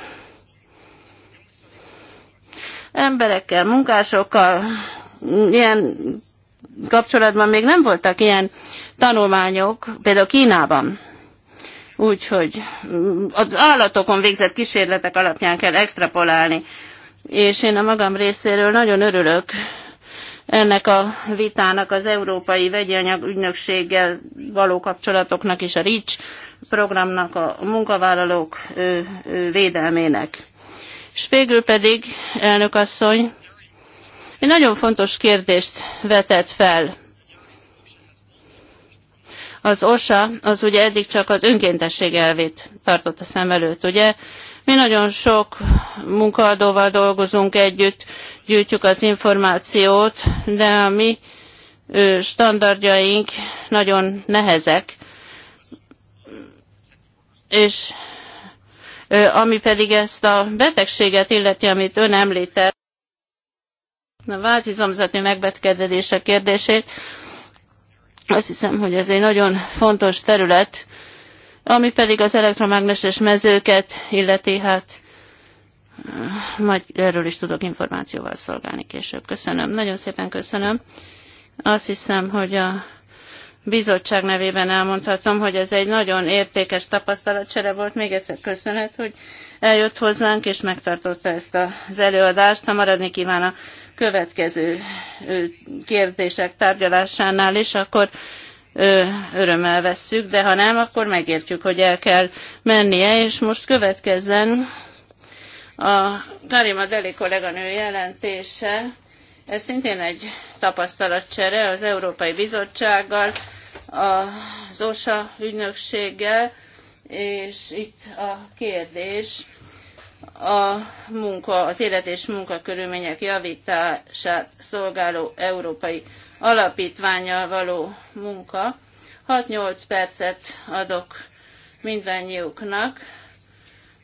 Emberekkel, munkásokkal, ilyen kapcsolatban még nem voltak ilyen tanulmányok, például Kínában. Úgyhogy mm, az állatokon végzett kísérletek alapján kell extrapolálni. És én a magam részéről nagyon örülök ennek a vitának az Európai Vegyi Anyag Ügynökséggel való kapcsolatoknak és a RICS programnak a munkavállalók védelmének. És végül pedig, elnök asszony, egy nagyon fontos kérdést vetett fel. Az OSA az ugye eddig csak az önkéntesség elvét tartotta szem előtt, ugye? Mi nagyon sok munkaadóval dolgozunk együtt, gyűjtjük az információt, de a mi standardjaink nagyon nehezek, és ami pedig ezt a betegséget illeti, amit ön említett, a vázizomzati megbetegedése kérdését. Azt hiszem, hogy ez egy nagyon fontos terület, ami pedig az elektromágneses mezőket illeti, hát eh, majd erről is tudok információval szolgálni később. Köszönöm, nagyon szépen köszönöm. Azt hiszem, hogy a bizottság nevében elmondhatom, hogy ez egy nagyon értékes tapasztalatcsere volt. Még egyszer köszönet, hogy eljött hozzánk és megtartotta ezt az előadást. Ha maradni kíván a következő kérdések tárgyalásánál is, akkor örömmel vesszük, de ha nem, akkor megértjük, hogy el kell mennie, és most következzen a Karima Deli kolléganő jelentése. Ez szintén egy tapasztalatcsere az Európai Bizottsággal, az OSA ügynökséggel, és itt a kérdés a munka, az élet és munkakörülmények javítását szolgáló európai alapítványa való munka. 6-8 percet adok mindannyiuknak.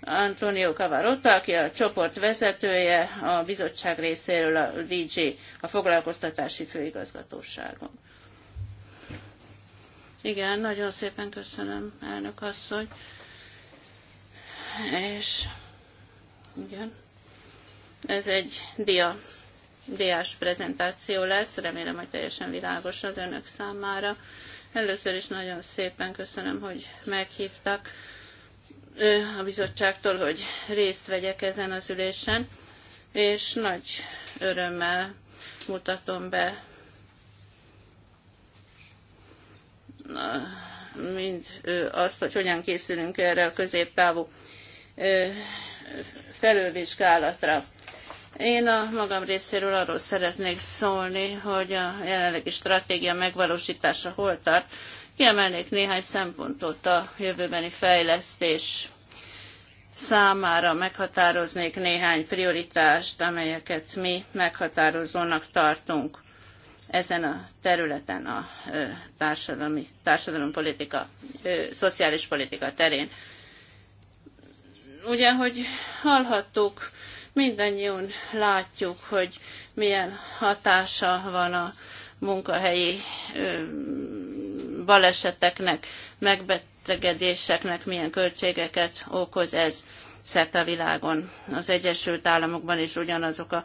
Antonio Cavarotta, aki a csoport vezetője a bizottság részéről a DG, a foglalkoztatási főigazgatóságon. Igen, nagyon szépen köszönöm, elnök asszony. És igen. Ez egy dia, diás prezentáció lesz, remélem, hogy teljesen világos az önök számára. Először is nagyon szépen köszönöm, hogy meghívtak a bizottságtól, hogy részt vegyek ezen az ülésen, és nagy örömmel mutatom be mind azt, hogy hogyan készülünk erre a középtávú felülvizsgálatra. Én a magam részéről arról szeretnék szólni, hogy a jelenlegi stratégia megvalósítása hol tart. Kiemelnék néhány szempontot a jövőbeni fejlesztés számára meghatároznék néhány prioritást, amelyeket mi meghatározónak tartunk ezen a területen a társadalmi, társadalompolitika, szociális politika terén ugye, hogy hallhattuk, mindannyian látjuk, hogy milyen hatása van a munkahelyi baleseteknek, megbetegedéseknek, milyen költségeket okoz ez szerte a világon. Az Egyesült Államokban is ugyanazok a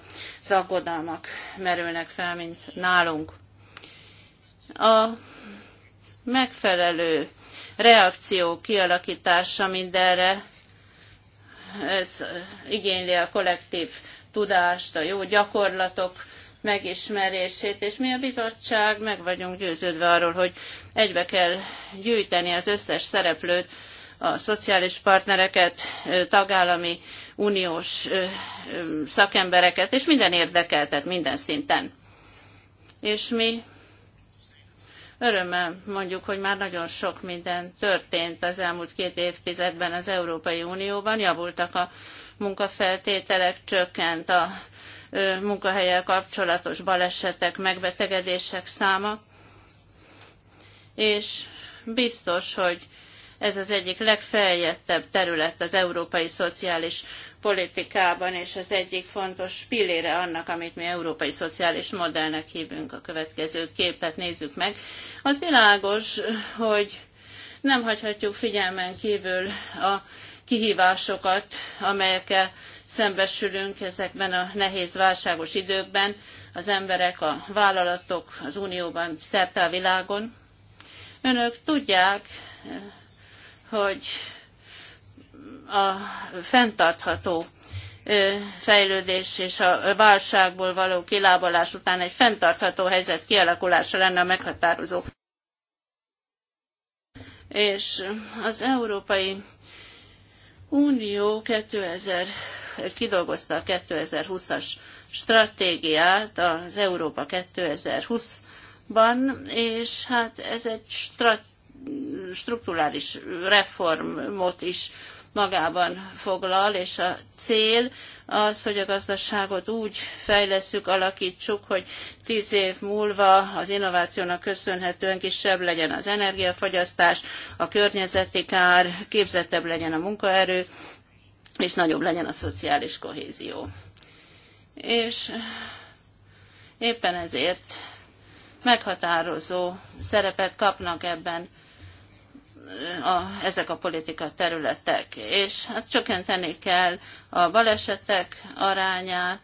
aggodalmak merülnek fel, mint nálunk. A megfelelő reakció kialakítása mindenre ez igényli a kollektív tudást, a jó gyakorlatok megismerését, és mi a bizottság meg vagyunk győződve arról, hogy egybe kell gyűjteni az összes szereplőt, a szociális partnereket, tagállami uniós szakembereket, és minden érdekeltet minden szinten. És mi Örömmel mondjuk, hogy már nagyon sok minden történt az elmúlt két évtizedben az Európai Unióban, javultak a munkafeltételek, csökkent a munkahelyek kapcsolatos balesetek, megbetegedések száma, és biztos, hogy ez az egyik legfeljettebb terület az európai szociális politikában, és az egyik fontos pillére annak, amit mi európai szociális modellnek hívünk, a következő képet nézzük meg. Az világos, hogy nem hagyhatjuk figyelmen kívül a kihívásokat, amelyekkel szembesülünk ezekben a nehéz válságos időkben, az emberek, a vállalatok az Unióban szerte a világon. Önök tudják, hogy a fenntartható fejlődés és a válságból való kilábalás után egy fenntartható helyzet kialakulása lenne a meghatározó. És az Európai Unió 2000 kidolgozta a 2020-as stratégiát, az Európa 2020-ban, és hát ez egy strat, strukturális reformot is magában foglal, és a cél az, hogy a gazdaságot úgy fejleszük alakítsuk, hogy tíz év múlva az innovációnak köszönhetően kisebb legyen az energiafogyasztás, a környezeti kár, képzettebb legyen a munkaerő, és nagyobb legyen a szociális kohézió. És éppen ezért meghatározó szerepet kapnak ebben a, ezek a politika területek. És hát csökkenteni kell a balesetek arányát,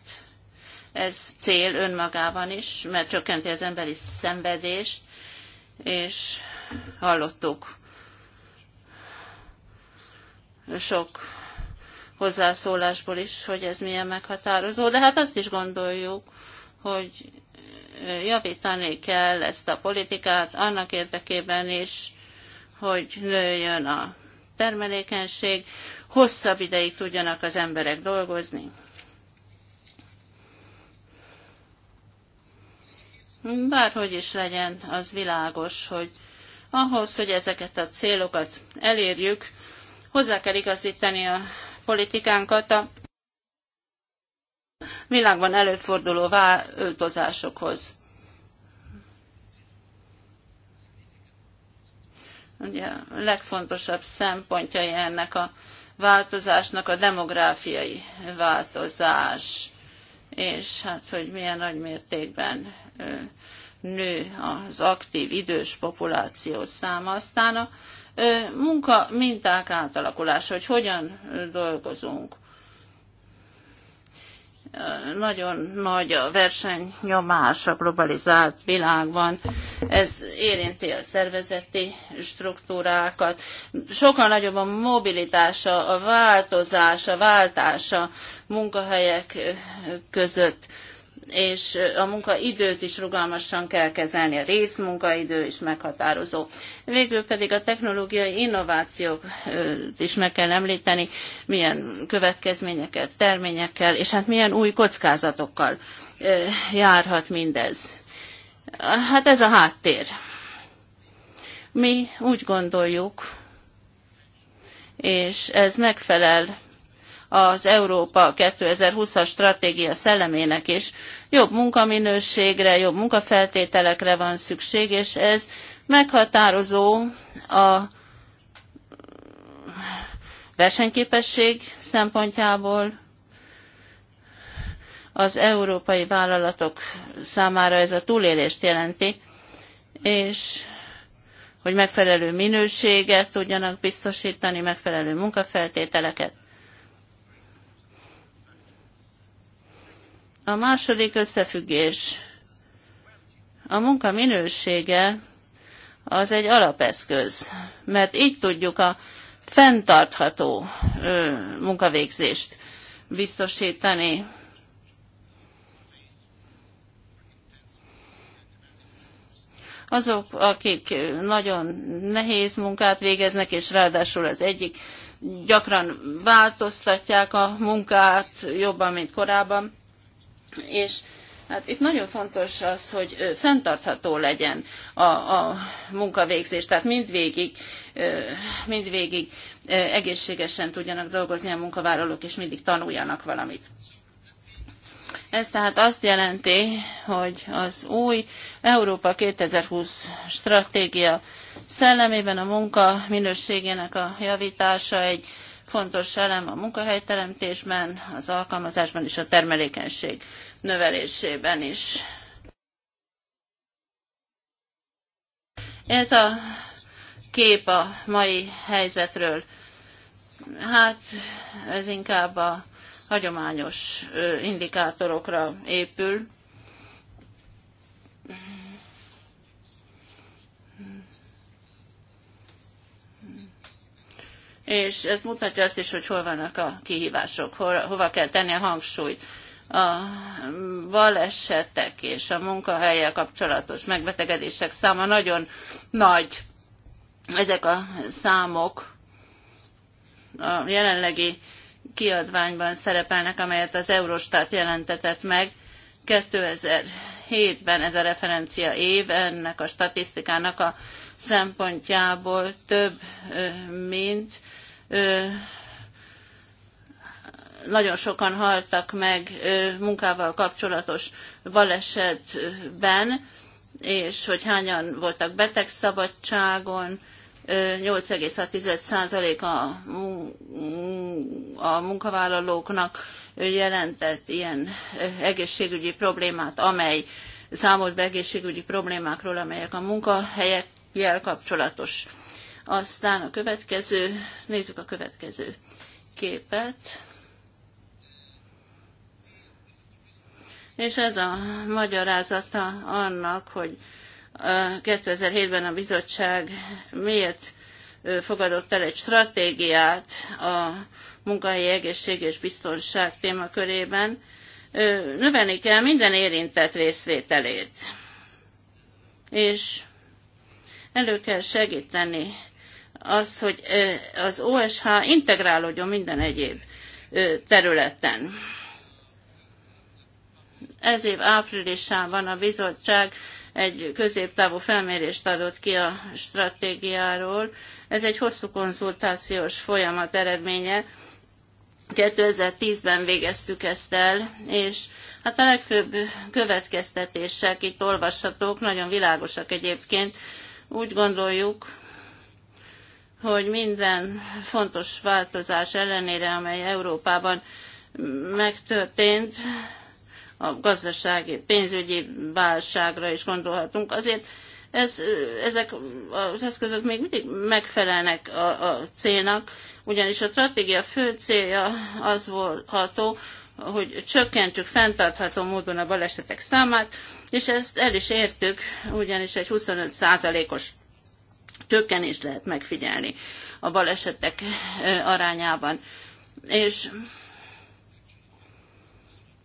ez cél önmagában is, mert csökkenti az emberi szenvedést, és hallottuk sok hozzászólásból is, hogy ez milyen meghatározó, de hát azt is gondoljuk, hogy javítani kell ezt a politikát annak érdekében is, hogy nőjön a termelékenység, hosszabb ideig tudjanak az emberek dolgozni. Bárhogy is legyen, az világos, hogy ahhoz, hogy ezeket a célokat elérjük, hozzá kell igazítani a politikánkat a világban előforduló változásokhoz. Ugye a legfontosabb szempontjai ennek a változásnak a demográfiai változás, és hát, hogy milyen nagy mértékben nő az aktív idős populáció száma. Aztán a munka minták átalakulása, hogy hogyan dolgozunk nagyon nagy a versenynyomás a globalizált világban. Ez érinti a szervezeti struktúrákat. Sokkal nagyobb a mobilitása, a változása, váltása munkahelyek között és a munkaidőt is rugalmasan kell kezelni, a részmunkaidő is meghatározó. Végül pedig a technológiai innovációk is meg kell említeni, milyen következményekkel, terményekkel, és hát milyen új kockázatokkal járhat mindez. Hát ez a háttér. Mi úgy gondoljuk, és ez megfelel az Európa 2020-as stratégia szellemének is. Jobb munkaminőségre, jobb munkafeltételekre van szükség, és ez meghatározó a versenyképesség szempontjából, az európai vállalatok számára ez a túlélést jelenti, és hogy megfelelő minőséget tudjanak biztosítani, megfelelő munkafeltételeket. A második összefüggés. A munka minősége az egy alapeszköz, mert így tudjuk a fenntartható ö, munkavégzést biztosítani. Azok, akik nagyon nehéz munkát végeznek, és ráadásul az egyik gyakran változtatják a munkát jobban, mint korábban, és Hát itt nagyon fontos az, hogy fenntartható legyen a, a munkavégzés, tehát mindvégig, mindvégig egészségesen tudjanak dolgozni a munkavállalók, és mindig tanuljanak valamit. Ez tehát azt jelenti, hogy az új Európa 2020 stratégia szellemében a munka minőségének a javítása egy fontos elem a munkahelyteremtésben, az alkalmazásban és a termelékenység növelésében is. Ez a kép a mai helyzetről. Hát ez inkább a hagyományos indikátorokra épül. és ez mutatja azt is, hogy hol vannak a kihívások, hol, hova kell tenni a hangsúlyt. A balesetek és a munkahelyek kapcsolatos megbetegedések száma nagyon nagy. Ezek a számok a jelenlegi kiadványban szerepelnek, amelyet az Eurostat jelentetett meg. 2007-ben ez a referencia év, ennek a statisztikának a szempontjából több mint nagyon sokan haltak meg munkával kapcsolatos balesetben, és hogy hányan voltak betegszabadságon, 8,6% a, a munkavállalóknak jelentett ilyen egészségügyi problémát, amely számolt be egészségügyi problémákról, amelyek a munkahelyekkel kapcsolatos aztán a következő, nézzük a következő képet. És ez a magyarázata annak, hogy 2007-ben a bizottság miért fogadott el egy stratégiát a munkahelyi egészség és biztonság témakörében, növelni kell minden érintett részvételét. És elő kell segíteni azt, hogy az OSH integrálódjon minden egyéb területen. Ez év áprilisában a bizottság egy középtávú felmérést adott ki a stratégiáról. Ez egy hosszú konzultációs folyamat eredménye. 2010-ben végeztük ezt el, és hát a legfőbb következtetések itt olvashatók, nagyon világosak egyébként. Úgy gondoljuk, hogy minden fontos változás ellenére, amely Európában megtörtént, a gazdasági, pénzügyi válságra is gondolhatunk, azért ez, ezek az eszközök még mindig megfelelnek a, a célnak, ugyanis a stratégia fő célja az volható, hogy csökkentsük fenntartható módon a balesetek számát, és ezt el is értük, ugyanis egy 25%-os csökkenést lehet megfigyelni a balesetek eh, arányában. És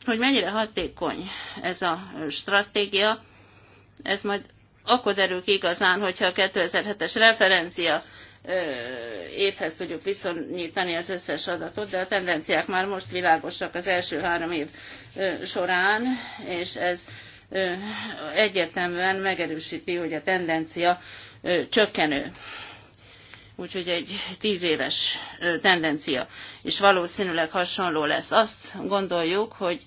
hogy mennyire hatékony ez a stratégia, ez majd akkor derül ki igazán, hogyha a 2007-es referencia eh, évhez tudjuk viszonyítani az összes adatot, de a tendenciák már most világosak az első három év eh, során, és ez egyértelműen megerősíti, hogy a tendencia csökkenő. Úgyhogy egy tíz éves tendencia, és valószínűleg hasonló lesz. Azt gondoljuk, hogy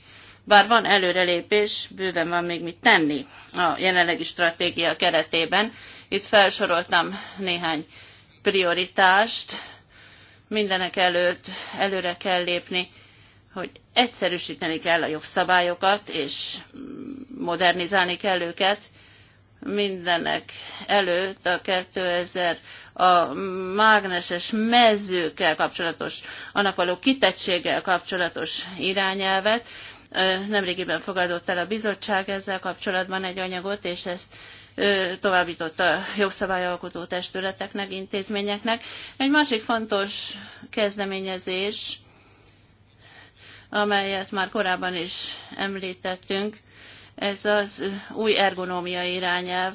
bár van előrelépés, bőven van még mit tenni a jelenlegi stratégia keretében. Itt felsoroltam néhány prioritást. Mindenek előtt előre kell lépni, hogy egyszerűsíteni kell a jogszabályokat, és modernizálni kell őket, mindenek előtt a 2000 a mágneses mezőkkel kapcsolatos, annak való kitettséggel kapcsolatos irányelvet. Nemrégiben fogadott el a bizottság ezzel kapcsolatban egy anyagot, és ezt továbbította a jogszabályalkotó testületeknek, intézményeknek. Egy másik fontos kezdeményezés, amelyet már korábban is említettünk, ez az új ergonómiai irányelv.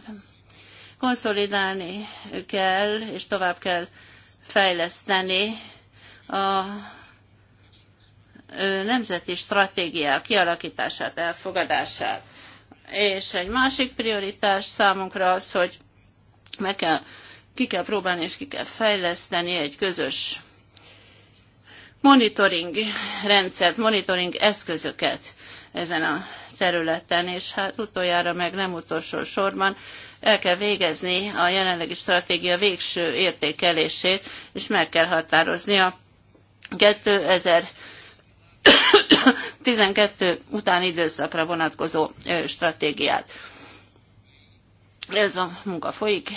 Konszolidálni kell, és tovább kell fejleszteni a nemzeti stratégia kialakítását, elfogadását. És egy másik prioritás számunkra az, hogy meg kell, ki kell próbálni és ki kell fejleszteni egy közös monitoring rendszert, monitoring eszközöket ezen a területen, és hát utoljára meg nem utolsó sorban el kell végezni a jelenlegi stratégia végső értékelését, és meg kell határozni a 2012 utáni időszakra vonatkozó stratégiát. Ez a munka folyik.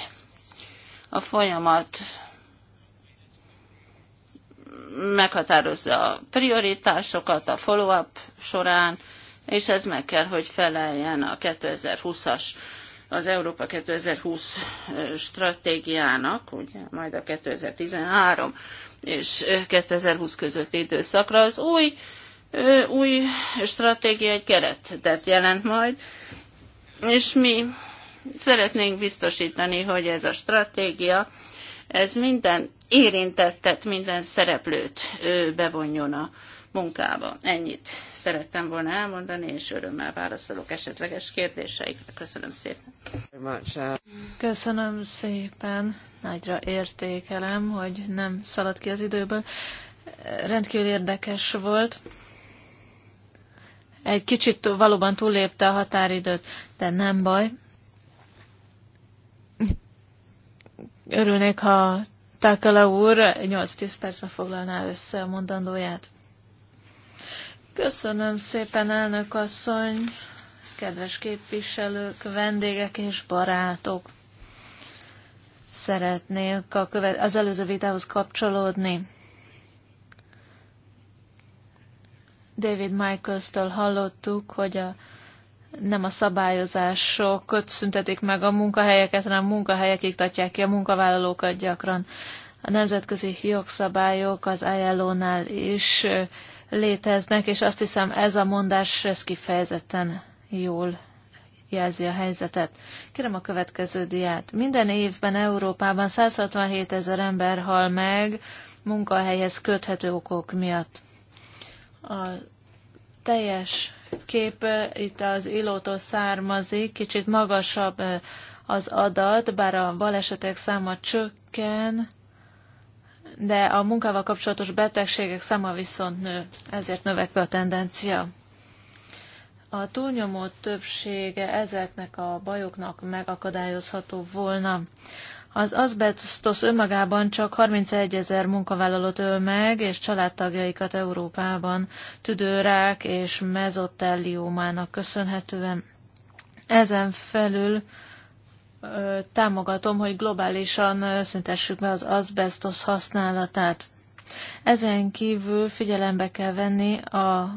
A folyamat meghatározza a prioritásokat a follow-up során, és ez meg kell, hogy feleljen a 2020-as az Európa 2020 stratégiának, ugye majd a 2013 és 2020 közötti időszakra az új, új stratégia egy keretet jelent majd, és mi szeretnénk biztosítani, hogy ez a stratégia, ez minden érintettet, minden szereplőt bevonjon a munkába. Ennyit szerettem volna elmondani, és örömmel válaszolok esetleges kérdéseikre. Köszönöm szépen. Köszönöm szépen. Nagyra értékelem, hogy nem szaladt ki az időből. Rendkívül érdekes volt. Egy kicsit valóban túllépte a határidőt, de nem baj. Örülnék, ha Takala úr 8-10 percben foglalná össze a mondandóját. Köszönöm szépen, elnök asszony, kedves képviselők, vendégek és barátok. Szeretnék a követ- az előző vitához kapcsolódni. David Michaels-től hallottuk, hogy a, nem a szabályozások szüntetik meg a munkahelyeket, hanem a munkahelyek iktatják ki a munkavállalókat gyakran. A nemzetközi jogszabályok az ILO-nál is léteznek, és azt hiszem ez a mondás ez kifejezetten jól jelzi a helyzetet. Kérem a következő diát. Minden évben Európában 167 ezer ember hal meg munkahelyhez köthető okok miatt. A teljes kép eh, itt az illótól származik, kicsit magasabb eh, az adat, bár a balesetek száma csökken, de a munkával kapcsolatos betegségek száma viszont nő, ezért növekvő a tendencia. A túlnyomó többsége ezeknek a bajoknak megakadályozható volna. Az azbestos önmagában csak 31 ezer munkavállalót öl meg, és családtagjaikat Európában tüdőrák és mezotelliómának köszönhetően. Ezen felül támogatom, hogy globálisan szüntessük be az azbestos használatát. Ezen kívül figyelembe kell venni a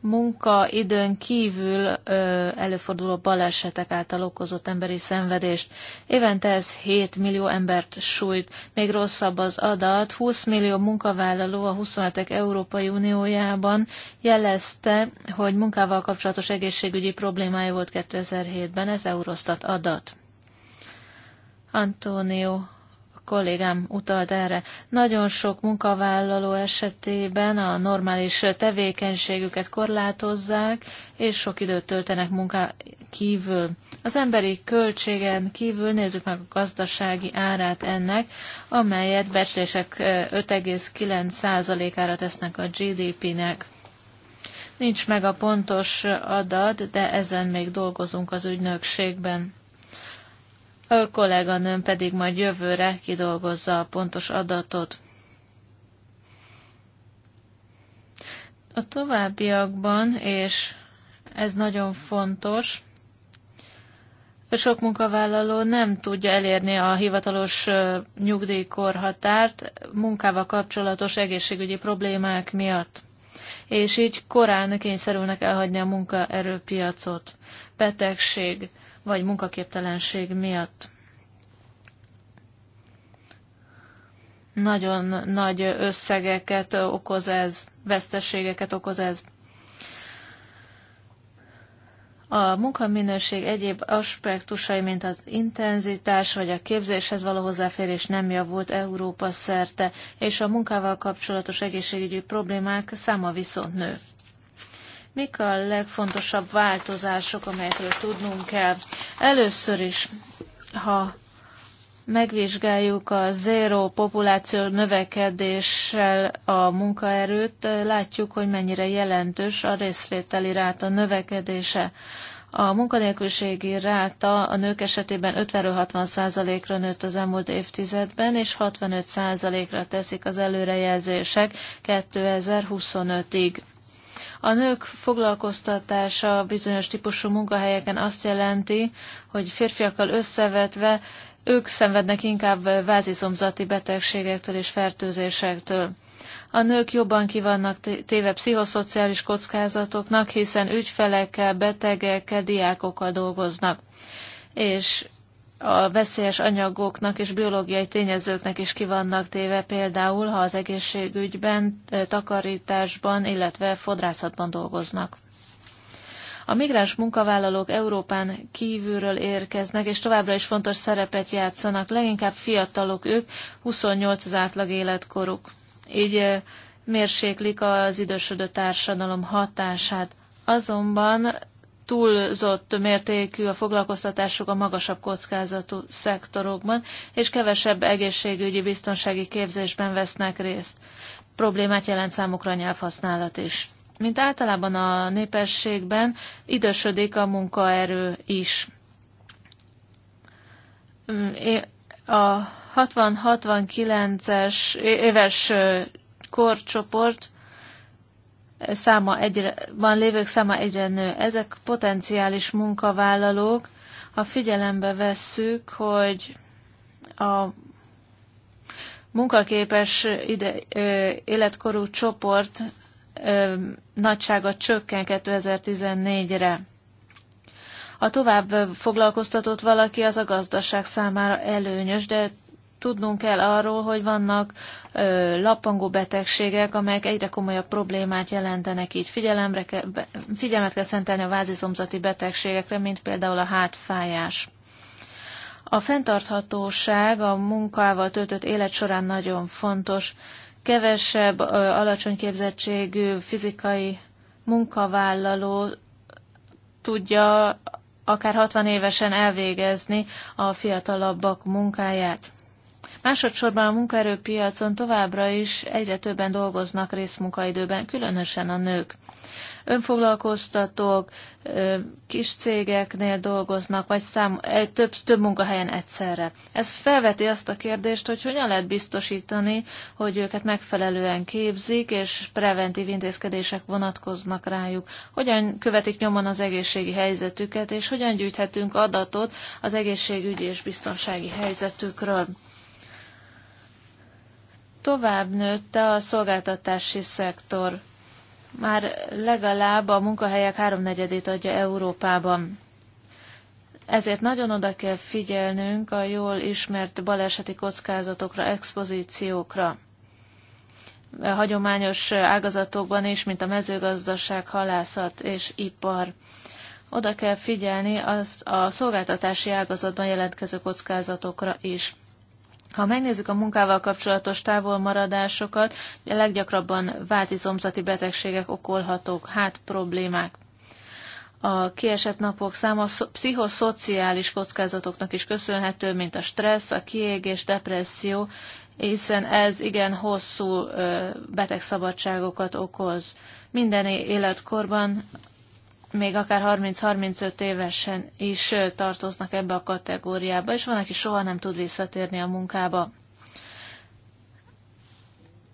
munkaidőn kívül ö, előforduló balesetek által okozott emberi szenvedést. Évente ez 7 millió embert sújt. Még rosszabb az adat, 20 millió munkavállaló a 27 Európai Uniójában jelezte, hogy munkával kapcsolatos egészségügyi problémája volt 2007-ben, ez Eurostat adat. Antonio kollégám utalt erre. Nagyon sok munkavállaló esetében a normális tevékenységüket korlátozzák, és sok időt töltenek munka kívül. Az emberi költségen kívül nézzük meg a gazdasági árát ennek, amelyet becslések 5,9%-ára tesznek a GDP-nek. Nincs meg a pontos adat, de ezen még dolgozunk az ügynökségben. A kolléganőm pedig majd jövőre kidolgozza a pontos adatot. A továbbiakban, és ez nagyon fontos, sok munkavállaló nem tudja elérni a hivatalos nyugdíjkorhatárt munkával kapcsolatos egészségügyi problémák miatt, és így korán kényszerülnek elhagyni a munkaerőpiacot. Betegség, vagy munkaképtelenség miatt. Nagyon nagy összegeket okoz ez, veszteségeket okoz ez. A munkaminőség egyéb aspektusai, mint az intenzitás vagy a képzéshez való hozzáférés nem javult Európa szerte, és a munkával kapcsolatos egészségügyi problémák száma viszont nő. Mik a legfontosabb változások, amelyekről tudnunk kell? Először is, ha megvizsgáljuk a zéró populáció növekedéssel a munkaerőt, látjuk, hogy mennyire jelentős a részvételi ráta növekedése. A munkanélküliségi ráta a nők esetében 50-60 ra nőtt az elmúlt évtizedben, és 65 ra teszik az előrejelzések 2025-ig. A nők foglalkoztatása bizonyos típusú munkahelyeken azt jelenti, hogy férfiakkal összevetve ők szenvednek inkább vázizomzati betegségektől és fertőzésektől. A nők jobban kivannak téve pszichoszociális kockázatoknak, hiszen ügyfelekkel, betegekkel, diákokkal dolgoznak. És a veszélyes anyagoknak és biológiai tényezőknek is kivannak téve, például ha az egészségügyben, takarításban, illetve fodrászatban dolgoznak. A migráns munkavállalók Európán kívülről érkeznek, és továbbra is fontos szerepet játszanak, leginkább fiatalok ők, 28 az átlag életkoruk. Így mérséklik az idősödő társadalom hatását. Azonban túlzott mértékű a foglalkoztatásuk a magasabb kockázatú szektorokban, és kevesebb egészségügyi biztonsági képzésben vesznek részt. Problémát jelent számukra a nyelvhasználat is. Mint általában a népességben, idősödik a munkaerő is. A 60-69-es éves korcsoport száma egyre, van lévők száma egyre nő. Ezek potenciális munkavállalók, ha figyelembe vesszük, hogy a munkaképes ide, ö, életkorú csoport ö, nagysága csökken 2014-re. a tovább foglalkoztatott valaki, az a gazdaság számára előnyös, de tudnunk kell arról, hogy vannak ö, lappangó betegségek, amelyek egyre komolyabb problémát jelentenek, így figyelemre ke, be, figyelmet kell szentelni a vázizomzati betegségekre, mint például a hátfájás. A fenntarthatóság a munkával töltött élet során nagyon fontos. Kevesebb, ö, alacsony képzettségű fizikai munkavállaló tudja akár 60 évesen elvégezni a fiatalabbak munkáját. Másodszorban a munkaerőpiacon továbbra is egyre többen dolgoznak részmunkaidőben, különösen a nők. Önfoglalkoztatók, kis cégeknél dolgoznak, vagy szám, több, több munkahelyen egyszerre. Ez felveti azt a kérdést, hogy hogyan lehet biztosítani, hogy őket megfelelően képzik, és preventív intézkedések vonatkoznak rájuk. Hogyan követik nyomon az egészségi helyzetüket, és hogyan gyűjthetünk adatot az egészségügyi és biztonsági helyzetükről tovább nőtte a szolgáltatási szektor. Már legalább a munkahelyek háromnegyedét adja Európában. Ezért nagyon oda kell figyelnünk a jól ismert baleseti kockázatokra, expozíciókra. A hagyományos ágazatokban is, mint a mezőgazdaság, halászat és ipar. Oda kell figyelni az a szolgáltatási ágazatban jelentkező kockázatokra is. Ha megnézzük a munkával kapcsolatos távolmaradásokat, a leggyakrabban vázizomzati betegségek okolhatók, hát problémák. A kiesett napok száma pszichoszociális kockázatoknak is köszönhető, mint a stressz, a kiégés, depresszió, hiszen ez igen hosszú betegszabadságokat okoz. Minden életkorban még akár 30-35 évesen is tartoznak ebbe a kategóriába, és van, aki soha nem tud visszatérni a munkába.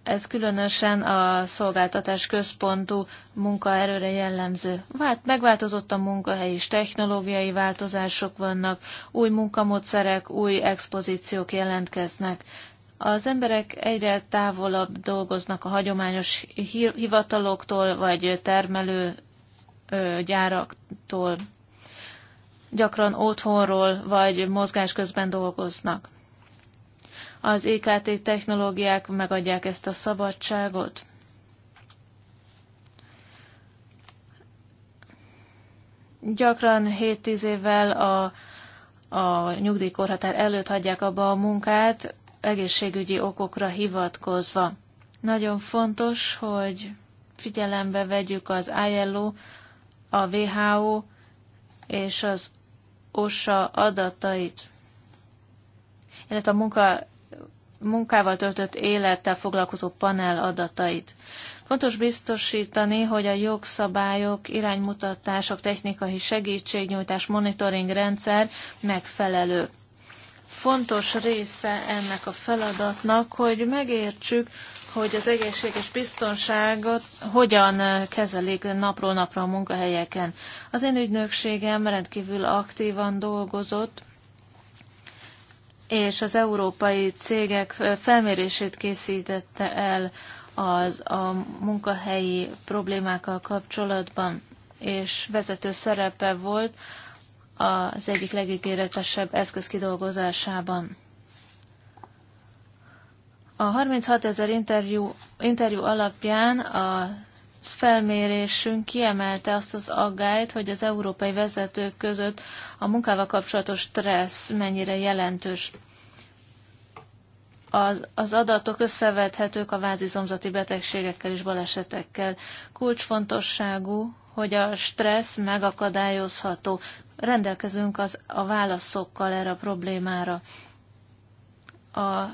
Ez különösen a szolgáltatás központú munkaerőre jellemző. Vált, megváltozott a munkahely is, technológiai változások vannak, új munkamódszerek, új expozíciók jelentkeznek. Az emberek egyre távolabb dolgoznak a hagyományos hivataloktól vagy termelő gyáraktól. Gyakran otthonról vagy mozgás közben dolgoznak. Az EKT technológiák megadják ezt a szabadságot. Gyakran 7-10 évvel a, a nyugdíjkorhatár előtt hagyják abba a munkát, egészségügyi okokra hivatkozva. Nagyon fontos, hogy figyelembe vegyük az ILO a WHO és az OSA adatait, illetve a munka, munkával töltött élettel foglalkozó panel adatait. Fontos biztosítani, hogy a jogszabályok, iránymutatások, technikai segítségnyújtás, monitoring rendszer megfelelő. Fontos része ennek a feladatnak, hogy megértsük, hogy az egészség és biztonságot hogyan eh, kezelik napról napra a munkahelyeken. Az én ügynökségem rendkívül aktívan dolgozott, és az európai cégek eh, felmérését készítette el az a munkahelyi problémákkal kapcsolatban, és vezető szerepe volt az egyik legígéretesebb eszköz kidolgozásában. A 36 ezer interjú, interjú alapján a felmérésünk kiemelte azt az aggályt, hogy az európai vezetők között a munkával kapcsolatos stressz mennyire jelentős. Az, az adatok összevethetők a vázizomzati betegségekkel és balesetekkel. Kulcsfontosságú, hogy a stressz megakadályozható. Rendelkezünk az, a válaszokkal erre a problémára. A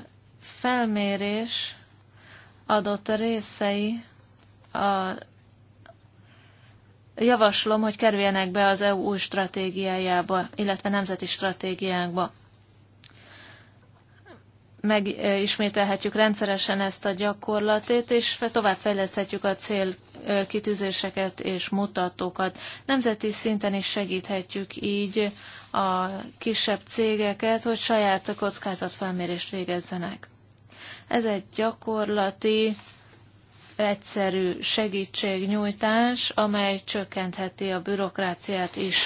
felmérés adott részei a javaslom, hogy kerüljenek be az EU új stratégiájába, illetve nemzeti stratégiánkba. Megismételhetjük rendszeresen ezt a gyakorlatét, és továbbfejleszthetjük a cél kitűzéseket és mutatókat. Nemzeti szinten is segíthetjük így a kisebb cégeket, hogy saját kockázatfelmérést végezzenek. Ez egy gyakorlati, egyszerű segítségnyújtás, amely csökkentheti a bürokráciát is.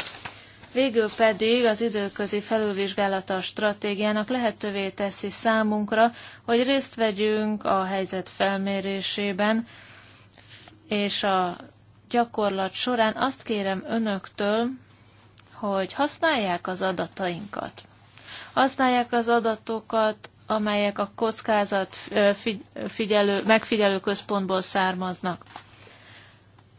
Végül pedig az időközi felülvizsgálata a stratégiának lehetővé teszi számunkra, hogy részt vegyünk a helyzet felmérésében, és a gyakorlat során azt kérem önöktől, hogy használják az adatainkat. Használják az adatokat amelyek a kockázat figyelő, megfigyelő központból származnak.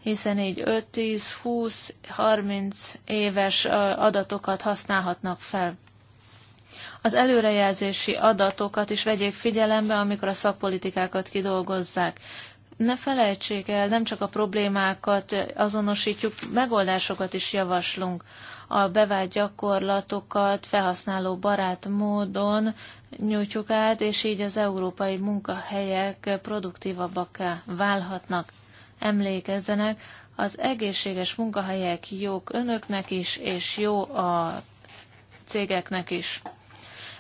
Hiszen így 5, 10, 20, 30 éves adatokat használhatnak fel. Az előrejelzési adatokat is vegyék figyelembe, amikor a szakpolitikákat kidolgozzák. Ne felejtsék el, nem csak a problémákat azonosítjuk, megoldásokat is javaslunk a bevált gyakorlatokat felhasználó barát módon nyújtjuk át, és így az európai munkahelyek produktívabbakká válhatnak. Emlékezzenek, az egészséges munkahelyek jók önöknek is, és jó a cégeknek is.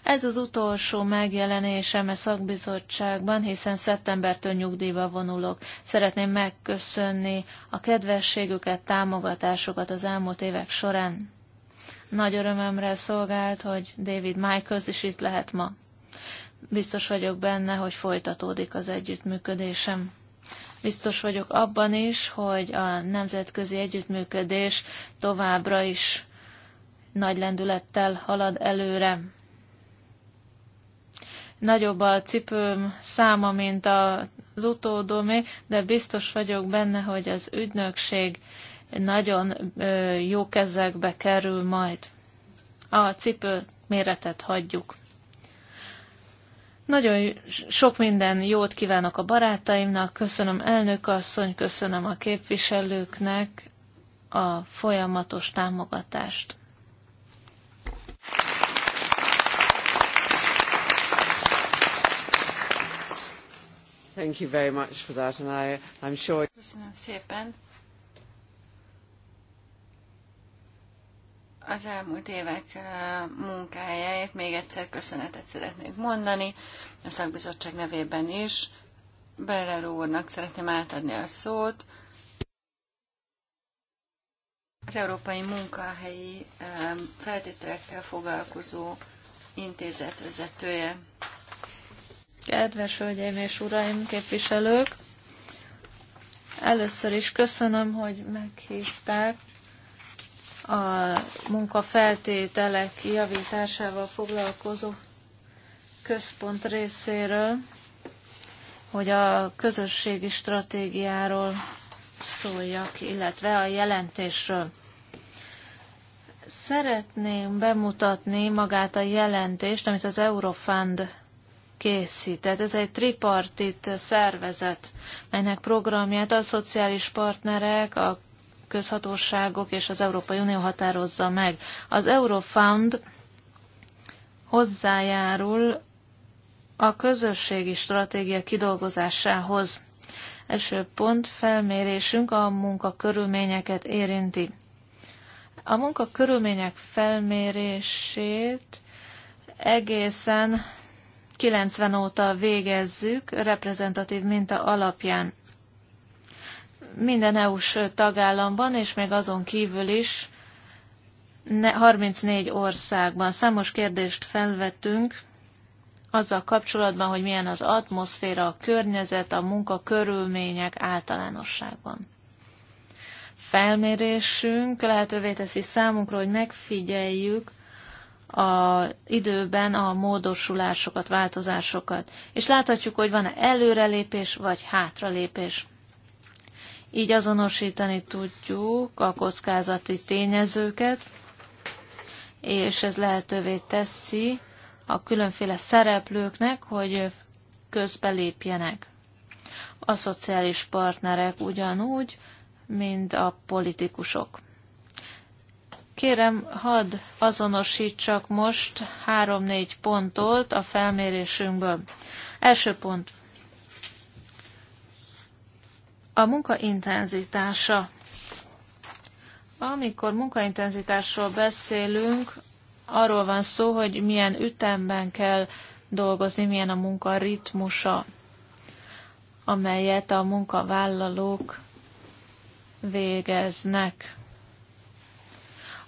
Ez az utolsó megjelenésem a e szakbizottságban, hiszen szeptembertől nyugdíjba vonulok. Szeretném megköszönni a kedvességüket, támogatásokat az elmúlt évek során. Nagy örömömre szolgált, hogy David Michaels is itt lehet ma. Biztos vagyok benne, hogy folytatódik az együttműködésem. Biztos vagyok abban is, hogy a nemzetközi együttműködés továbbra is nagy lendülettel halad előre. Nagyobb a cipőm száma, mint az utódomé, de biztos vagyok benne, hogy az ügynökség nagyon jó kezekbe kerül majd. A cipő méretet hagyjuk. Nagyon sok minden jót kívánok a barátaimnak, köszönöm elnök asszony, köszönöm a képviselőknek a folyamatos támogatást. Thank you very much for that, and I, I'm sure... Köszönöm szépen. az elmúlt évek munkájáért még egyszer köszönetet szeretnék mondani, a szakbizottság nevében is. Beller úrnak szeretném átadni a szót. Az Európai Munkahelyi Feltételekkel Foglalkozó Intézet vezetője. Kedves hölgyeim és uraim, képviselők! Először is köszönöm, hogy meghívták a munkafeltételek javításával foglalkozó központ részéről, hogy a közösségi stratégiáról szóljak, illetve a jelentésről. Szeretném bemutatni magát a jelentést, amit az Eurofund készített. Ez egy tripartit szervezet, melynek programját a szociális partnerek, a közhatóságok és az Európai Unió határozza meg. Az Eurofound hozzájárul a közösségi stratégia kidolgozásához. Első pont felmérésünk a munkakörülményeket érinti. A munkakörülmények felmérését egészen 90 óta végezzük reprezentatív minta alapján minden EU-s tagállamban, és még azon kívül is 34 országban. Számos kérdést felvettünk azzal kapcsolatban, hogy milyen az atmoszféra, a környezet, a munkakörülmények általánosságban. Felmérésünk lehetővé teszi számunkra, hogy megfigyeljük, a időben a módosulásokat, változásokat. És láthatjuk, hogy van-e előrelépés, vagy hátralépés. Így azonosítani tudjuk a kockázati tényezőket, és ez lehetővé teszi a különféle szereplőknek, hogy közbelépjenek. A szociális partnerek ugyanúgy, mint a politikusok. Kérem, hadd azonosítsak most három-négy pontot a felmérésünkből. Első pont. A munka intenzitása. Amikor munkaintenzitásról beszélünk, arról van szó, hogy milyen ütemben kell dolgozni, milyen a munka ritmusa, amelyet a munkavállalók végeznek.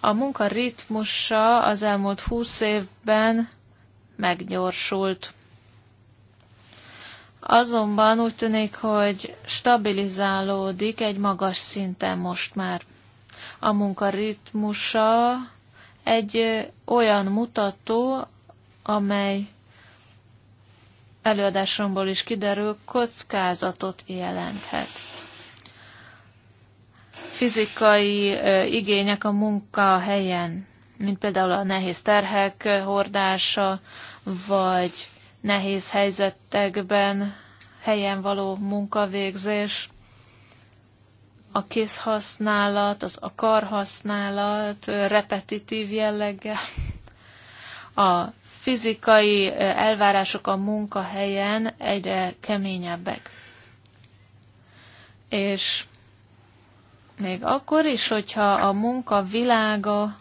A munka ritmusa az elmúlt húsz évben meggyorsult. Azonban úgy tűnik, hogy stabilizálódik egy magas szinten most már. A munkaritmusa egy olyan mutató, amely előadásomból is kiderül, kockázatot jelenthet. Fizikai igények a munkahelyen, mint például a nehéz terhek hordása, vagy nehéz helyzetekben helyen való munkavégzés, a kézhasználat, az a karhasználat repetitív jelleggel, a fizikai elvárások a munkahelyen egyre keményebbek. És még akkor is, hogyha a munka világa,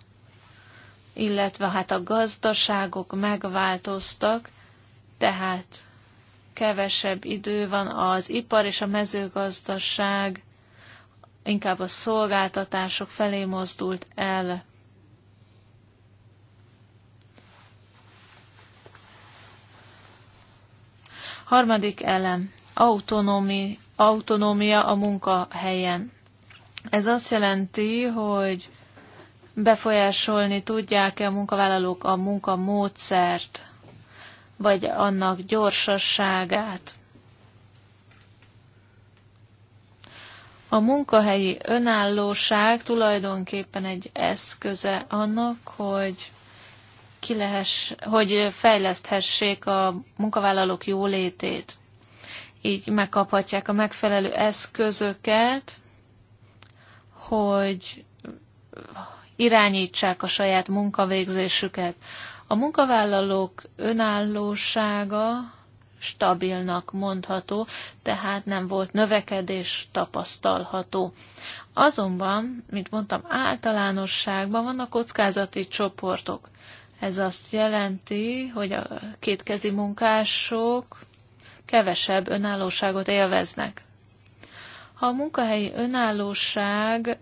illetve hát a gazdaságok megváltoztak, tehát kevesebb idő van az ipar és a mezőgazdaság inkább a szolgáltatások felé mozdult el. Harmadik elem. Autonómi, autonómia a munkahelyen. Ez azt jelenti, hogy befolyásolni tudják-e a munkavállalók a munkamódszert vagy annak gyorsasságát. A munkahelyi önállóság tulajdonképpen egy eszköze annak, hogy ki lehess, hogy fejleszthessék a munkavállalók jólétét. Így megkaphatják a megfelelő eszközöket, hogy irányítsák a saját munkavégzésüket. A munkavállalók önállósága stabilnak mondható, tehát nem volt növekedés tapasztalható. Azonban, mint mondtam, általánosságban vannak kockázati csoportok. Ez azt jelenti, hogy a kétkezi munkások kevesebb önállóságot élveznek. Ha a munkahelyi önállóság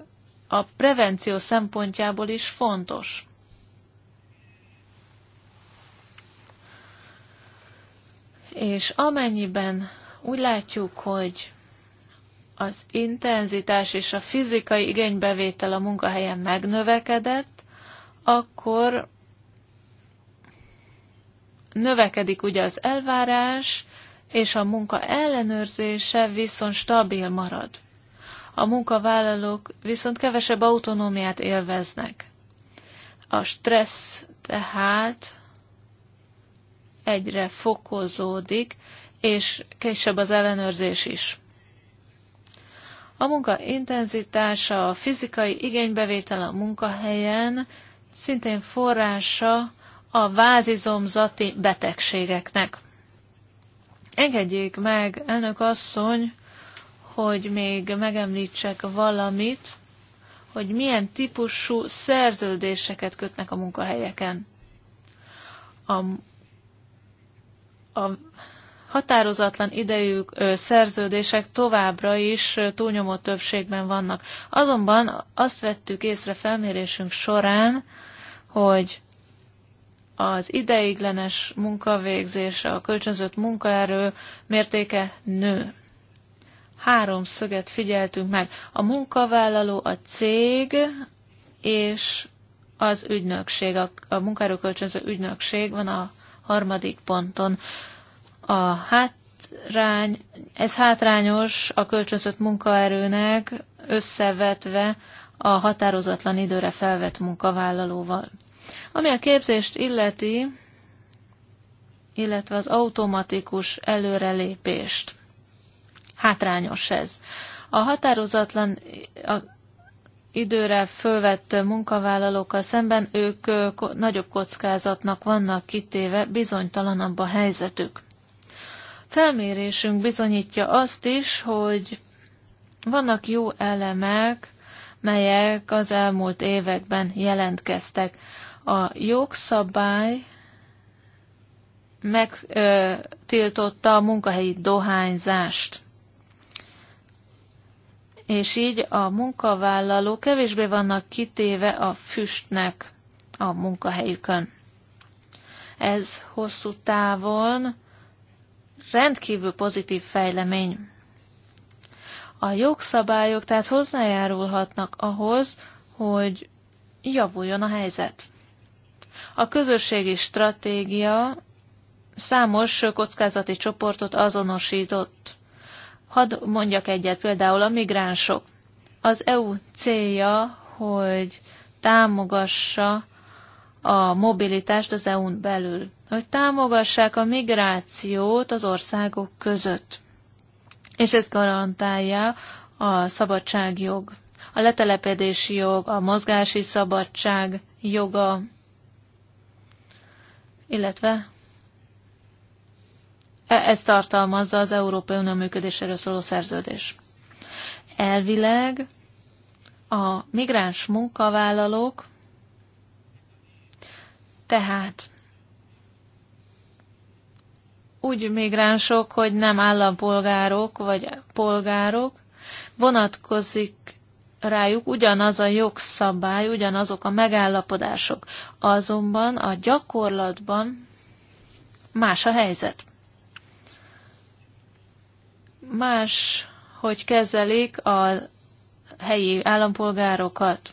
a prevenció szempontjából is fontos. és amennyiben úgy látjuk, hogy az intenzitás és a fizikai igénybevétel a munkahelyen megnövekedett, akkor növekedik ugye az elvárás, és a munka ellenőrzése viszont stabil marad. A munkavállalók viszont kevesebb autonómiát élveznek. A stressz tehát egyre fokozódik, és kisebb az ellenőrzés is. A munka intenzitása, a fizikai igénybevétel a munkahelyen szintén forrása a vázizomzati betegségeknek. Engedjék meg, elnök asszony, hogy még megemlítsek valamit, hogy milyen típusú szerződéseket kötnek a munkahelyeken. A a határozatlan idejű szerződések továbbra is túlnyomó többségben vannak. Azonban azt vettük észre felmérésünk során, hogy az ideiglenes munkavégzés, a kölcsönzött munkaerő mértéke nő. Három szöget figyeltünk meg. A munkavállaló, a cég és az ügynökség, a, a munkaerőkölcsönző ügynökség van a harmadik ponton. A hátrány, ez hátrányos a kölcsözött munkaerőnek összevetve a határozatlan időre felvett munkavállalóval. Ami a képzést illeti, illetve az automatikus előrelépést. Hátrányos ez. A határozatlan, a időre fölvett munkavállalókkal szemben ők nagyobb kockázatnak vannak kitéve, bizonytalanabb a helyzetük. Felmérésünk bizonyítja azt is, hogy vannak jó elemek, melyek az elmúlt években jelentkeztek. A jogszabály megtiltotta a munkahelyi dohányzást és így a munkavállalók kevésbé vannak kitéve a füstnek a munkahelyükön. Ez hosszú távon rendkívül pozitív fejlemény. A jogszabályok tehát hozzájárulhatnak ahhoz, hogy javuljon a helyzet. A közösségi stratégia számos kockázati csoportot azonosított. Hadd mondjak egyet, például a migránsok. Az EU célja, hogy támogassa a mobilitást az EU-n belül, hogy támogassák a migrációt az országok között. És ez garantálja a szabadságjog, a letelepedési jog, a mozgási szabadság joga, illetve E, ezt tartalmazza az Európai Unió működéséről szóló szerződés. Elvileg a migráns munkavállalók, tehát úgy migránsok, hogy nem állampolgárok vagy polgárok, vonatkozik rájuk ugyanaz a jogszabály, ugyanazok a megállapodások. Azonban a gyakorlatban más a helyzet más, hogy kezelik a helyi állampolgárokat.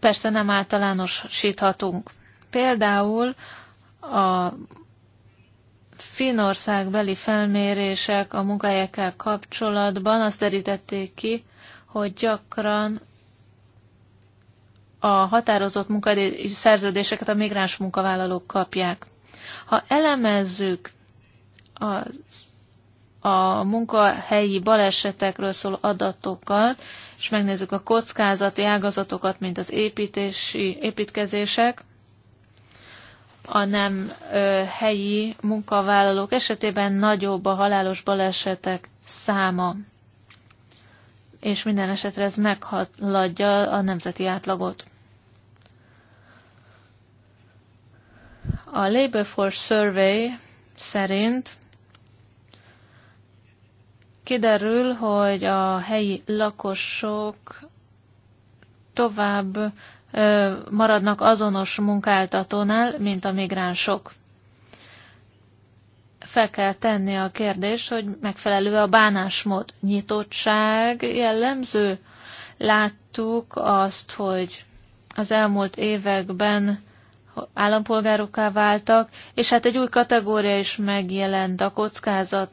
Persze nem általánosíthatunk. Például a Finország beli felmérések a munkahelyekkel kapcsolatban azt derítették ki, hogy gyakran a határozott munkahelyi szerződéseket a migráns munkavállalók kapják. Ha elemezzük az a munkahelyi balesetekről szóló adatokat, és megnézzük a kockázati ágazatokat, mint az építési, építkezések, a nem ö, helyi munkavállalók esetében nagyobb a halálos balesetek száma, és minden esetre ez meghaladja a nemzeti átlagot. A Labor Force Survey szerint kiderül, hogy a helyi lakosok tovább maradnak azonos munkáltatónál, mint a migránsok. Fel kell tenni a kérdést, hogy megfelelő a bánásmód. Nyitottság jellemző. Láttuk azt, hogy az elmúlt években állampolgárokká váltak, és hát egy új kategória is megjelent, a kockázat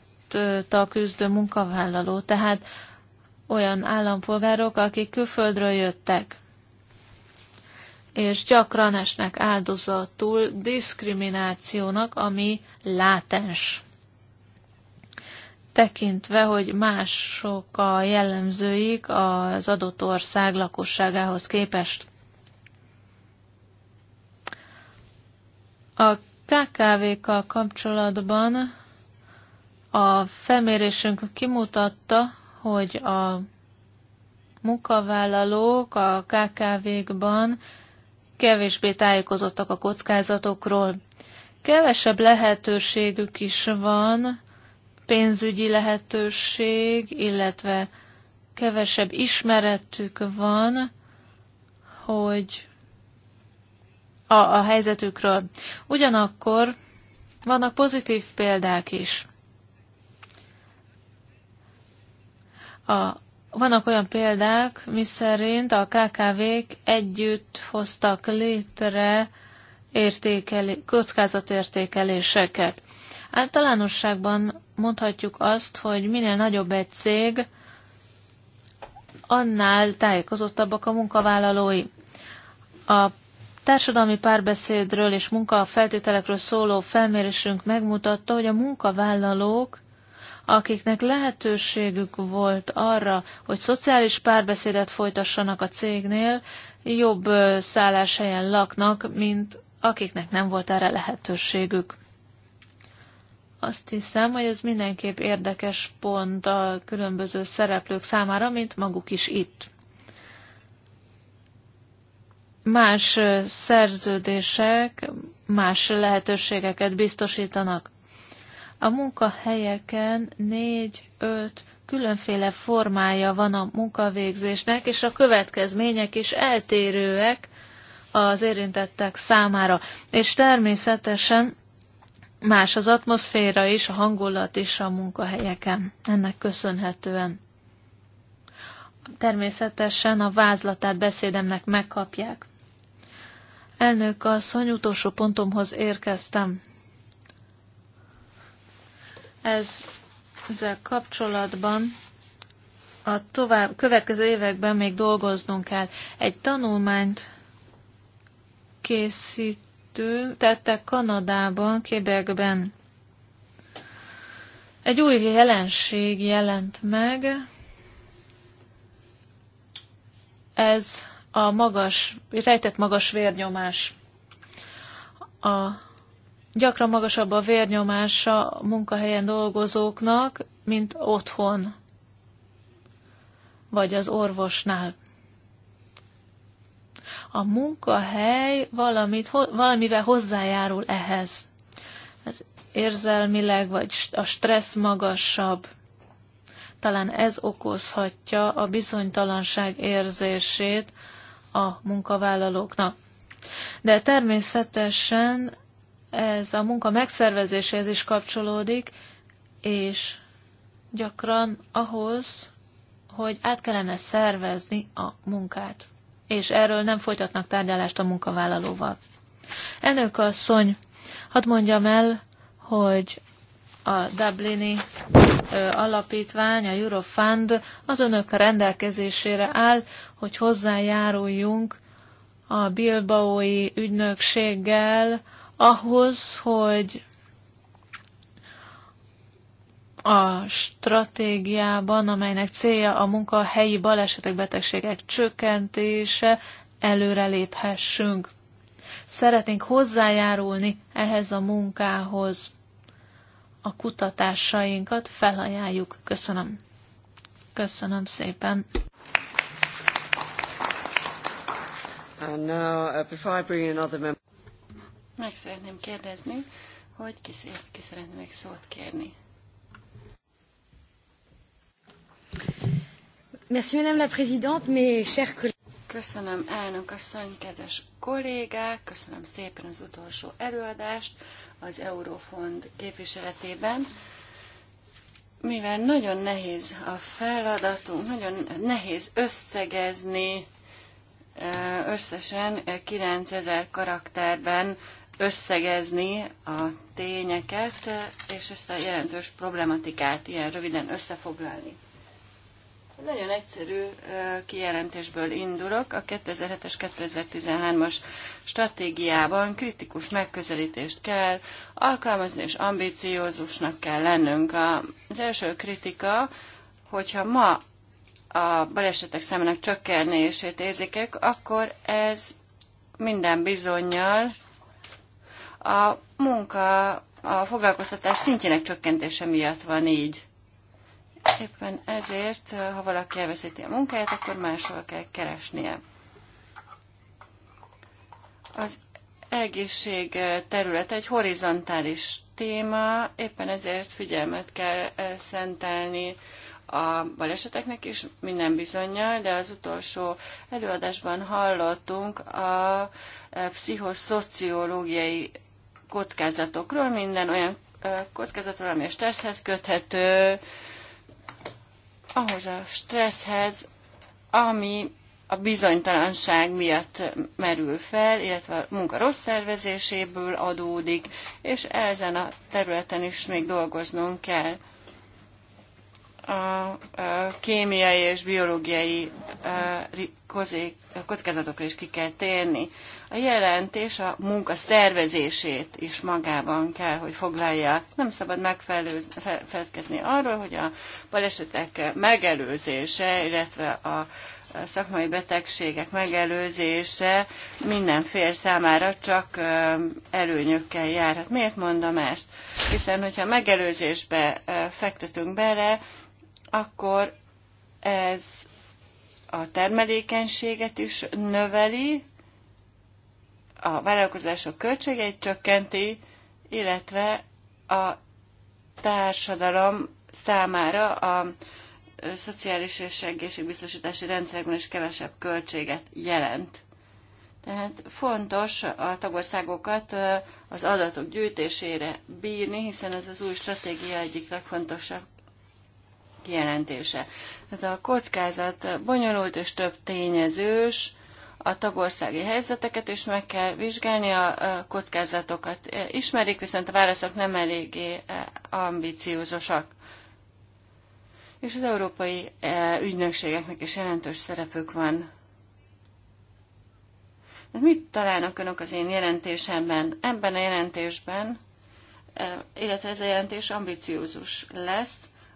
a küzdő munkavállaló, tehát olyan állampolgárok, akik külföldről jöttek, és gyakran esnek áldozatul diszkriminációnak, ami látens. Tekintve, hogy mások a jellemzőik az adott ország lakosságához képest. A KKV-kkal kapcsolatban a felmérésünk kimutatta, hogy a munkavállalók a KKV-kban kevésbé tájékozottak a kockázatokról. Kevesebb lehetőségük is van, pénzügyi lehetőség, illetve kevesebb ismeretük van, hogy a, a helyzetükről. Ugyanakkor vannak pozitív példák is. A, vannak olyan példák, miszerint a KKV-k együtt hoztak létre értékeli, kockázatértékeléseket. Általánosságban mondhatjuk azt, hogy minél nagyobb egy cég, annál tájékozottabbak a munkavállalói. A társadalmi párbeszédről és munkafeltételekről szóló felmérésünk megmutatta, hogy a munkavállalók akiknek lehetőségük volt arra, hogy szociális párbeszédet folytassanak a cégnél, jobb szálláshelyen laknak, mint akiknek nem volt erre lehetőségük. Azt hiszem, hogy ez mindenképp érdekes pont a különböző szereplők számára, mint maguk is itt. Más szerződések más lehetőségeket biztosítanak. A munkahelyeken négy-öt különféle formája van a munkavégzésnek, és a következmények is eltérőek az érintettek számára. És természetesen más az atmoszféra is, a hangulat is a munkahelyeken. Ennek köszönhetően. Természetesen a vázlatát beszédemnek megkapják. Elnök asszony, utolsó pontomhoz érkeztem. Ez, ezzel kapcsolatban a tovább, következő években még dolgoznunk kell. Egy tanulmányt készítünk, tettek Kanadában, Quebecben. Egy új jelenség jelent meg, ez a magas, rejtett magas vérnyomás. A gyakran magasabb a vérnyomása munkahelyen dolgozóknak, mint otthon, vagy az orvosnál. A munkahely valamit, valamivel hozzájárul ehhez. Ez érzelmileg, vagy a stressz magasabb. Talán ez okozhatja a bizonytalanság érzését a munkavállalóknak. De természetesen ez a munka megszervezéséhez is kapcsolódik, és gyakran ahhoz, hogy át kellene szervezni a munkát. És erről nem folytatnak tárgyalást a munkavállalóval. Elnök asszony, hadd mondjam el, hogy a Dublini alapítvány, a Eurofund az önök rendelkezésére áll, hogy hozzájáruljunk a Bilbaói ügynökséggel, ahhoz, hogy a stratégiában, amelynek célja a munka helyi balesetek, betegségek csökkentése, előreléphessünk. Szeretnénk hozzájárulni ehhez a munkához. A kutatásainkat felajánljuk. Köszönöm. Köszönöm szépen. And now, uh, before I bring in other members... Meg szeretném kérdezni, hogy ki, ki szeretne még szót kérni. Merci, Madame la Présidente, mes chers collègues. Köszönöm, elnök asszony, kedves kollégák, köszönöm szépen az utolsó előadást az Eurofond képviseletében. Mivel nagyon nehéz a feladatunk, nagyon nehéz összegezni eh, összesen 9000 karakterben összegezni a tényeket, és ezt a jelentős problematikát ilyen röviden összefoglalni. Nagyon egyszerű kijelentésből indulok. A 2007-es 2013-as stratégiában kritikus megközelítést kell alkalmazni, és ambiciózusnak kell lennünk. Az első kritika, hogyha ma a balesetek számának csökkenését érzékek, akkor ez minden bizonyal a munka a foglalkoztatás szintjének csökkentése miatt van így. Éppen ezért, ha valaki elveszíti a munkáját, akkor máshol kell keresnie. Az egészség területe egy horizontális téma, éppen ezért figyelmet kell eh, szentelni a baleseteknek is, minden bizonyal, de az utolsó előadásban hallottunk a eh, pszichoszociológiai kockázatokról, minden olyan kockázatról, ami a stresszhez köthető, ahhoz a stresszhez, ami a bizonytalanság miatt merül fel, illetve a munka rossz szervezéséből adódik, és ezen a területen is még dolgoznunk kell a kémiai és biológiai kockázatokra is ki kell térni. A jelentés a munka szervezését is magában kell, hogy foglalja. Nem szabad megfelelkezni arról, hogy a balesetek megelőzése, illetve a szakmai betegségek megelőzése minden fél számára csak előnyökkel jár. Hát miért mondom ezt? Hiszen, hogyha megelőzésbe fektetünk bele, akkor ez a termelékenységet is növeli, a vállalkozások költségeit csökkenti, illetve a társadalom számára a szociális és egészségbiztosítási rendszerekben is kevesebb költséget jelent. Tehát fontos a tagországokat az adatok gyűjtésére bírni, hiszen ez az új stratégia egyik legfontosabb kijelentése. Tehát a kockázat bonyolult és több tényezős, a tagországi helyzeteket is meg kell vizsgálni, a kockázatokat ismerik, viszont a válaszok nem eléggé e, ambiciózusak. És az európai e, ügynökségeknek is jelentős szerepük van. Hát mit találnak önök az én jelentésemben? Ebben a jelentésben, e, illetve ez a jelentés ambiciózus lesz,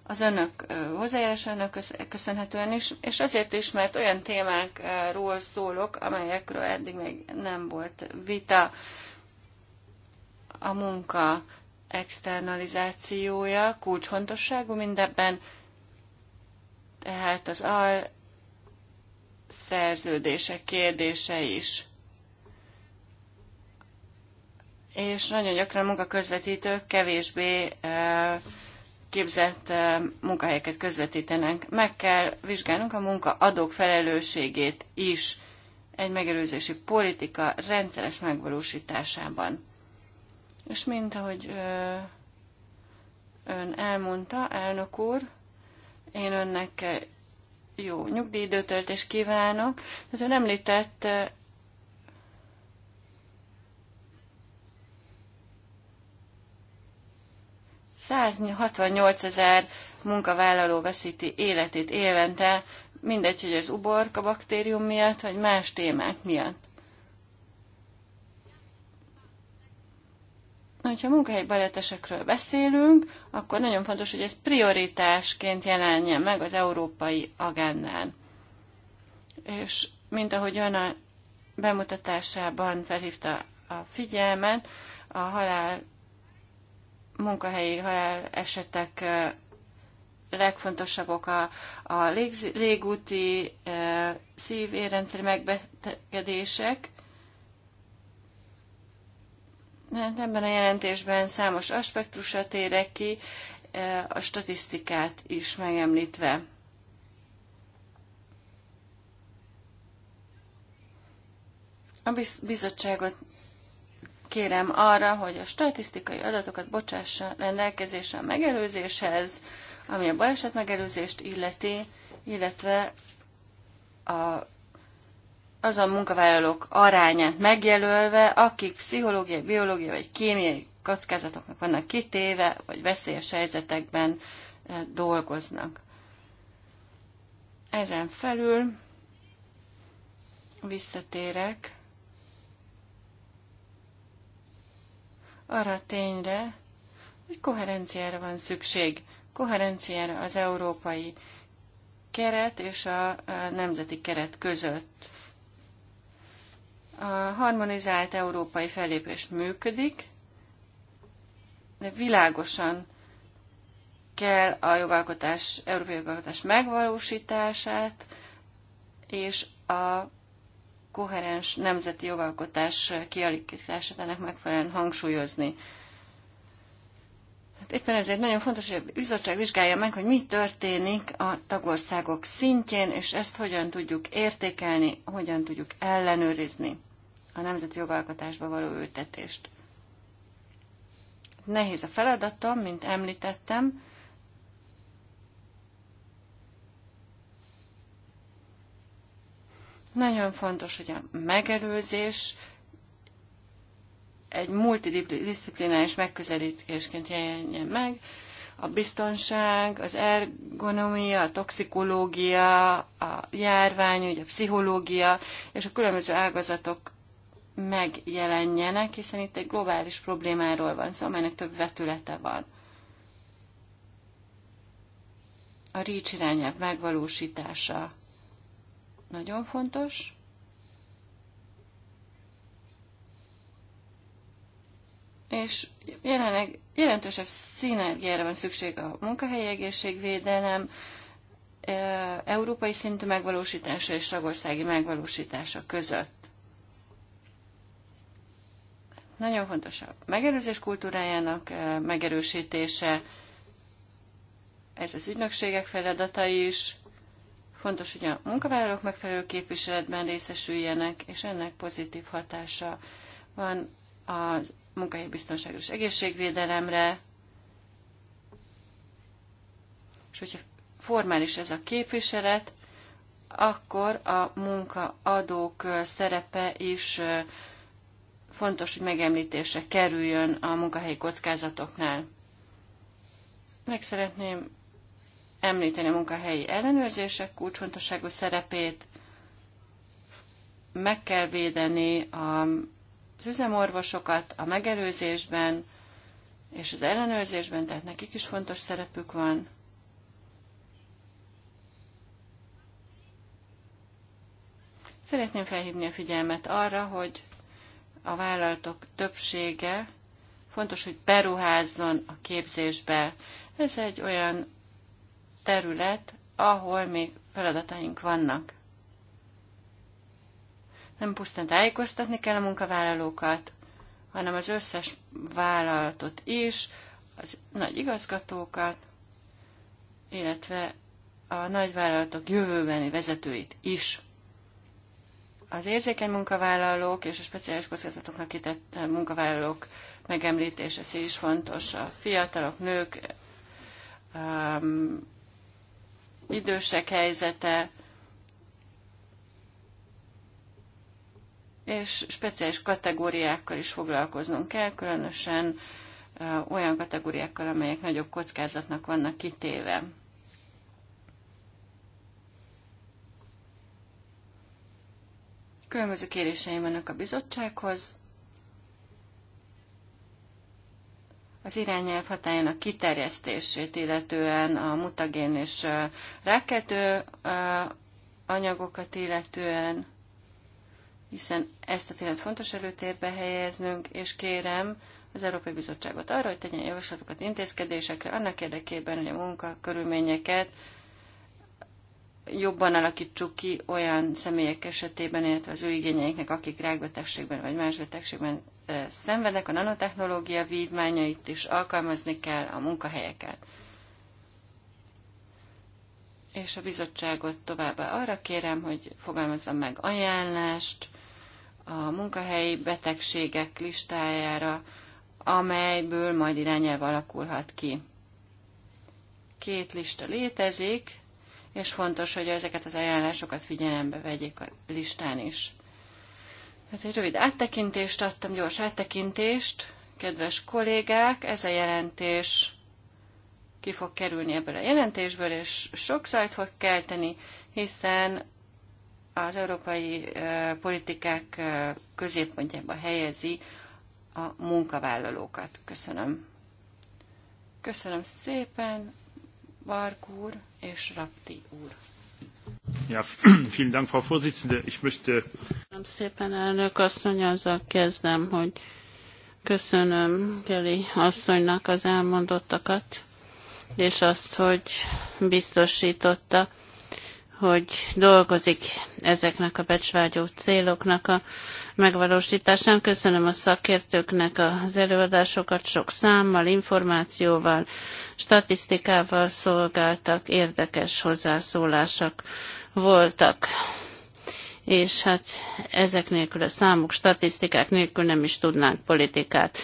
az önök hozzájárásának köszönhetően is, és azért is, mert olyan témákról szólok, amelyekről eddig még nem volt vita. A munka externalizációja kulcsfontosságú mindebben, tehát az al szerződések kérdése is. És nagyon gyakran a munkaközvetítők kevésbé uh, képzett munkahelyeket közvetítenek. Meg kell vizsgálnunk a munkaadók felelősségét is egy megelőzési politika rendszeres megvalósításában. És mint ahogy ön elmondta, elnök úr, én önnek jó nyugdíjidőtöltést kívánok, Tehát ön említett 168 ezer munkavállaló veszíti életét évente, mindegy, hogy az uborka baktérium miatt, vagy más témák miatt. hogyha munkahelyi baletesekről beszélünk, akkor nagyon fontos, hogy ez prioritásként jelenjen meg az európai agendán. És mint ahogy ön a bemutatásában felhívta a figyelmet, a halál munkahelyi halál esetek legfontosabb oka a légúti szívérrendszeri megbetegedések. ebben a jelentésben számos aspektusra térek ki, a statisztikát is megemlítve. A bizottságot kérem arra, hogy a statisztikai adatokat bocsássa rendelkezésre a megelőzéshez, ami a baleset megelőzést illeti, illetve a, azon munkavállalók arányát megjelölve, akik pszichológiai, biológiai vagy kémiai kockázatoknak vannak kitéve, vagy veszélyes helyzetekben eh, dolgoznak. Ezen felül visszatérek arra a tényre, hogy koherenciára van szükség. Koherenciára az európai keret és a nemzeti keret között. A harmonizált európai fellépés működik, de világosan kell a jogalkotás, európai jogalkotás megvalósítását és a koherens nemzeti jogalkotás kialakítását ennek megfelelően hangsúlyozni. Hát éppen ezért nagyon fontos, hogy a bizottság vizsgálja meg, hogy mi történik a tagországok szintjén, és ezt hogyan tudjuk értékelni, hogyan tudjuk ellenőrizni a nemzeti jogalkotásba való ültetést. Nehéz a feladatom, mint említettem, Nagyon fontos, hogy a megelőzés egy multidisziplinális megközelítésként jelenjen meg. A biztonság, az ergonomia, a toxikológia, a járvány, ugye a pszichológia és a különböző ágazatok megjelenjenek, hiszen itt egy globális problémáról van szó, amelynek több vetülete van. A rícs irányelv megvalósítása nagyon fontos. És jelenleg jelentősebb szinergiára van szükség a munkahelyi egészségvédelem, e, európai szintű megvalósítása és tagországi megvalósítása között. Nagyon fontos a megerőzés kultúrájának e, megerősítése, ez az ügynökségek feladata is, Fontos, hogy a munkavállalók megfelelő képviseletben részesüljenek, és ennek pozitív hatása van a munkahelyi biztonságra és egészségvédelemre. És hogyha formális ez a képviselet, akkor a munkaadók szerepe is fontos, hogy megemlítése kerüljön a munkahelyi kockázatoknál. Meg szeretném említeni a munkahelyi ellenőrzések kulcsfontosságú szerepét, meg kell védeni az üzemorvosokat a megelőzésben és az ellenőrzésben, tehát nekik is fontos szerepük van. Szeretném felhívni a figyelmet arra, hogy a vállalatok többsége fontos, hogy beruházzon a képzésbe. Ez egy olyan terület, ahol még feladataink vannak. Nem pusztán tájékoztatni kell a munkavállalókat, hanem az összes vállalatot is, az nagy igazgatókat, illetve a nagyvállalatok jövőbeni vezetőit is. Az érzékeny munkavállalók és a speciális kockázatoknak kitett munkavállalók megemlítése is fontos. A fiatalok, nők, um, idősek helyzete, és speciális kategóriákkal is foglalkoznunk kell, különösen olyan kategóriákkal, amelyek nagyobb kockázatnak vannak kitéve. Különböző kéréseim vannak a bizottsághoz. az irányelv hatájának kiterjesztését, illetően a mutagén és rákkeltő anyagokat illetően, hiszen ezt a témát fontos előtérbe helyeznünk, és kérem az Európai Bizottságot arra, hogy tegyen javaslatokat intézkedésekre, annak érdekében, hogy a munkakörülményeket jobban alakítsuk ki olyan személyek esetében, illetve az ő igényeiknek, akik rákbetegségben vagy más betegségben szenvednek a nanotechnológia vívmányait is alkalmazni kell a munkahelyeken. És a bizottságot továbbá arra kérem, hogy fogalmazzam meg ajánlást a munkahelyi betegségek listájára, amelyből majd irányelv alakulhat ki. Két lista létezik, és fontos, hogy ezeket az ajánlásokat figyelembe vegyék a listán is. Hát egy rövid áttekintést adtam, gyors áttekintést. Kedves kollégák, ez a jelentés ki fog kerülni ebből a jelentésből, és sok zajt fog kelteni, hiszen az európai politikák középpontjába helyezi a munkavállalókat. Köszönöm. Köszönöm szépen, Bark és Rapti úr. Ja, vielen Dank, Frau Vorsitzende. Ich möchte... Köszönöm szépen, elnök asszony, azzal kezdem, hogy köszönöm Geli asszonynak az elmondottakat, és azt, hogy biztosította, hogy dolgozik ezeknek a becsvágyó céloknak a megvalósításán. Köszönöm a szakértőknek az előadásokat, sok számmal, információval, statisztikával szolgáltak, érdekes hozzászólások voltak és hát ezek nélkül a számok, statisztikák nélkül nem is tudnánk politikát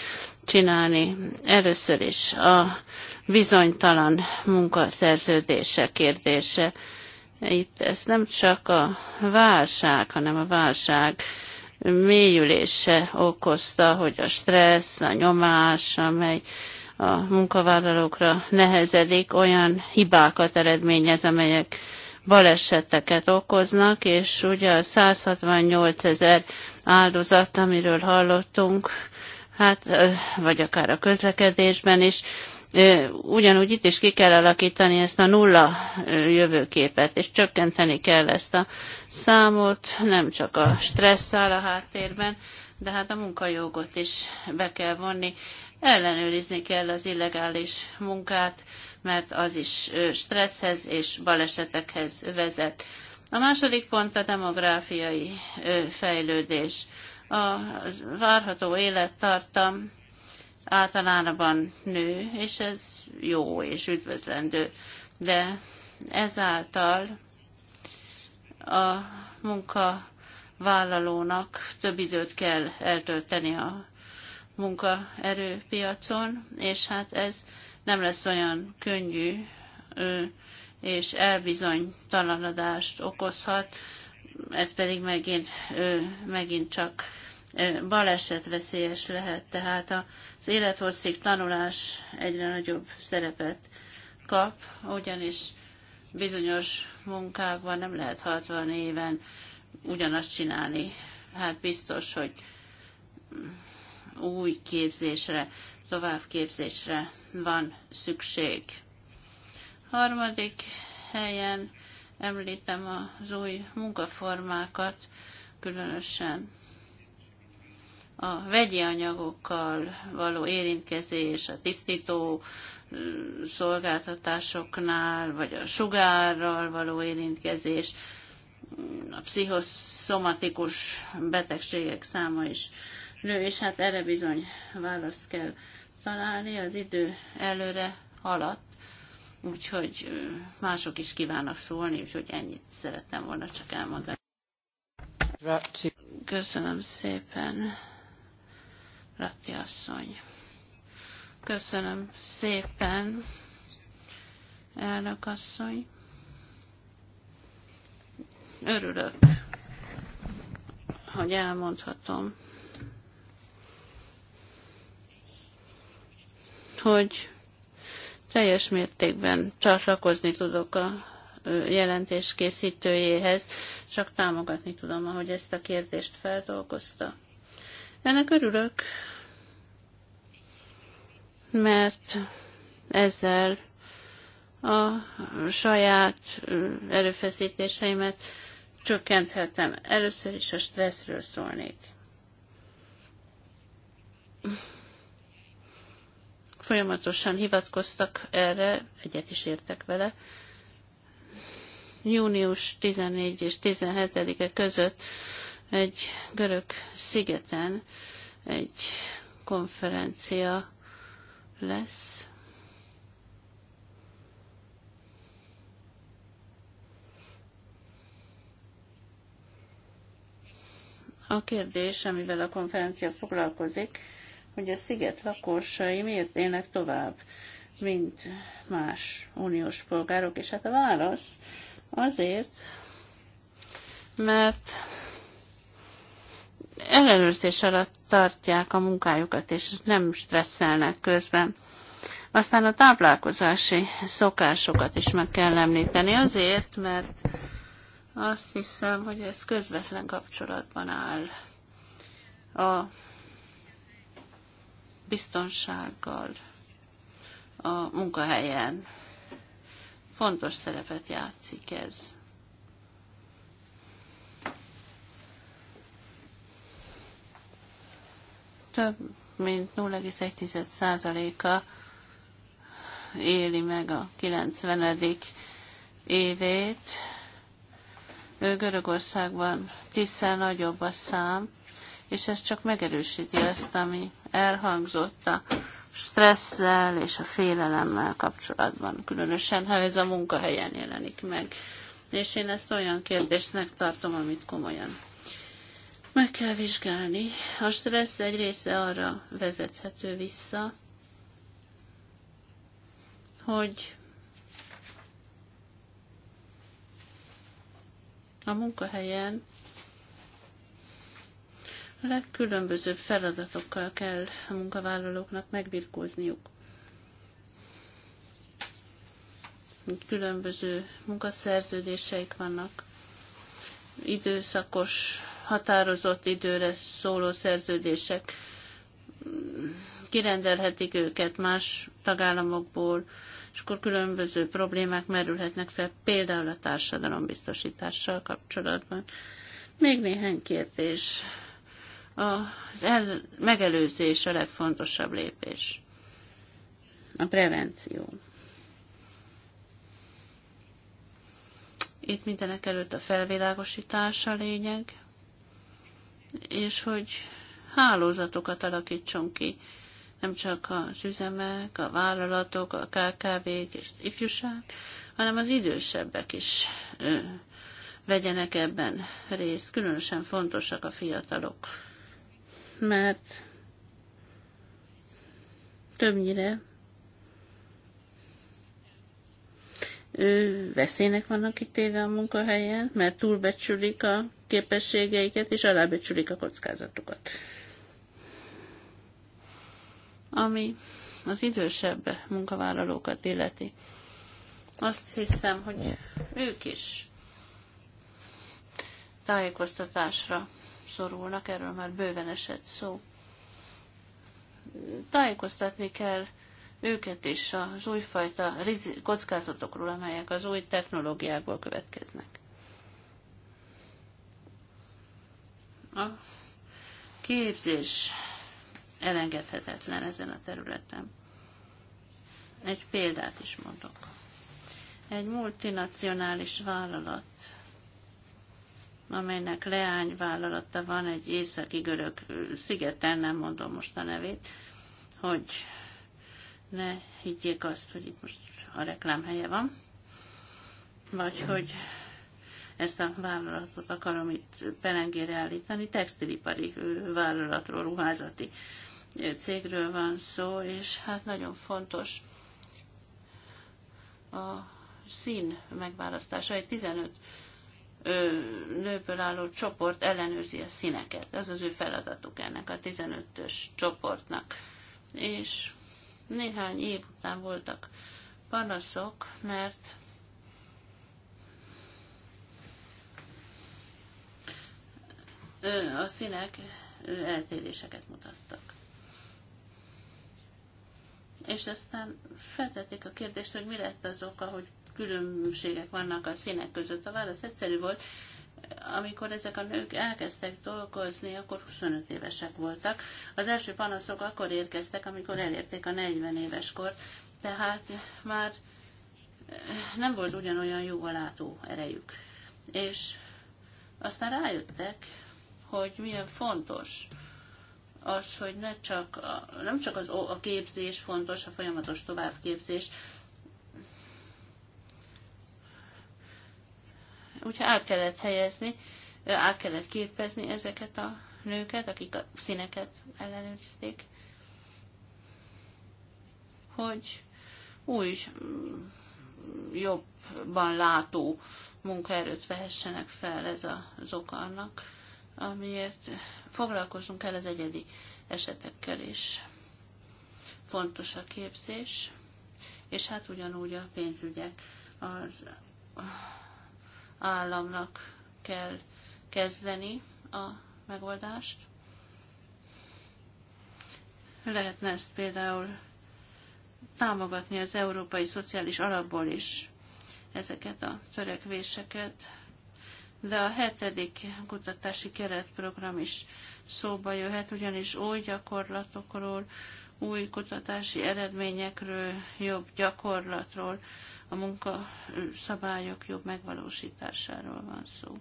csinálni. Először is a bizonytalan munkaszerződése kérdése. Itt ez nem csak a válság, hanem a válság mélyülése okozta, hogy a stressz, a nyomás, amely a munkavállalókra nehezedik, olyan hibákat eredményez, amelyek baleseteket okoznak, és ugye a 168 ezer áldozat, amiről hallottunk, hát, vagy akár a közlekedésben is, ugyanúgy itt is ki kell alakítani ezt a nulla jövőképet, és csökkenteni kell ezt a számot, nem csak a stressz áll a háttérben, de hát a munkajogot is be kell vonni. Ellenőrizni kell az illegális munkát, mert az is stresszhez és balesetekhez vezet. A második pont a demográfiai fejlődés. A várható élettartam általában nő, és ez jó és üdvözlendő. De ezáltal a munkavállalónak több időt kell eltölteni a munkaerőpiacon, és hát ez nem lesz olyan könnyű, és elbizonytalanodást okozhat, ez pedig megint, megint csak balesetveszélyes lehet, tehát az élethosszig tanulás egyre nagyobb szerepet kap, ugyanis bizonyos munkákban nem lehet 60 éven ugyanazt csinálni. Hát biztos, hogy új képzésre, továbbképzésre van szükség. Harmadik helyen említem az új munkaformákat, különösen a vegyi anyagokkal való érintkezés, a tisztító szolgáltatásoknál, vagy a sugárral való érintkezés, a pszichoszomatikus betegségek száma is nő, és hát erre bizony választ kell találni, az idő előre haladt, úgyhogy mások is kívánnak szólni, úgyhogy ennyit szerettem volna csak elmondani. Köszönöm szépen. Ratti asszony. Köszönöm szépen, elnök asszony. Örülök, hogy elmondhatom, hogy teljes mértékben csatlakozni tudok a jelentés készítőjéhez, csak támogatni tudom, ahogy ezt a kérdést feldolgozta. Ennek örülök, mert ezzel a saját erőfeszítéseimet csökkenthetem. Először is a stresszről szólnék. Folyamatosan hivatkoztak erre, egyet is értek vele. Június 14 és 17-e között egy görög szigeten egy konferencia lesz. A kérdés, amivel a konferencia foglalkozik, hogy a sziget lakosai miért élnek tovább, mint más uniós polgárok, és hát a válasz azért, mert ellenőrzés alatt tartják a munkájukat, és nem stresszelnek közben. Aztán a táplálkozási szokásokat is meg kell említeni azért, mert azt hiszem, hogy ez közvetlen kapcsolatban áll a biztonsággal a munkahelyen. Fontos szerepet játszik ez. több mint 0,1%-a éli meg a 90. évét. Görögországban tízszer nagyobb a szám, és ez csak megerősíti azt, ami elhangzott a stresszel és a félelemmel kapcsolatban, különösen ha ez a munkahelyen jelenik meg. És én ezt olyan kérdésnek tartom, amit komolyan meg kell vizsgálni. A stressz egy része arra vezethető vissza, hogy a munkahelyen a legkülönbözőbb feladatokkal kell a munkavállalóknak megbirkózniuk. Különböző munkaszerződéseik vannak, időszakos határozott időre szóló szerződések kirendelhetik őket más tagállamokból, és akkor különböző problémák merülhetnek fel, például a biztosítással kapcsolatban. Még néhány kérdés. Az el, megelőzés a legfontosabb lépés. A prevenció. Itt mindenek előtt a felvilágosítás a lényeg és hogy hálózatokat alakítson ki, nem csak az üzemek, a vállalatok, a KKV-k és az ifjúság, hanem az idősebbek is ö, vegyenek ebben részt. Különösen fontosak a fiatalok, mert többnyire veszélynek vannak kitéve a munkahelyen, mert túlbecsülik a képességeiket, és alábecsülik a kockázatukat. Ami az idősebb munkavállalókat illeti. Azt hiszem, hogy ők is tájékoztatásra szorulnak, erről már bőven esett szó. Tájékoztatni kell őket is az újfajta kockázatokról, amelyek az új technológiákból következnek. A képzés elengedhetetlen ezen a területen. Egy példát is mondok. Egy multinacionális vállalat, amelynek leányvállalata van egy északi görög szigeten, nem mondom most a nevét, hogy ne higgyék azt, hogy itt most a reklám helye van, vagy hogy ezt a vállalatot akarom itt pelengére állítani, textilipari vállalatról, ruházati cégről van szó, és hát nagyon fontos a szín megválasztása. Egy 15 nőből álló csoport ellenőrzi a színeket. Ez az ő feladatuk ennek a 15-ös csoportnak. És néhány év után voltak panaszok, mert a színek eltéréseket mutattak. És aztán feltették a kérdést, hogy mi lett az oka, hogy különbségek vannak a színek között. A válasz egyszerű volt, amikor ezek a nők elkezdtek dolgozni, akkor 25 évesek voltak. Az első panaszok akkor érkeztek, amikor elérték a 40 éves kor. tehát már eh, nem volt ugyanolyan jó a látó erejük. És aztán rájöttek, hogy milyen fontos az, hogy ne csak a, nem csak az, a képzés fontos, a folyamatos továbbképzés, Úgyhogy át kellett helyezni, át kellett képezni ezeket a nőket, akik a színeket ellenőrizték, hogy új, mm, jobban látó munkaerőt vehessenek fel ez az okarnak, amiért foglalkozunk el az egyedi esetekkel is. Fontos a képzés, és hát ugyanúgy a pénzügyek, az államnak kell kezdeni a megoldást. Lehetne ezt például támogatni az Európai Szociális Alapból is ezeket a törekvéseket, de a hetedik kutatási keretprogram is szóba jöhet, ugyanis új gyakorlatokról, új kutatási eredményekről, jobb gyakorlatról, a munkaszabályok jobb megvalósításáról van szó.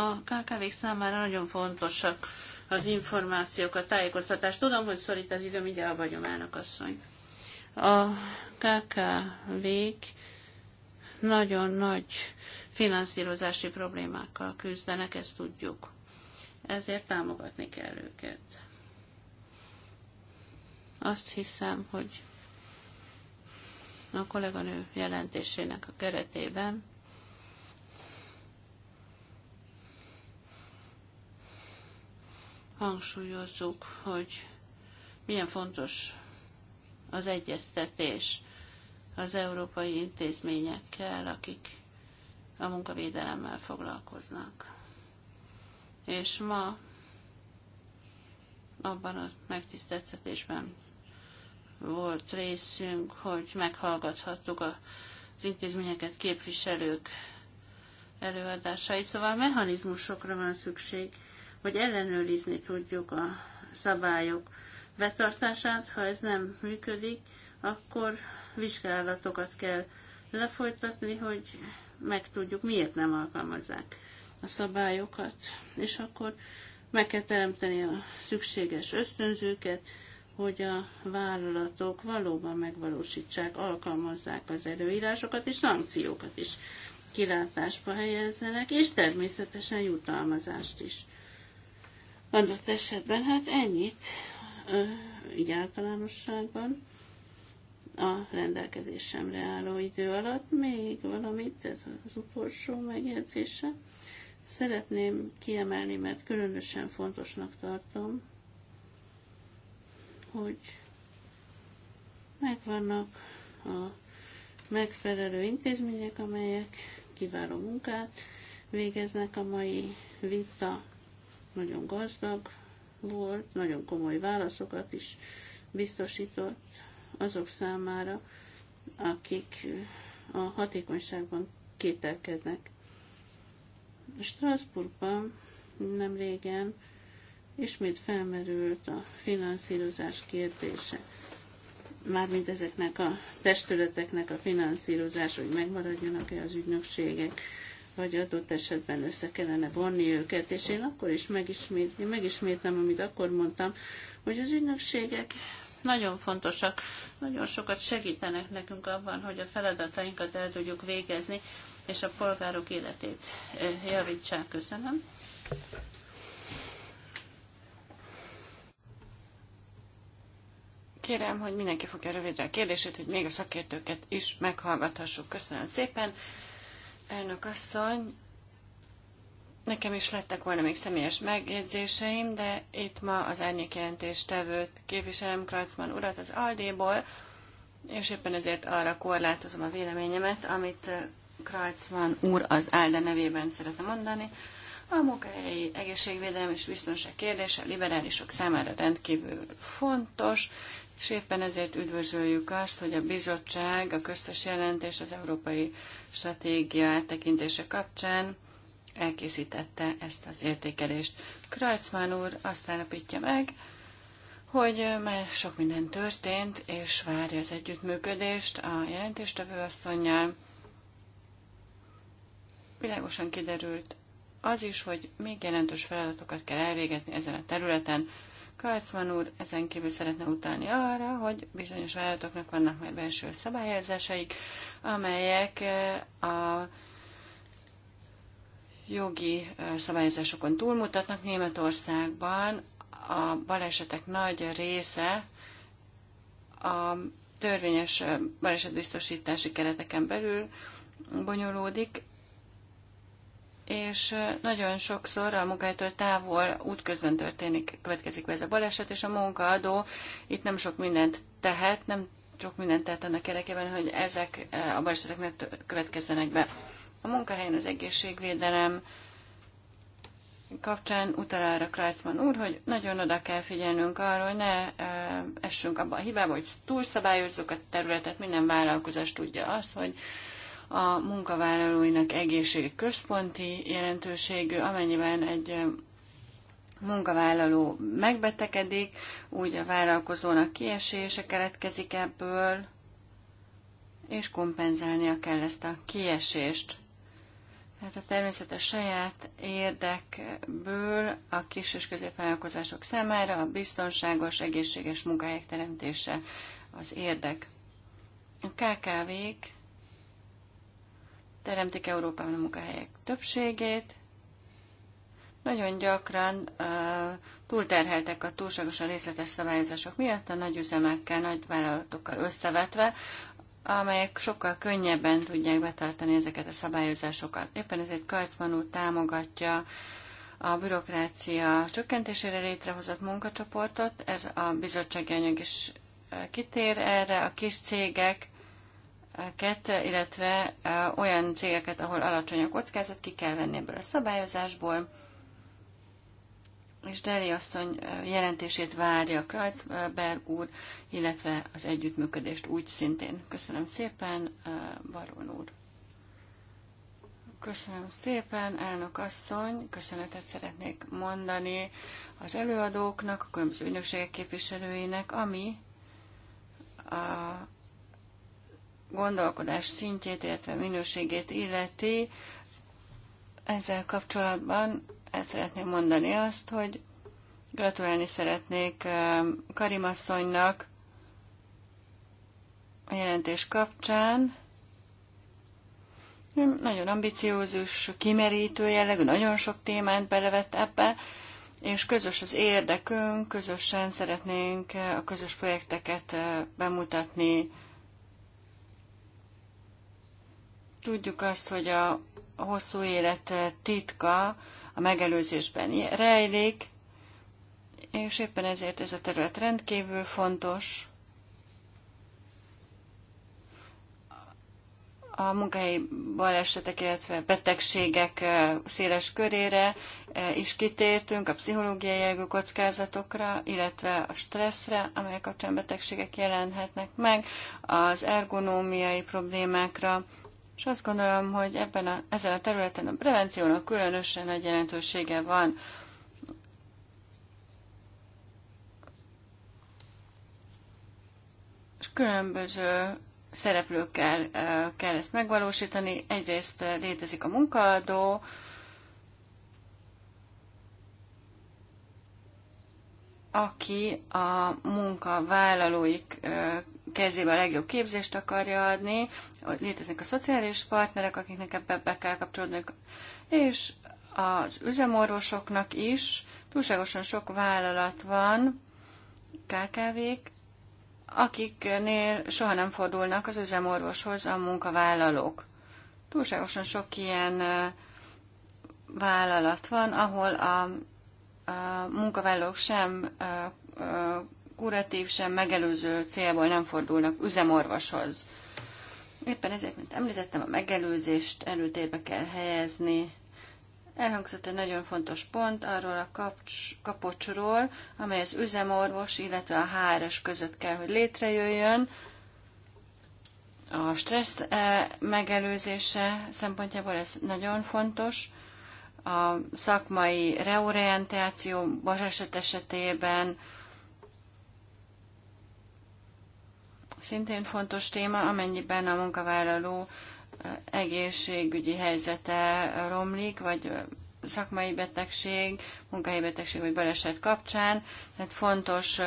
A kkv számára nagyon fontosak az információk, a tájékoztatás. Tudom, hogy szorít az időm, mindjárt vagyom, elnök asszony. A kkv nagyon nagy finanszírozási problémákkal küzdenek, ezt tudjuk ezért támogatni kell őket. Azt hiszem, hogy a kolléganő jelentésének a keretében hangsúlyozzuk, hogy milyen fontos az egyeztetés az európai intézményekkel, akik a munkavédelemmel foglalkoznak és ma abban a megtiszteltetésben volt részünk, hogy meghallgathattuk az intézményeket képviselők előadásait. Szóval mechanizmusokra van szükség, hogy ellenőrizni tudjuk a szabályok betartását. Ha ez nem működik, akkor vizsgálatokat kell lefolytatni, hogy megtudjuk, miért nem alkalmazzák a szabályokat, és akkor meg kell teremteni a szükséges ösztönzőket, hogy a vállalatok valóban megvalósítsák, alkalmazzák az előírásokat és szankciókat is kilátásba helyezzenek, és természetesen jutalmazást is. Adott esetben hát ennyit így általánosságban a rendelkezésemre álló idő alatt. Még valamit, ez az utolsó megjegyzése. Szeretném kiemelni, mert különösen fontosnak tartom, hogy megvannak a megfelelő intézmények, amelyek kiváló munkát végeznek. A mai vita nagyon gazdag volt, nagyon komoly válaszokat is biztosított azok számára, akik a hatékonyságban kételkednek. Strasbourgban nem régen ismét felmerült a finanszírozás kérdése. Mármint ezeknek a testületeknek a finanszírozás, hogy megmaradjanak-e az ügynökségek, vagy adott esetben össze kellene vonni őket, és én akkor is megismét, én megismétlem, amit akkor mondtam, hogy az ügynökségek nagyon fontosak, nagyon sokat segítenek nekünk abban, hogy a feladatainkat el tudjuk végezni, és a polgárok életét javítsák. Köszönöm. Kérem, hogy mindenki fogja rövidre a kérdését, hogy még a szakértőket is meghallgathassuk. Köszönöm szépen. Elnök asszony, nekem is lettek volna még személyes megjegyzéseim, de itt ma az tevőt képviselem Kracman urat az Aldéból, és éppen ezért arra korlátozom a véleményemet, amit Krajcman úr az Álda nevében szeretem mondani. A munkahelyi egészségvédelem és biztonság kérdése a liberálisok számára rendkívül fontos, és éppen ezért üdvözöljük azt, hogy a bizottság a köztes jelentés az európai stratégia áttekintése kapcsán elkészítette ezt az értékelést. Krajcman úr azt állapítja meg, hogy már sok minden történt, és várja az együttműködést a jelentéstevő asszonynal, Világosan kiderült az is, hogy még jelentős feladatokat kell elvégezni ezen a területen. Kalcman úr ezen kívül szeretne utalni arra, hogy bizonyos vállalatoknak vannak már belső szabályozásaik, amelyek eh, a jogi eh, szabályozásokon túlmutatnak. Németországban a balesetek nagy része a törvényes eh, balesetbiztosítási kereteken belül bonyolódik, és nagyon sokszor a munkahelytől távol útközben történik, következik be ez a baleset, és a munkaadó itt nem sok mindent tehet, nem sok mindent tehet annak érdekében, hogy ezek a balesetek ne következzenek be. A munkahelyen az egészségvédelem kapcsán utal arra Krácman úr, hogy nagyon oda kell figyelnünk arra, hogy ne essünk abba a hibába, hogy túlszabályozzuk a területet, minden vállalkozás tudja azt, hogy a munkavállalóinak egészség központi jelentőségű, amennyiben egy munkavállaló megbetegedik, úgy a vállalkozónak kiesése keletkezik ebből, és kompenzálnia kell ezt a kiesést. Hát a természetes saját érdekből a kis és középvállalkozások számára a biztonságos, egészséges munkahelyek teremtése az érdek. A KKV-k teremtik Európában a munkahelyek többségét. Nagyon gyakran uh, túlterheltek a túlságosan részletes szabályozások miatt a nagy üzemekkel, nagy vállalatokkal összevetve, amelyek sokkal könnyebben tudják betartani ezeket a szabályozásokat. Éppen ezért Karcman támogatja a bürokrácia csökkentésére létrehozott munkacsoportot. Ez a bizottsági anyag is kitér erre. A kis cégek illetve olyan cégeket, ahol alacsony a kockázat, ki kell venni ebből a szabályozásból. És Deli asszony jelentését várja Kreuzberg úr, illetve az együttműködést úgy szintén. Köszönöm szépen, Baron úr. Köszönöm szépen, elnök asszony. Köszönetet szeretnék mondani az előadóknak, a különböző ügynökségek képviselőinek, ami a gondolkodás szintjét, illetve minőségét illeti, ezzel kapcsolatban el szeretném mondani azt, hogy gratulálni szeretnék Karimasszonynak a jelentés kapcsán. Nagyon ambiciózus, kimerítő jellegű, nagyon sok témát belevett ebbe, és közös az érdekünk, közösen szeretnénk a közös projekteket bemutatni, Tudjuk azt, hogy a hosszú élet eh, titka a megelőzésben rejlik, és éppen ezért ez a terület rendkívül fontos. a munkahelyi balesetek, illetve betegségek eh, széles körére eh, is kitértünk, a pszichológiai jelgő kockázatokra, illetve a stresszre, amelyek kapcsán betegségek jelenhetnek meg, az ergonómiai problémákra, és azt gondolom, hogy ebben a, ezen a területen a prevenciónak különösen nagy jelentősége van. És különböző szereplőkkel eh, kell ezt megvalósítani. Egyrészt eh, létezik a munkaadó, aki a munkavállalóik eh, kezébe a legjobb képzést akarja adni, léteznek a szociális partnerek, akiknek ebbe be kell kapcsolódniuk, és az üzemorvosoknak is túlságosan sok vállalat van, KKV-k, akiknél soha nem fordulnak az üzemorvoshoz a munkavállalók. Túlságosan sok ilyen vállalat van, ahol a, a munkavállalók sem kuratív, sem megelőző célból nem fordulnak üzemorvoshoz. Éppen ezért, mint említettem, a megelőzést előtérbe kell helyezni. Elhangzott egy nagyon fontos pont arról a kapocsról, amely az üzemorvos, illetve a HRS között kell, hogy létrejöjjön. A stressz e, megelőzése szempontjából ez nagyon fontos. A szakmai reorientáció baleset esetében, szintén fontos téma, amennyiben a munkavállaló egészségügyi helyzete romlik, vagy szakmai betegség, munkahelyi betegség vagy baleset kapcsán. Tehát fontos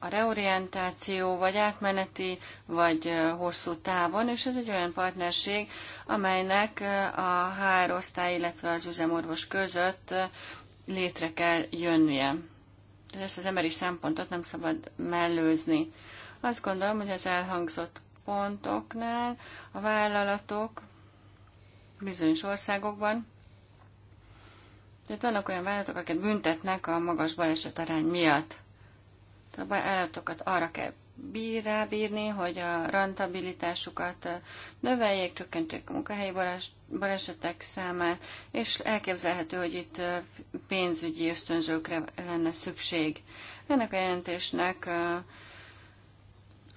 a reorientáció, vagy átmeneti, vagy hosszú távon, és ez egy olyan partnerség, amelynek a HR osztály, illetve az üzemorvos között létre kell jönnie. De ezt az emberi szempontot nem szabad mellőzni. Azt gondolom, hogy az elhangzott pontoknál a vállalatok bizonyos országokban, tehát vannak olyan vállalatok, akiket büntetnek a magas baleset arány miatt. A vállalatokat arra kell bírá bírni, hogy a rentabilitásukat növeljék, csökkentsék a munkahelyi balesetek számát, és elképzelhető, hogy itt pénzügyi ösztönzőkre lenne szükség. Ennek a jelentésnek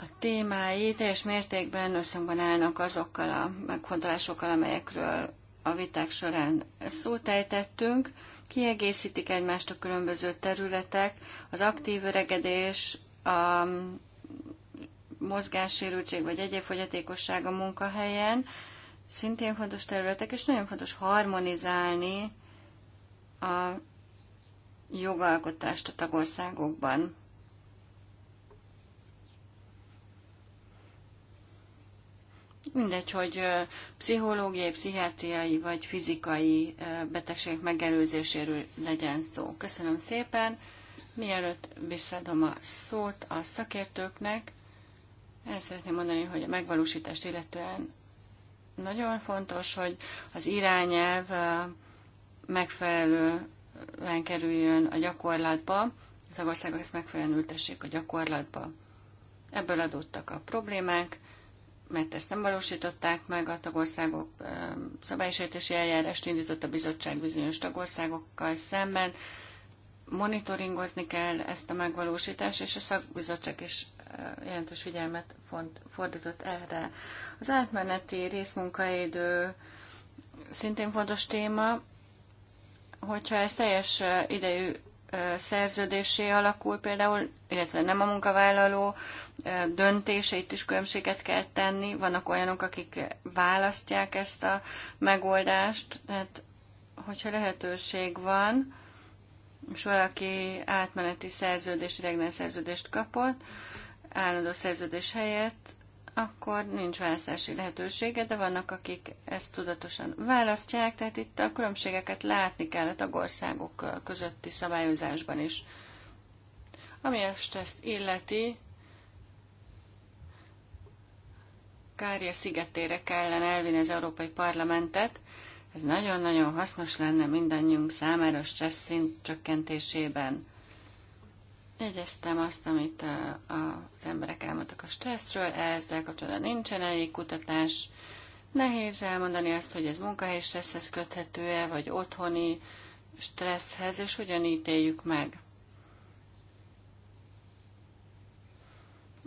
a témái teljes mértékben összhangban állnak azokkal a megfontolásokkal, amelyekről a viták során szót ejtettünk. Kiegészítik egymást a különböző területek, az aktív öregedés, a mozgássérültség vagy egyéb fogyatékosság a munkahelyen, szintén fontos területek, és nagyon fontos harmonizálni a jogalkotást a tagországokban. Mindegy, hogy pszichológiai, pszichiátriai vagy fizikai betegségek megelőzéséről legyen szó. Köszönöm szépen. Mielőtt visszadom a szót a szakértőknek, el szeretném mondani, hogy a megvalósítást illetően nagyon fontos, hogy az irányelv megfelelően kerüljön a gyakorlatba, az országok ezt megfelelően ültessék a gyakorlatba. Ebből adódtak a problémák, mert ezt nem valósították meg, a tagországok szabálysértési eljárást indított a bizottság bizonyos tagországokkal szemben. Monitoringozni kell ezt a megvalósítást, és a szakbizottság is jelentős figyelmet fordított erre. Az átmeneti részmunkaidő szintén fontos téma, hogyha ez teljes idejű szerződésé alakul például, illetve nem a munkavállaló döntése, itt is különbséget kell tenni. Vannak olyanok, akik választják ezt a megoldást, tehát hogyha lehetőség van, és valaki átmeneti szerződést, ideglen szerződést kapott, állandó szerződés helyett, akkor nincs választási lehetősége, de vannak, akik ezt tudatosan választják, tehát itt a különbségeket látni kell a tagországok közötti szabályozásban is. Ami a stresszt illeti, Kária szigetére kellene elvinni az Európai Parlamentet, ez nagyon-nagyon hasznos lenne mindannyiunk számára a stressz szint csökkentésében. Jegyeztem azt, amit az emberek elmondtak a stresszről, ezzel kapcsolatban nincsen elég kutatás. Nehéz elmondani azt, hogy ez munkahely stresszhez köthető-e, vagy otthoni stresszhez, és hogyan ítéljük meg.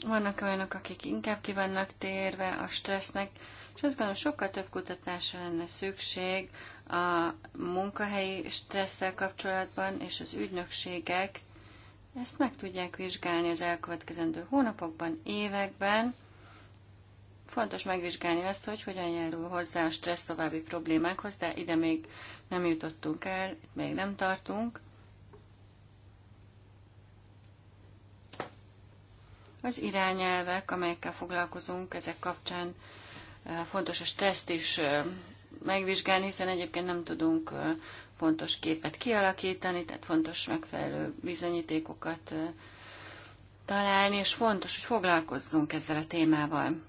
Vannak olyanok, akik inkább ki vannak térve a stressznek, és azt gondolom, sokkal több kutatásra lenne szükség a munkahelyi stresszel kapcsolatban, és az ügynökségek ezt meg tudják vizsgálni az elkövetkezendő hónapokban, években. Fontos megvizsgálni azt, hogy hogyan járul hozzá a stressz további problémákhoz, de ide még nem jutottunk el, itt még nem tartunk. Az irányelvek, amelyekkel foglalkozunk, ezek kapcsán eh, fontos a stresszt is eh, megvizsgálni, hiszen egyébként nem tudunk eh, pontos képet kialakítani, tehát fontos megfelelő bizonyítékokat találni, és fontos, hogy foglalkozzunk ezzel a témával.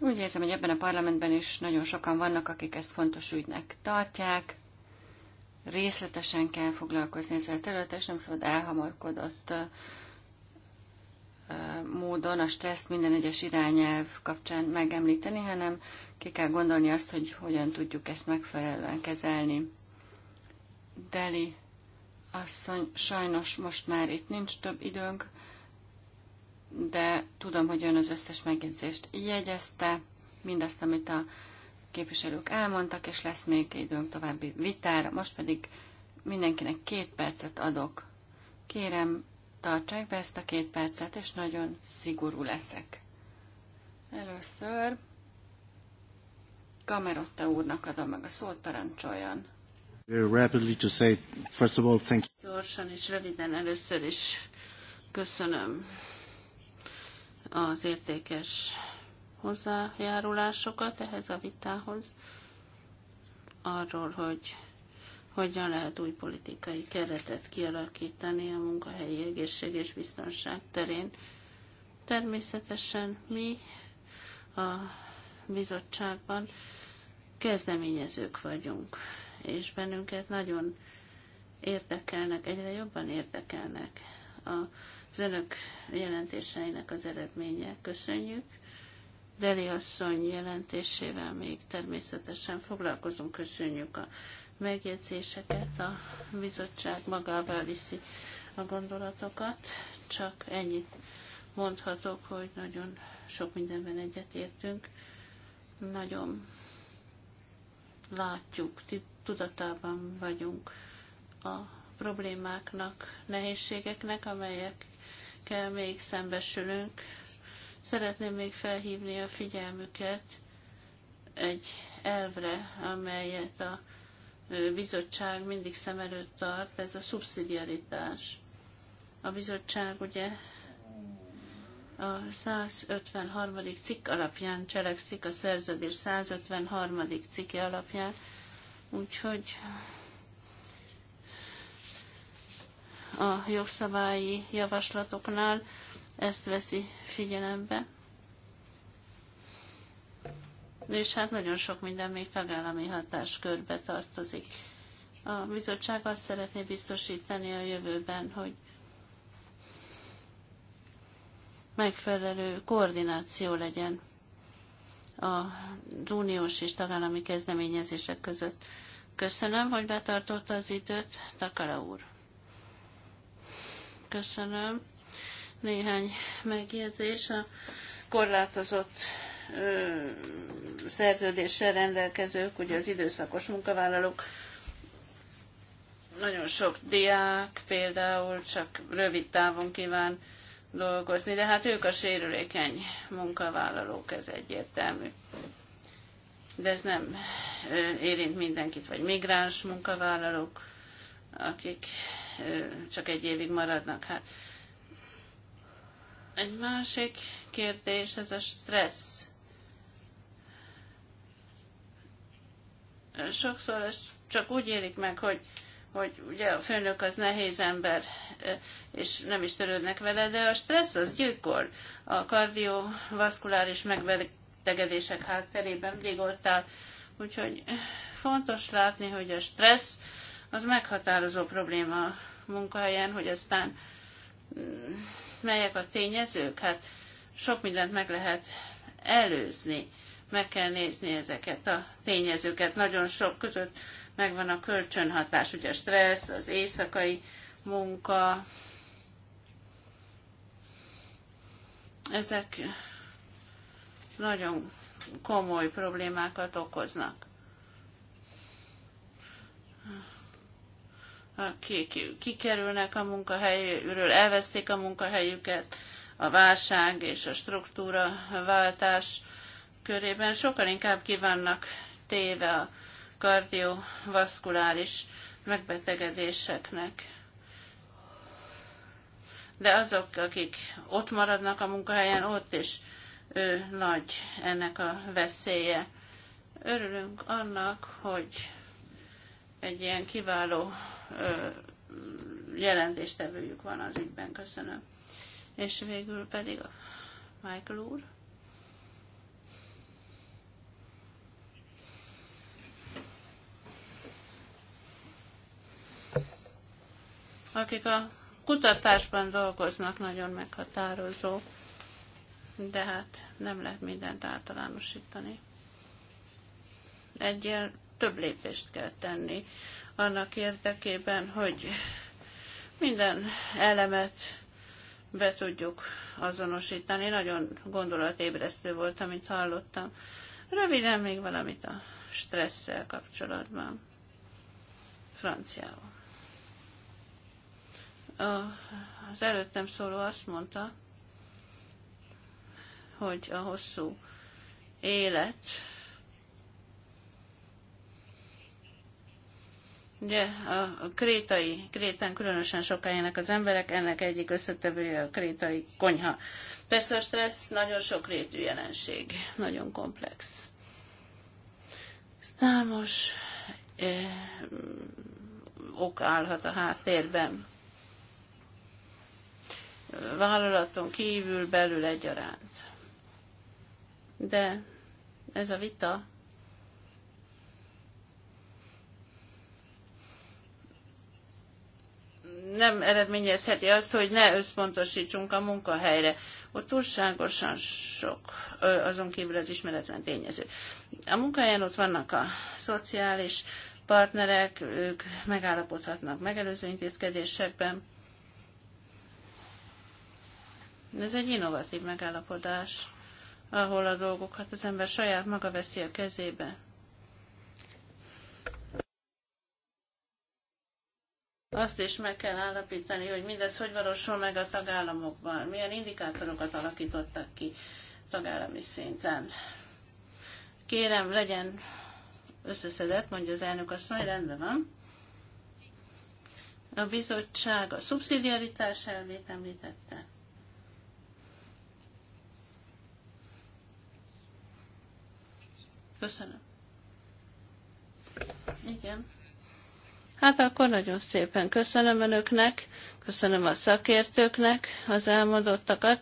Úgy érzem, hogy ebben a parlamentben is nagyon sokan vannak, akik ezt fontos ügynek tartják. Részletesen kell foglalkozni ezzel a területen, és nem szabad elhamarkodott módon a stresszt minden egyes irányelv kapcsán megemlíteni, hanem ki kell gondolni azt, hogy hogyan tudjuk ezt megfelelően kezelni. Deli asszony, sajnos most már itt nincs több időnk, de tudom, hogy ön az összes megjegyzést jegyezte, mindazt, amit a képviselők elmondtak, és lesz még időnk további vitára. Most pedig mindenkinek két percet adok. Kérem, tartsák be ezt a két percet, és nagyon szigorú leszek. Először Kamerotta úrnak adom meg a szót, parancsoljon. Rapidly to say, first of all, thank you. Gyorsan és röviden először is köszönöm az értékes hozzájárulásokat ehhez a vitához, arról, hogy hogyan lehet új politikai keretet kialakítani a munkahelyi egészség és biztonság terén. Természetesen mi a bizottságban kezdeményezők vagyunk és bennünket nagyon érdekelnek, egyre jobban érdekelnek az önök jelentéseinek az eredménye. Köszönjük. Deli asszony jelentésével még természetesen foglalkozunk. Köszönjük a megjegyzéseket, a bizottság magával viszi a gondolatokat. Csak ennyit mondhatok, hogy nagyon sok mindenben egyetértünk. Nagyon látjuk, tudatában vagyunk a problémáknak, nehézségeknek, amelyekkel még szembesülünk. Szeretném még felhívni a figyelmüket egy elvre, amelyet a bizottság mindig szem előtt tart, ez a szubszidiaritás. A bizottság ugye a 153. cikk alapján cselekszik, a szerződés 153. cikke alapján, úgyhogy a jogszabályi javaslatoknál ezt veszi figyelembe. És hát nagyon sok minden még tagállami hatáskörbe tartozik. A bizottság azt szeretné biztosítani a jövőben, hogy megfelelő koordináció legyen az uniós és tagállami kezdeményezések között. Köszönöm, hogy betartotta az időt, Takara úr. Köszönöm. Néhány megjegyzés a korlátozott szerződéssel rendelkezők, ugye az időszakos munkavállalók, nagyon sok diák például csak rövid távon kíván dolgozni, de hát ők a sérülékeny munkavállalók, ez egyértelmű. De ez nem érint mindenkit, vagy migráns munkavállalók, akik csak egy évig maradnak. Hát egy másik kérdés, ez a stressz. Sokszor ez csak úgy érik meg, hogy hogy ugye a főnök az nehéz ember, és nem is törődnek vele, de a stressz az gyilkol. A kardiovaszkuláris megbetegedések hátterében mindig ott áll. Úgyhogy fontos látni, hogy a stressz az meghatározó probléma a munkahelyen, hogy aztán mm, melyek a tényezők. Hát sok mindent meg lehet előzni, meg kell nézni ezeket a tényezőket. Nagyon sok között megvan a kölcsönhatás, ugye a stressz, az éjszakai munka, ezek nagyon komoly problémákat okoznak. Akik kikerülnek a munkahelyről, elveszték a munkahelyüket, a válság és a struktúra váltás körében sokkal inkább kívánnak téve a kardiovaszkuláris megbetegedéseknek. De azok, akik ott maradnak a munkahelyen, ott is ő, nagy ennek a veszélye. Örülünk annak, hogy egy ilyen kiváló ö, jelentéstevőjük van az ügyben. Köszönöm. És végül pedig a Michael úr. akik a kutatásban dolgoznak, nagyon meghatározó, de hát nem lehet mindent általánosítani. Egy ilyen több lépést kell tenni annak érdekében, hogy minden elemet be tudjuk azonosítani. Nagyon gondolatébresztő volt, amit hallottam. Röviden még valamit a stresszel kapcsolatban. Franciául. Az előttem szóló azt mondta, hogy a hosszú élet Ugye a krétai, krétán különösen sokájának az emberek, ennek egyik összetevője a krétai konyha. Persze a stressz nagyon sok rétű jelenség, nagyon komplex. Számos eh, ok állhat a háttérben vállalaton kívül, belül egyaránt. De ez a vita nem eredményezheti azt, hogy ne összpontosítsunk a munkahelyre. Ott túlságosan sok, azon kívül az ismeretlen tényező. A munkahelyen ott vannak a szociális partnerek, ők megállapodhatnak megelőző intézkedésekben, ez egy innovatív megállapodás, ahol a dolgokat az ember saját maga veszi a kezébe. Azt is meg kell állapítani, hogy mindez hogy valósul meg a tagállamokban, milyen indikátorokat alakítottak ki tagállami szinten. Kérem, legyen összeszedett, mondja az elnök hogy rendben van. A bizottság a szubszidiaritás elvét említette. Köszönöm. Igen. Hát akkor nagyon szépen köszönöm önöknek, köszönöm a szakértőknek az elmondottakat,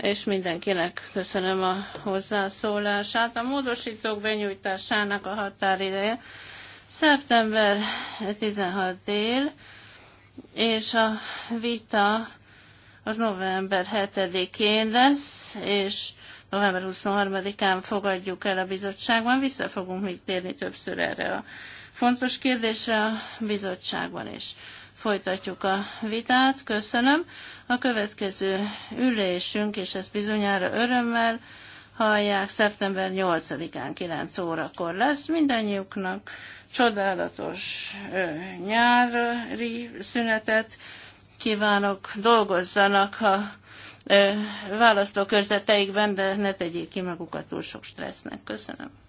és mindenkinek köszönöm a hozzászólását. A módosítók benyújtásának a határideje szeptember 16 dél, és a vita az november 7-én lesz, és november 23-án fogadjuk el a bizottságban. Vissza fogunk még térni többször erre a fontos kérdésre a bizottságban is. Folytatjuk a vitát, köszönöm. A következő ülésünk, és ez bizonyára örömmel hallják, szeptember 8-án 9 órakor lesz mindannyiuknak. Csodálatos ö, nyári szünetet kívánok, dolgozzanak, ha választókörzeteikben, de ne tegyék ki magukat túl sok stressznek. Köszönöm.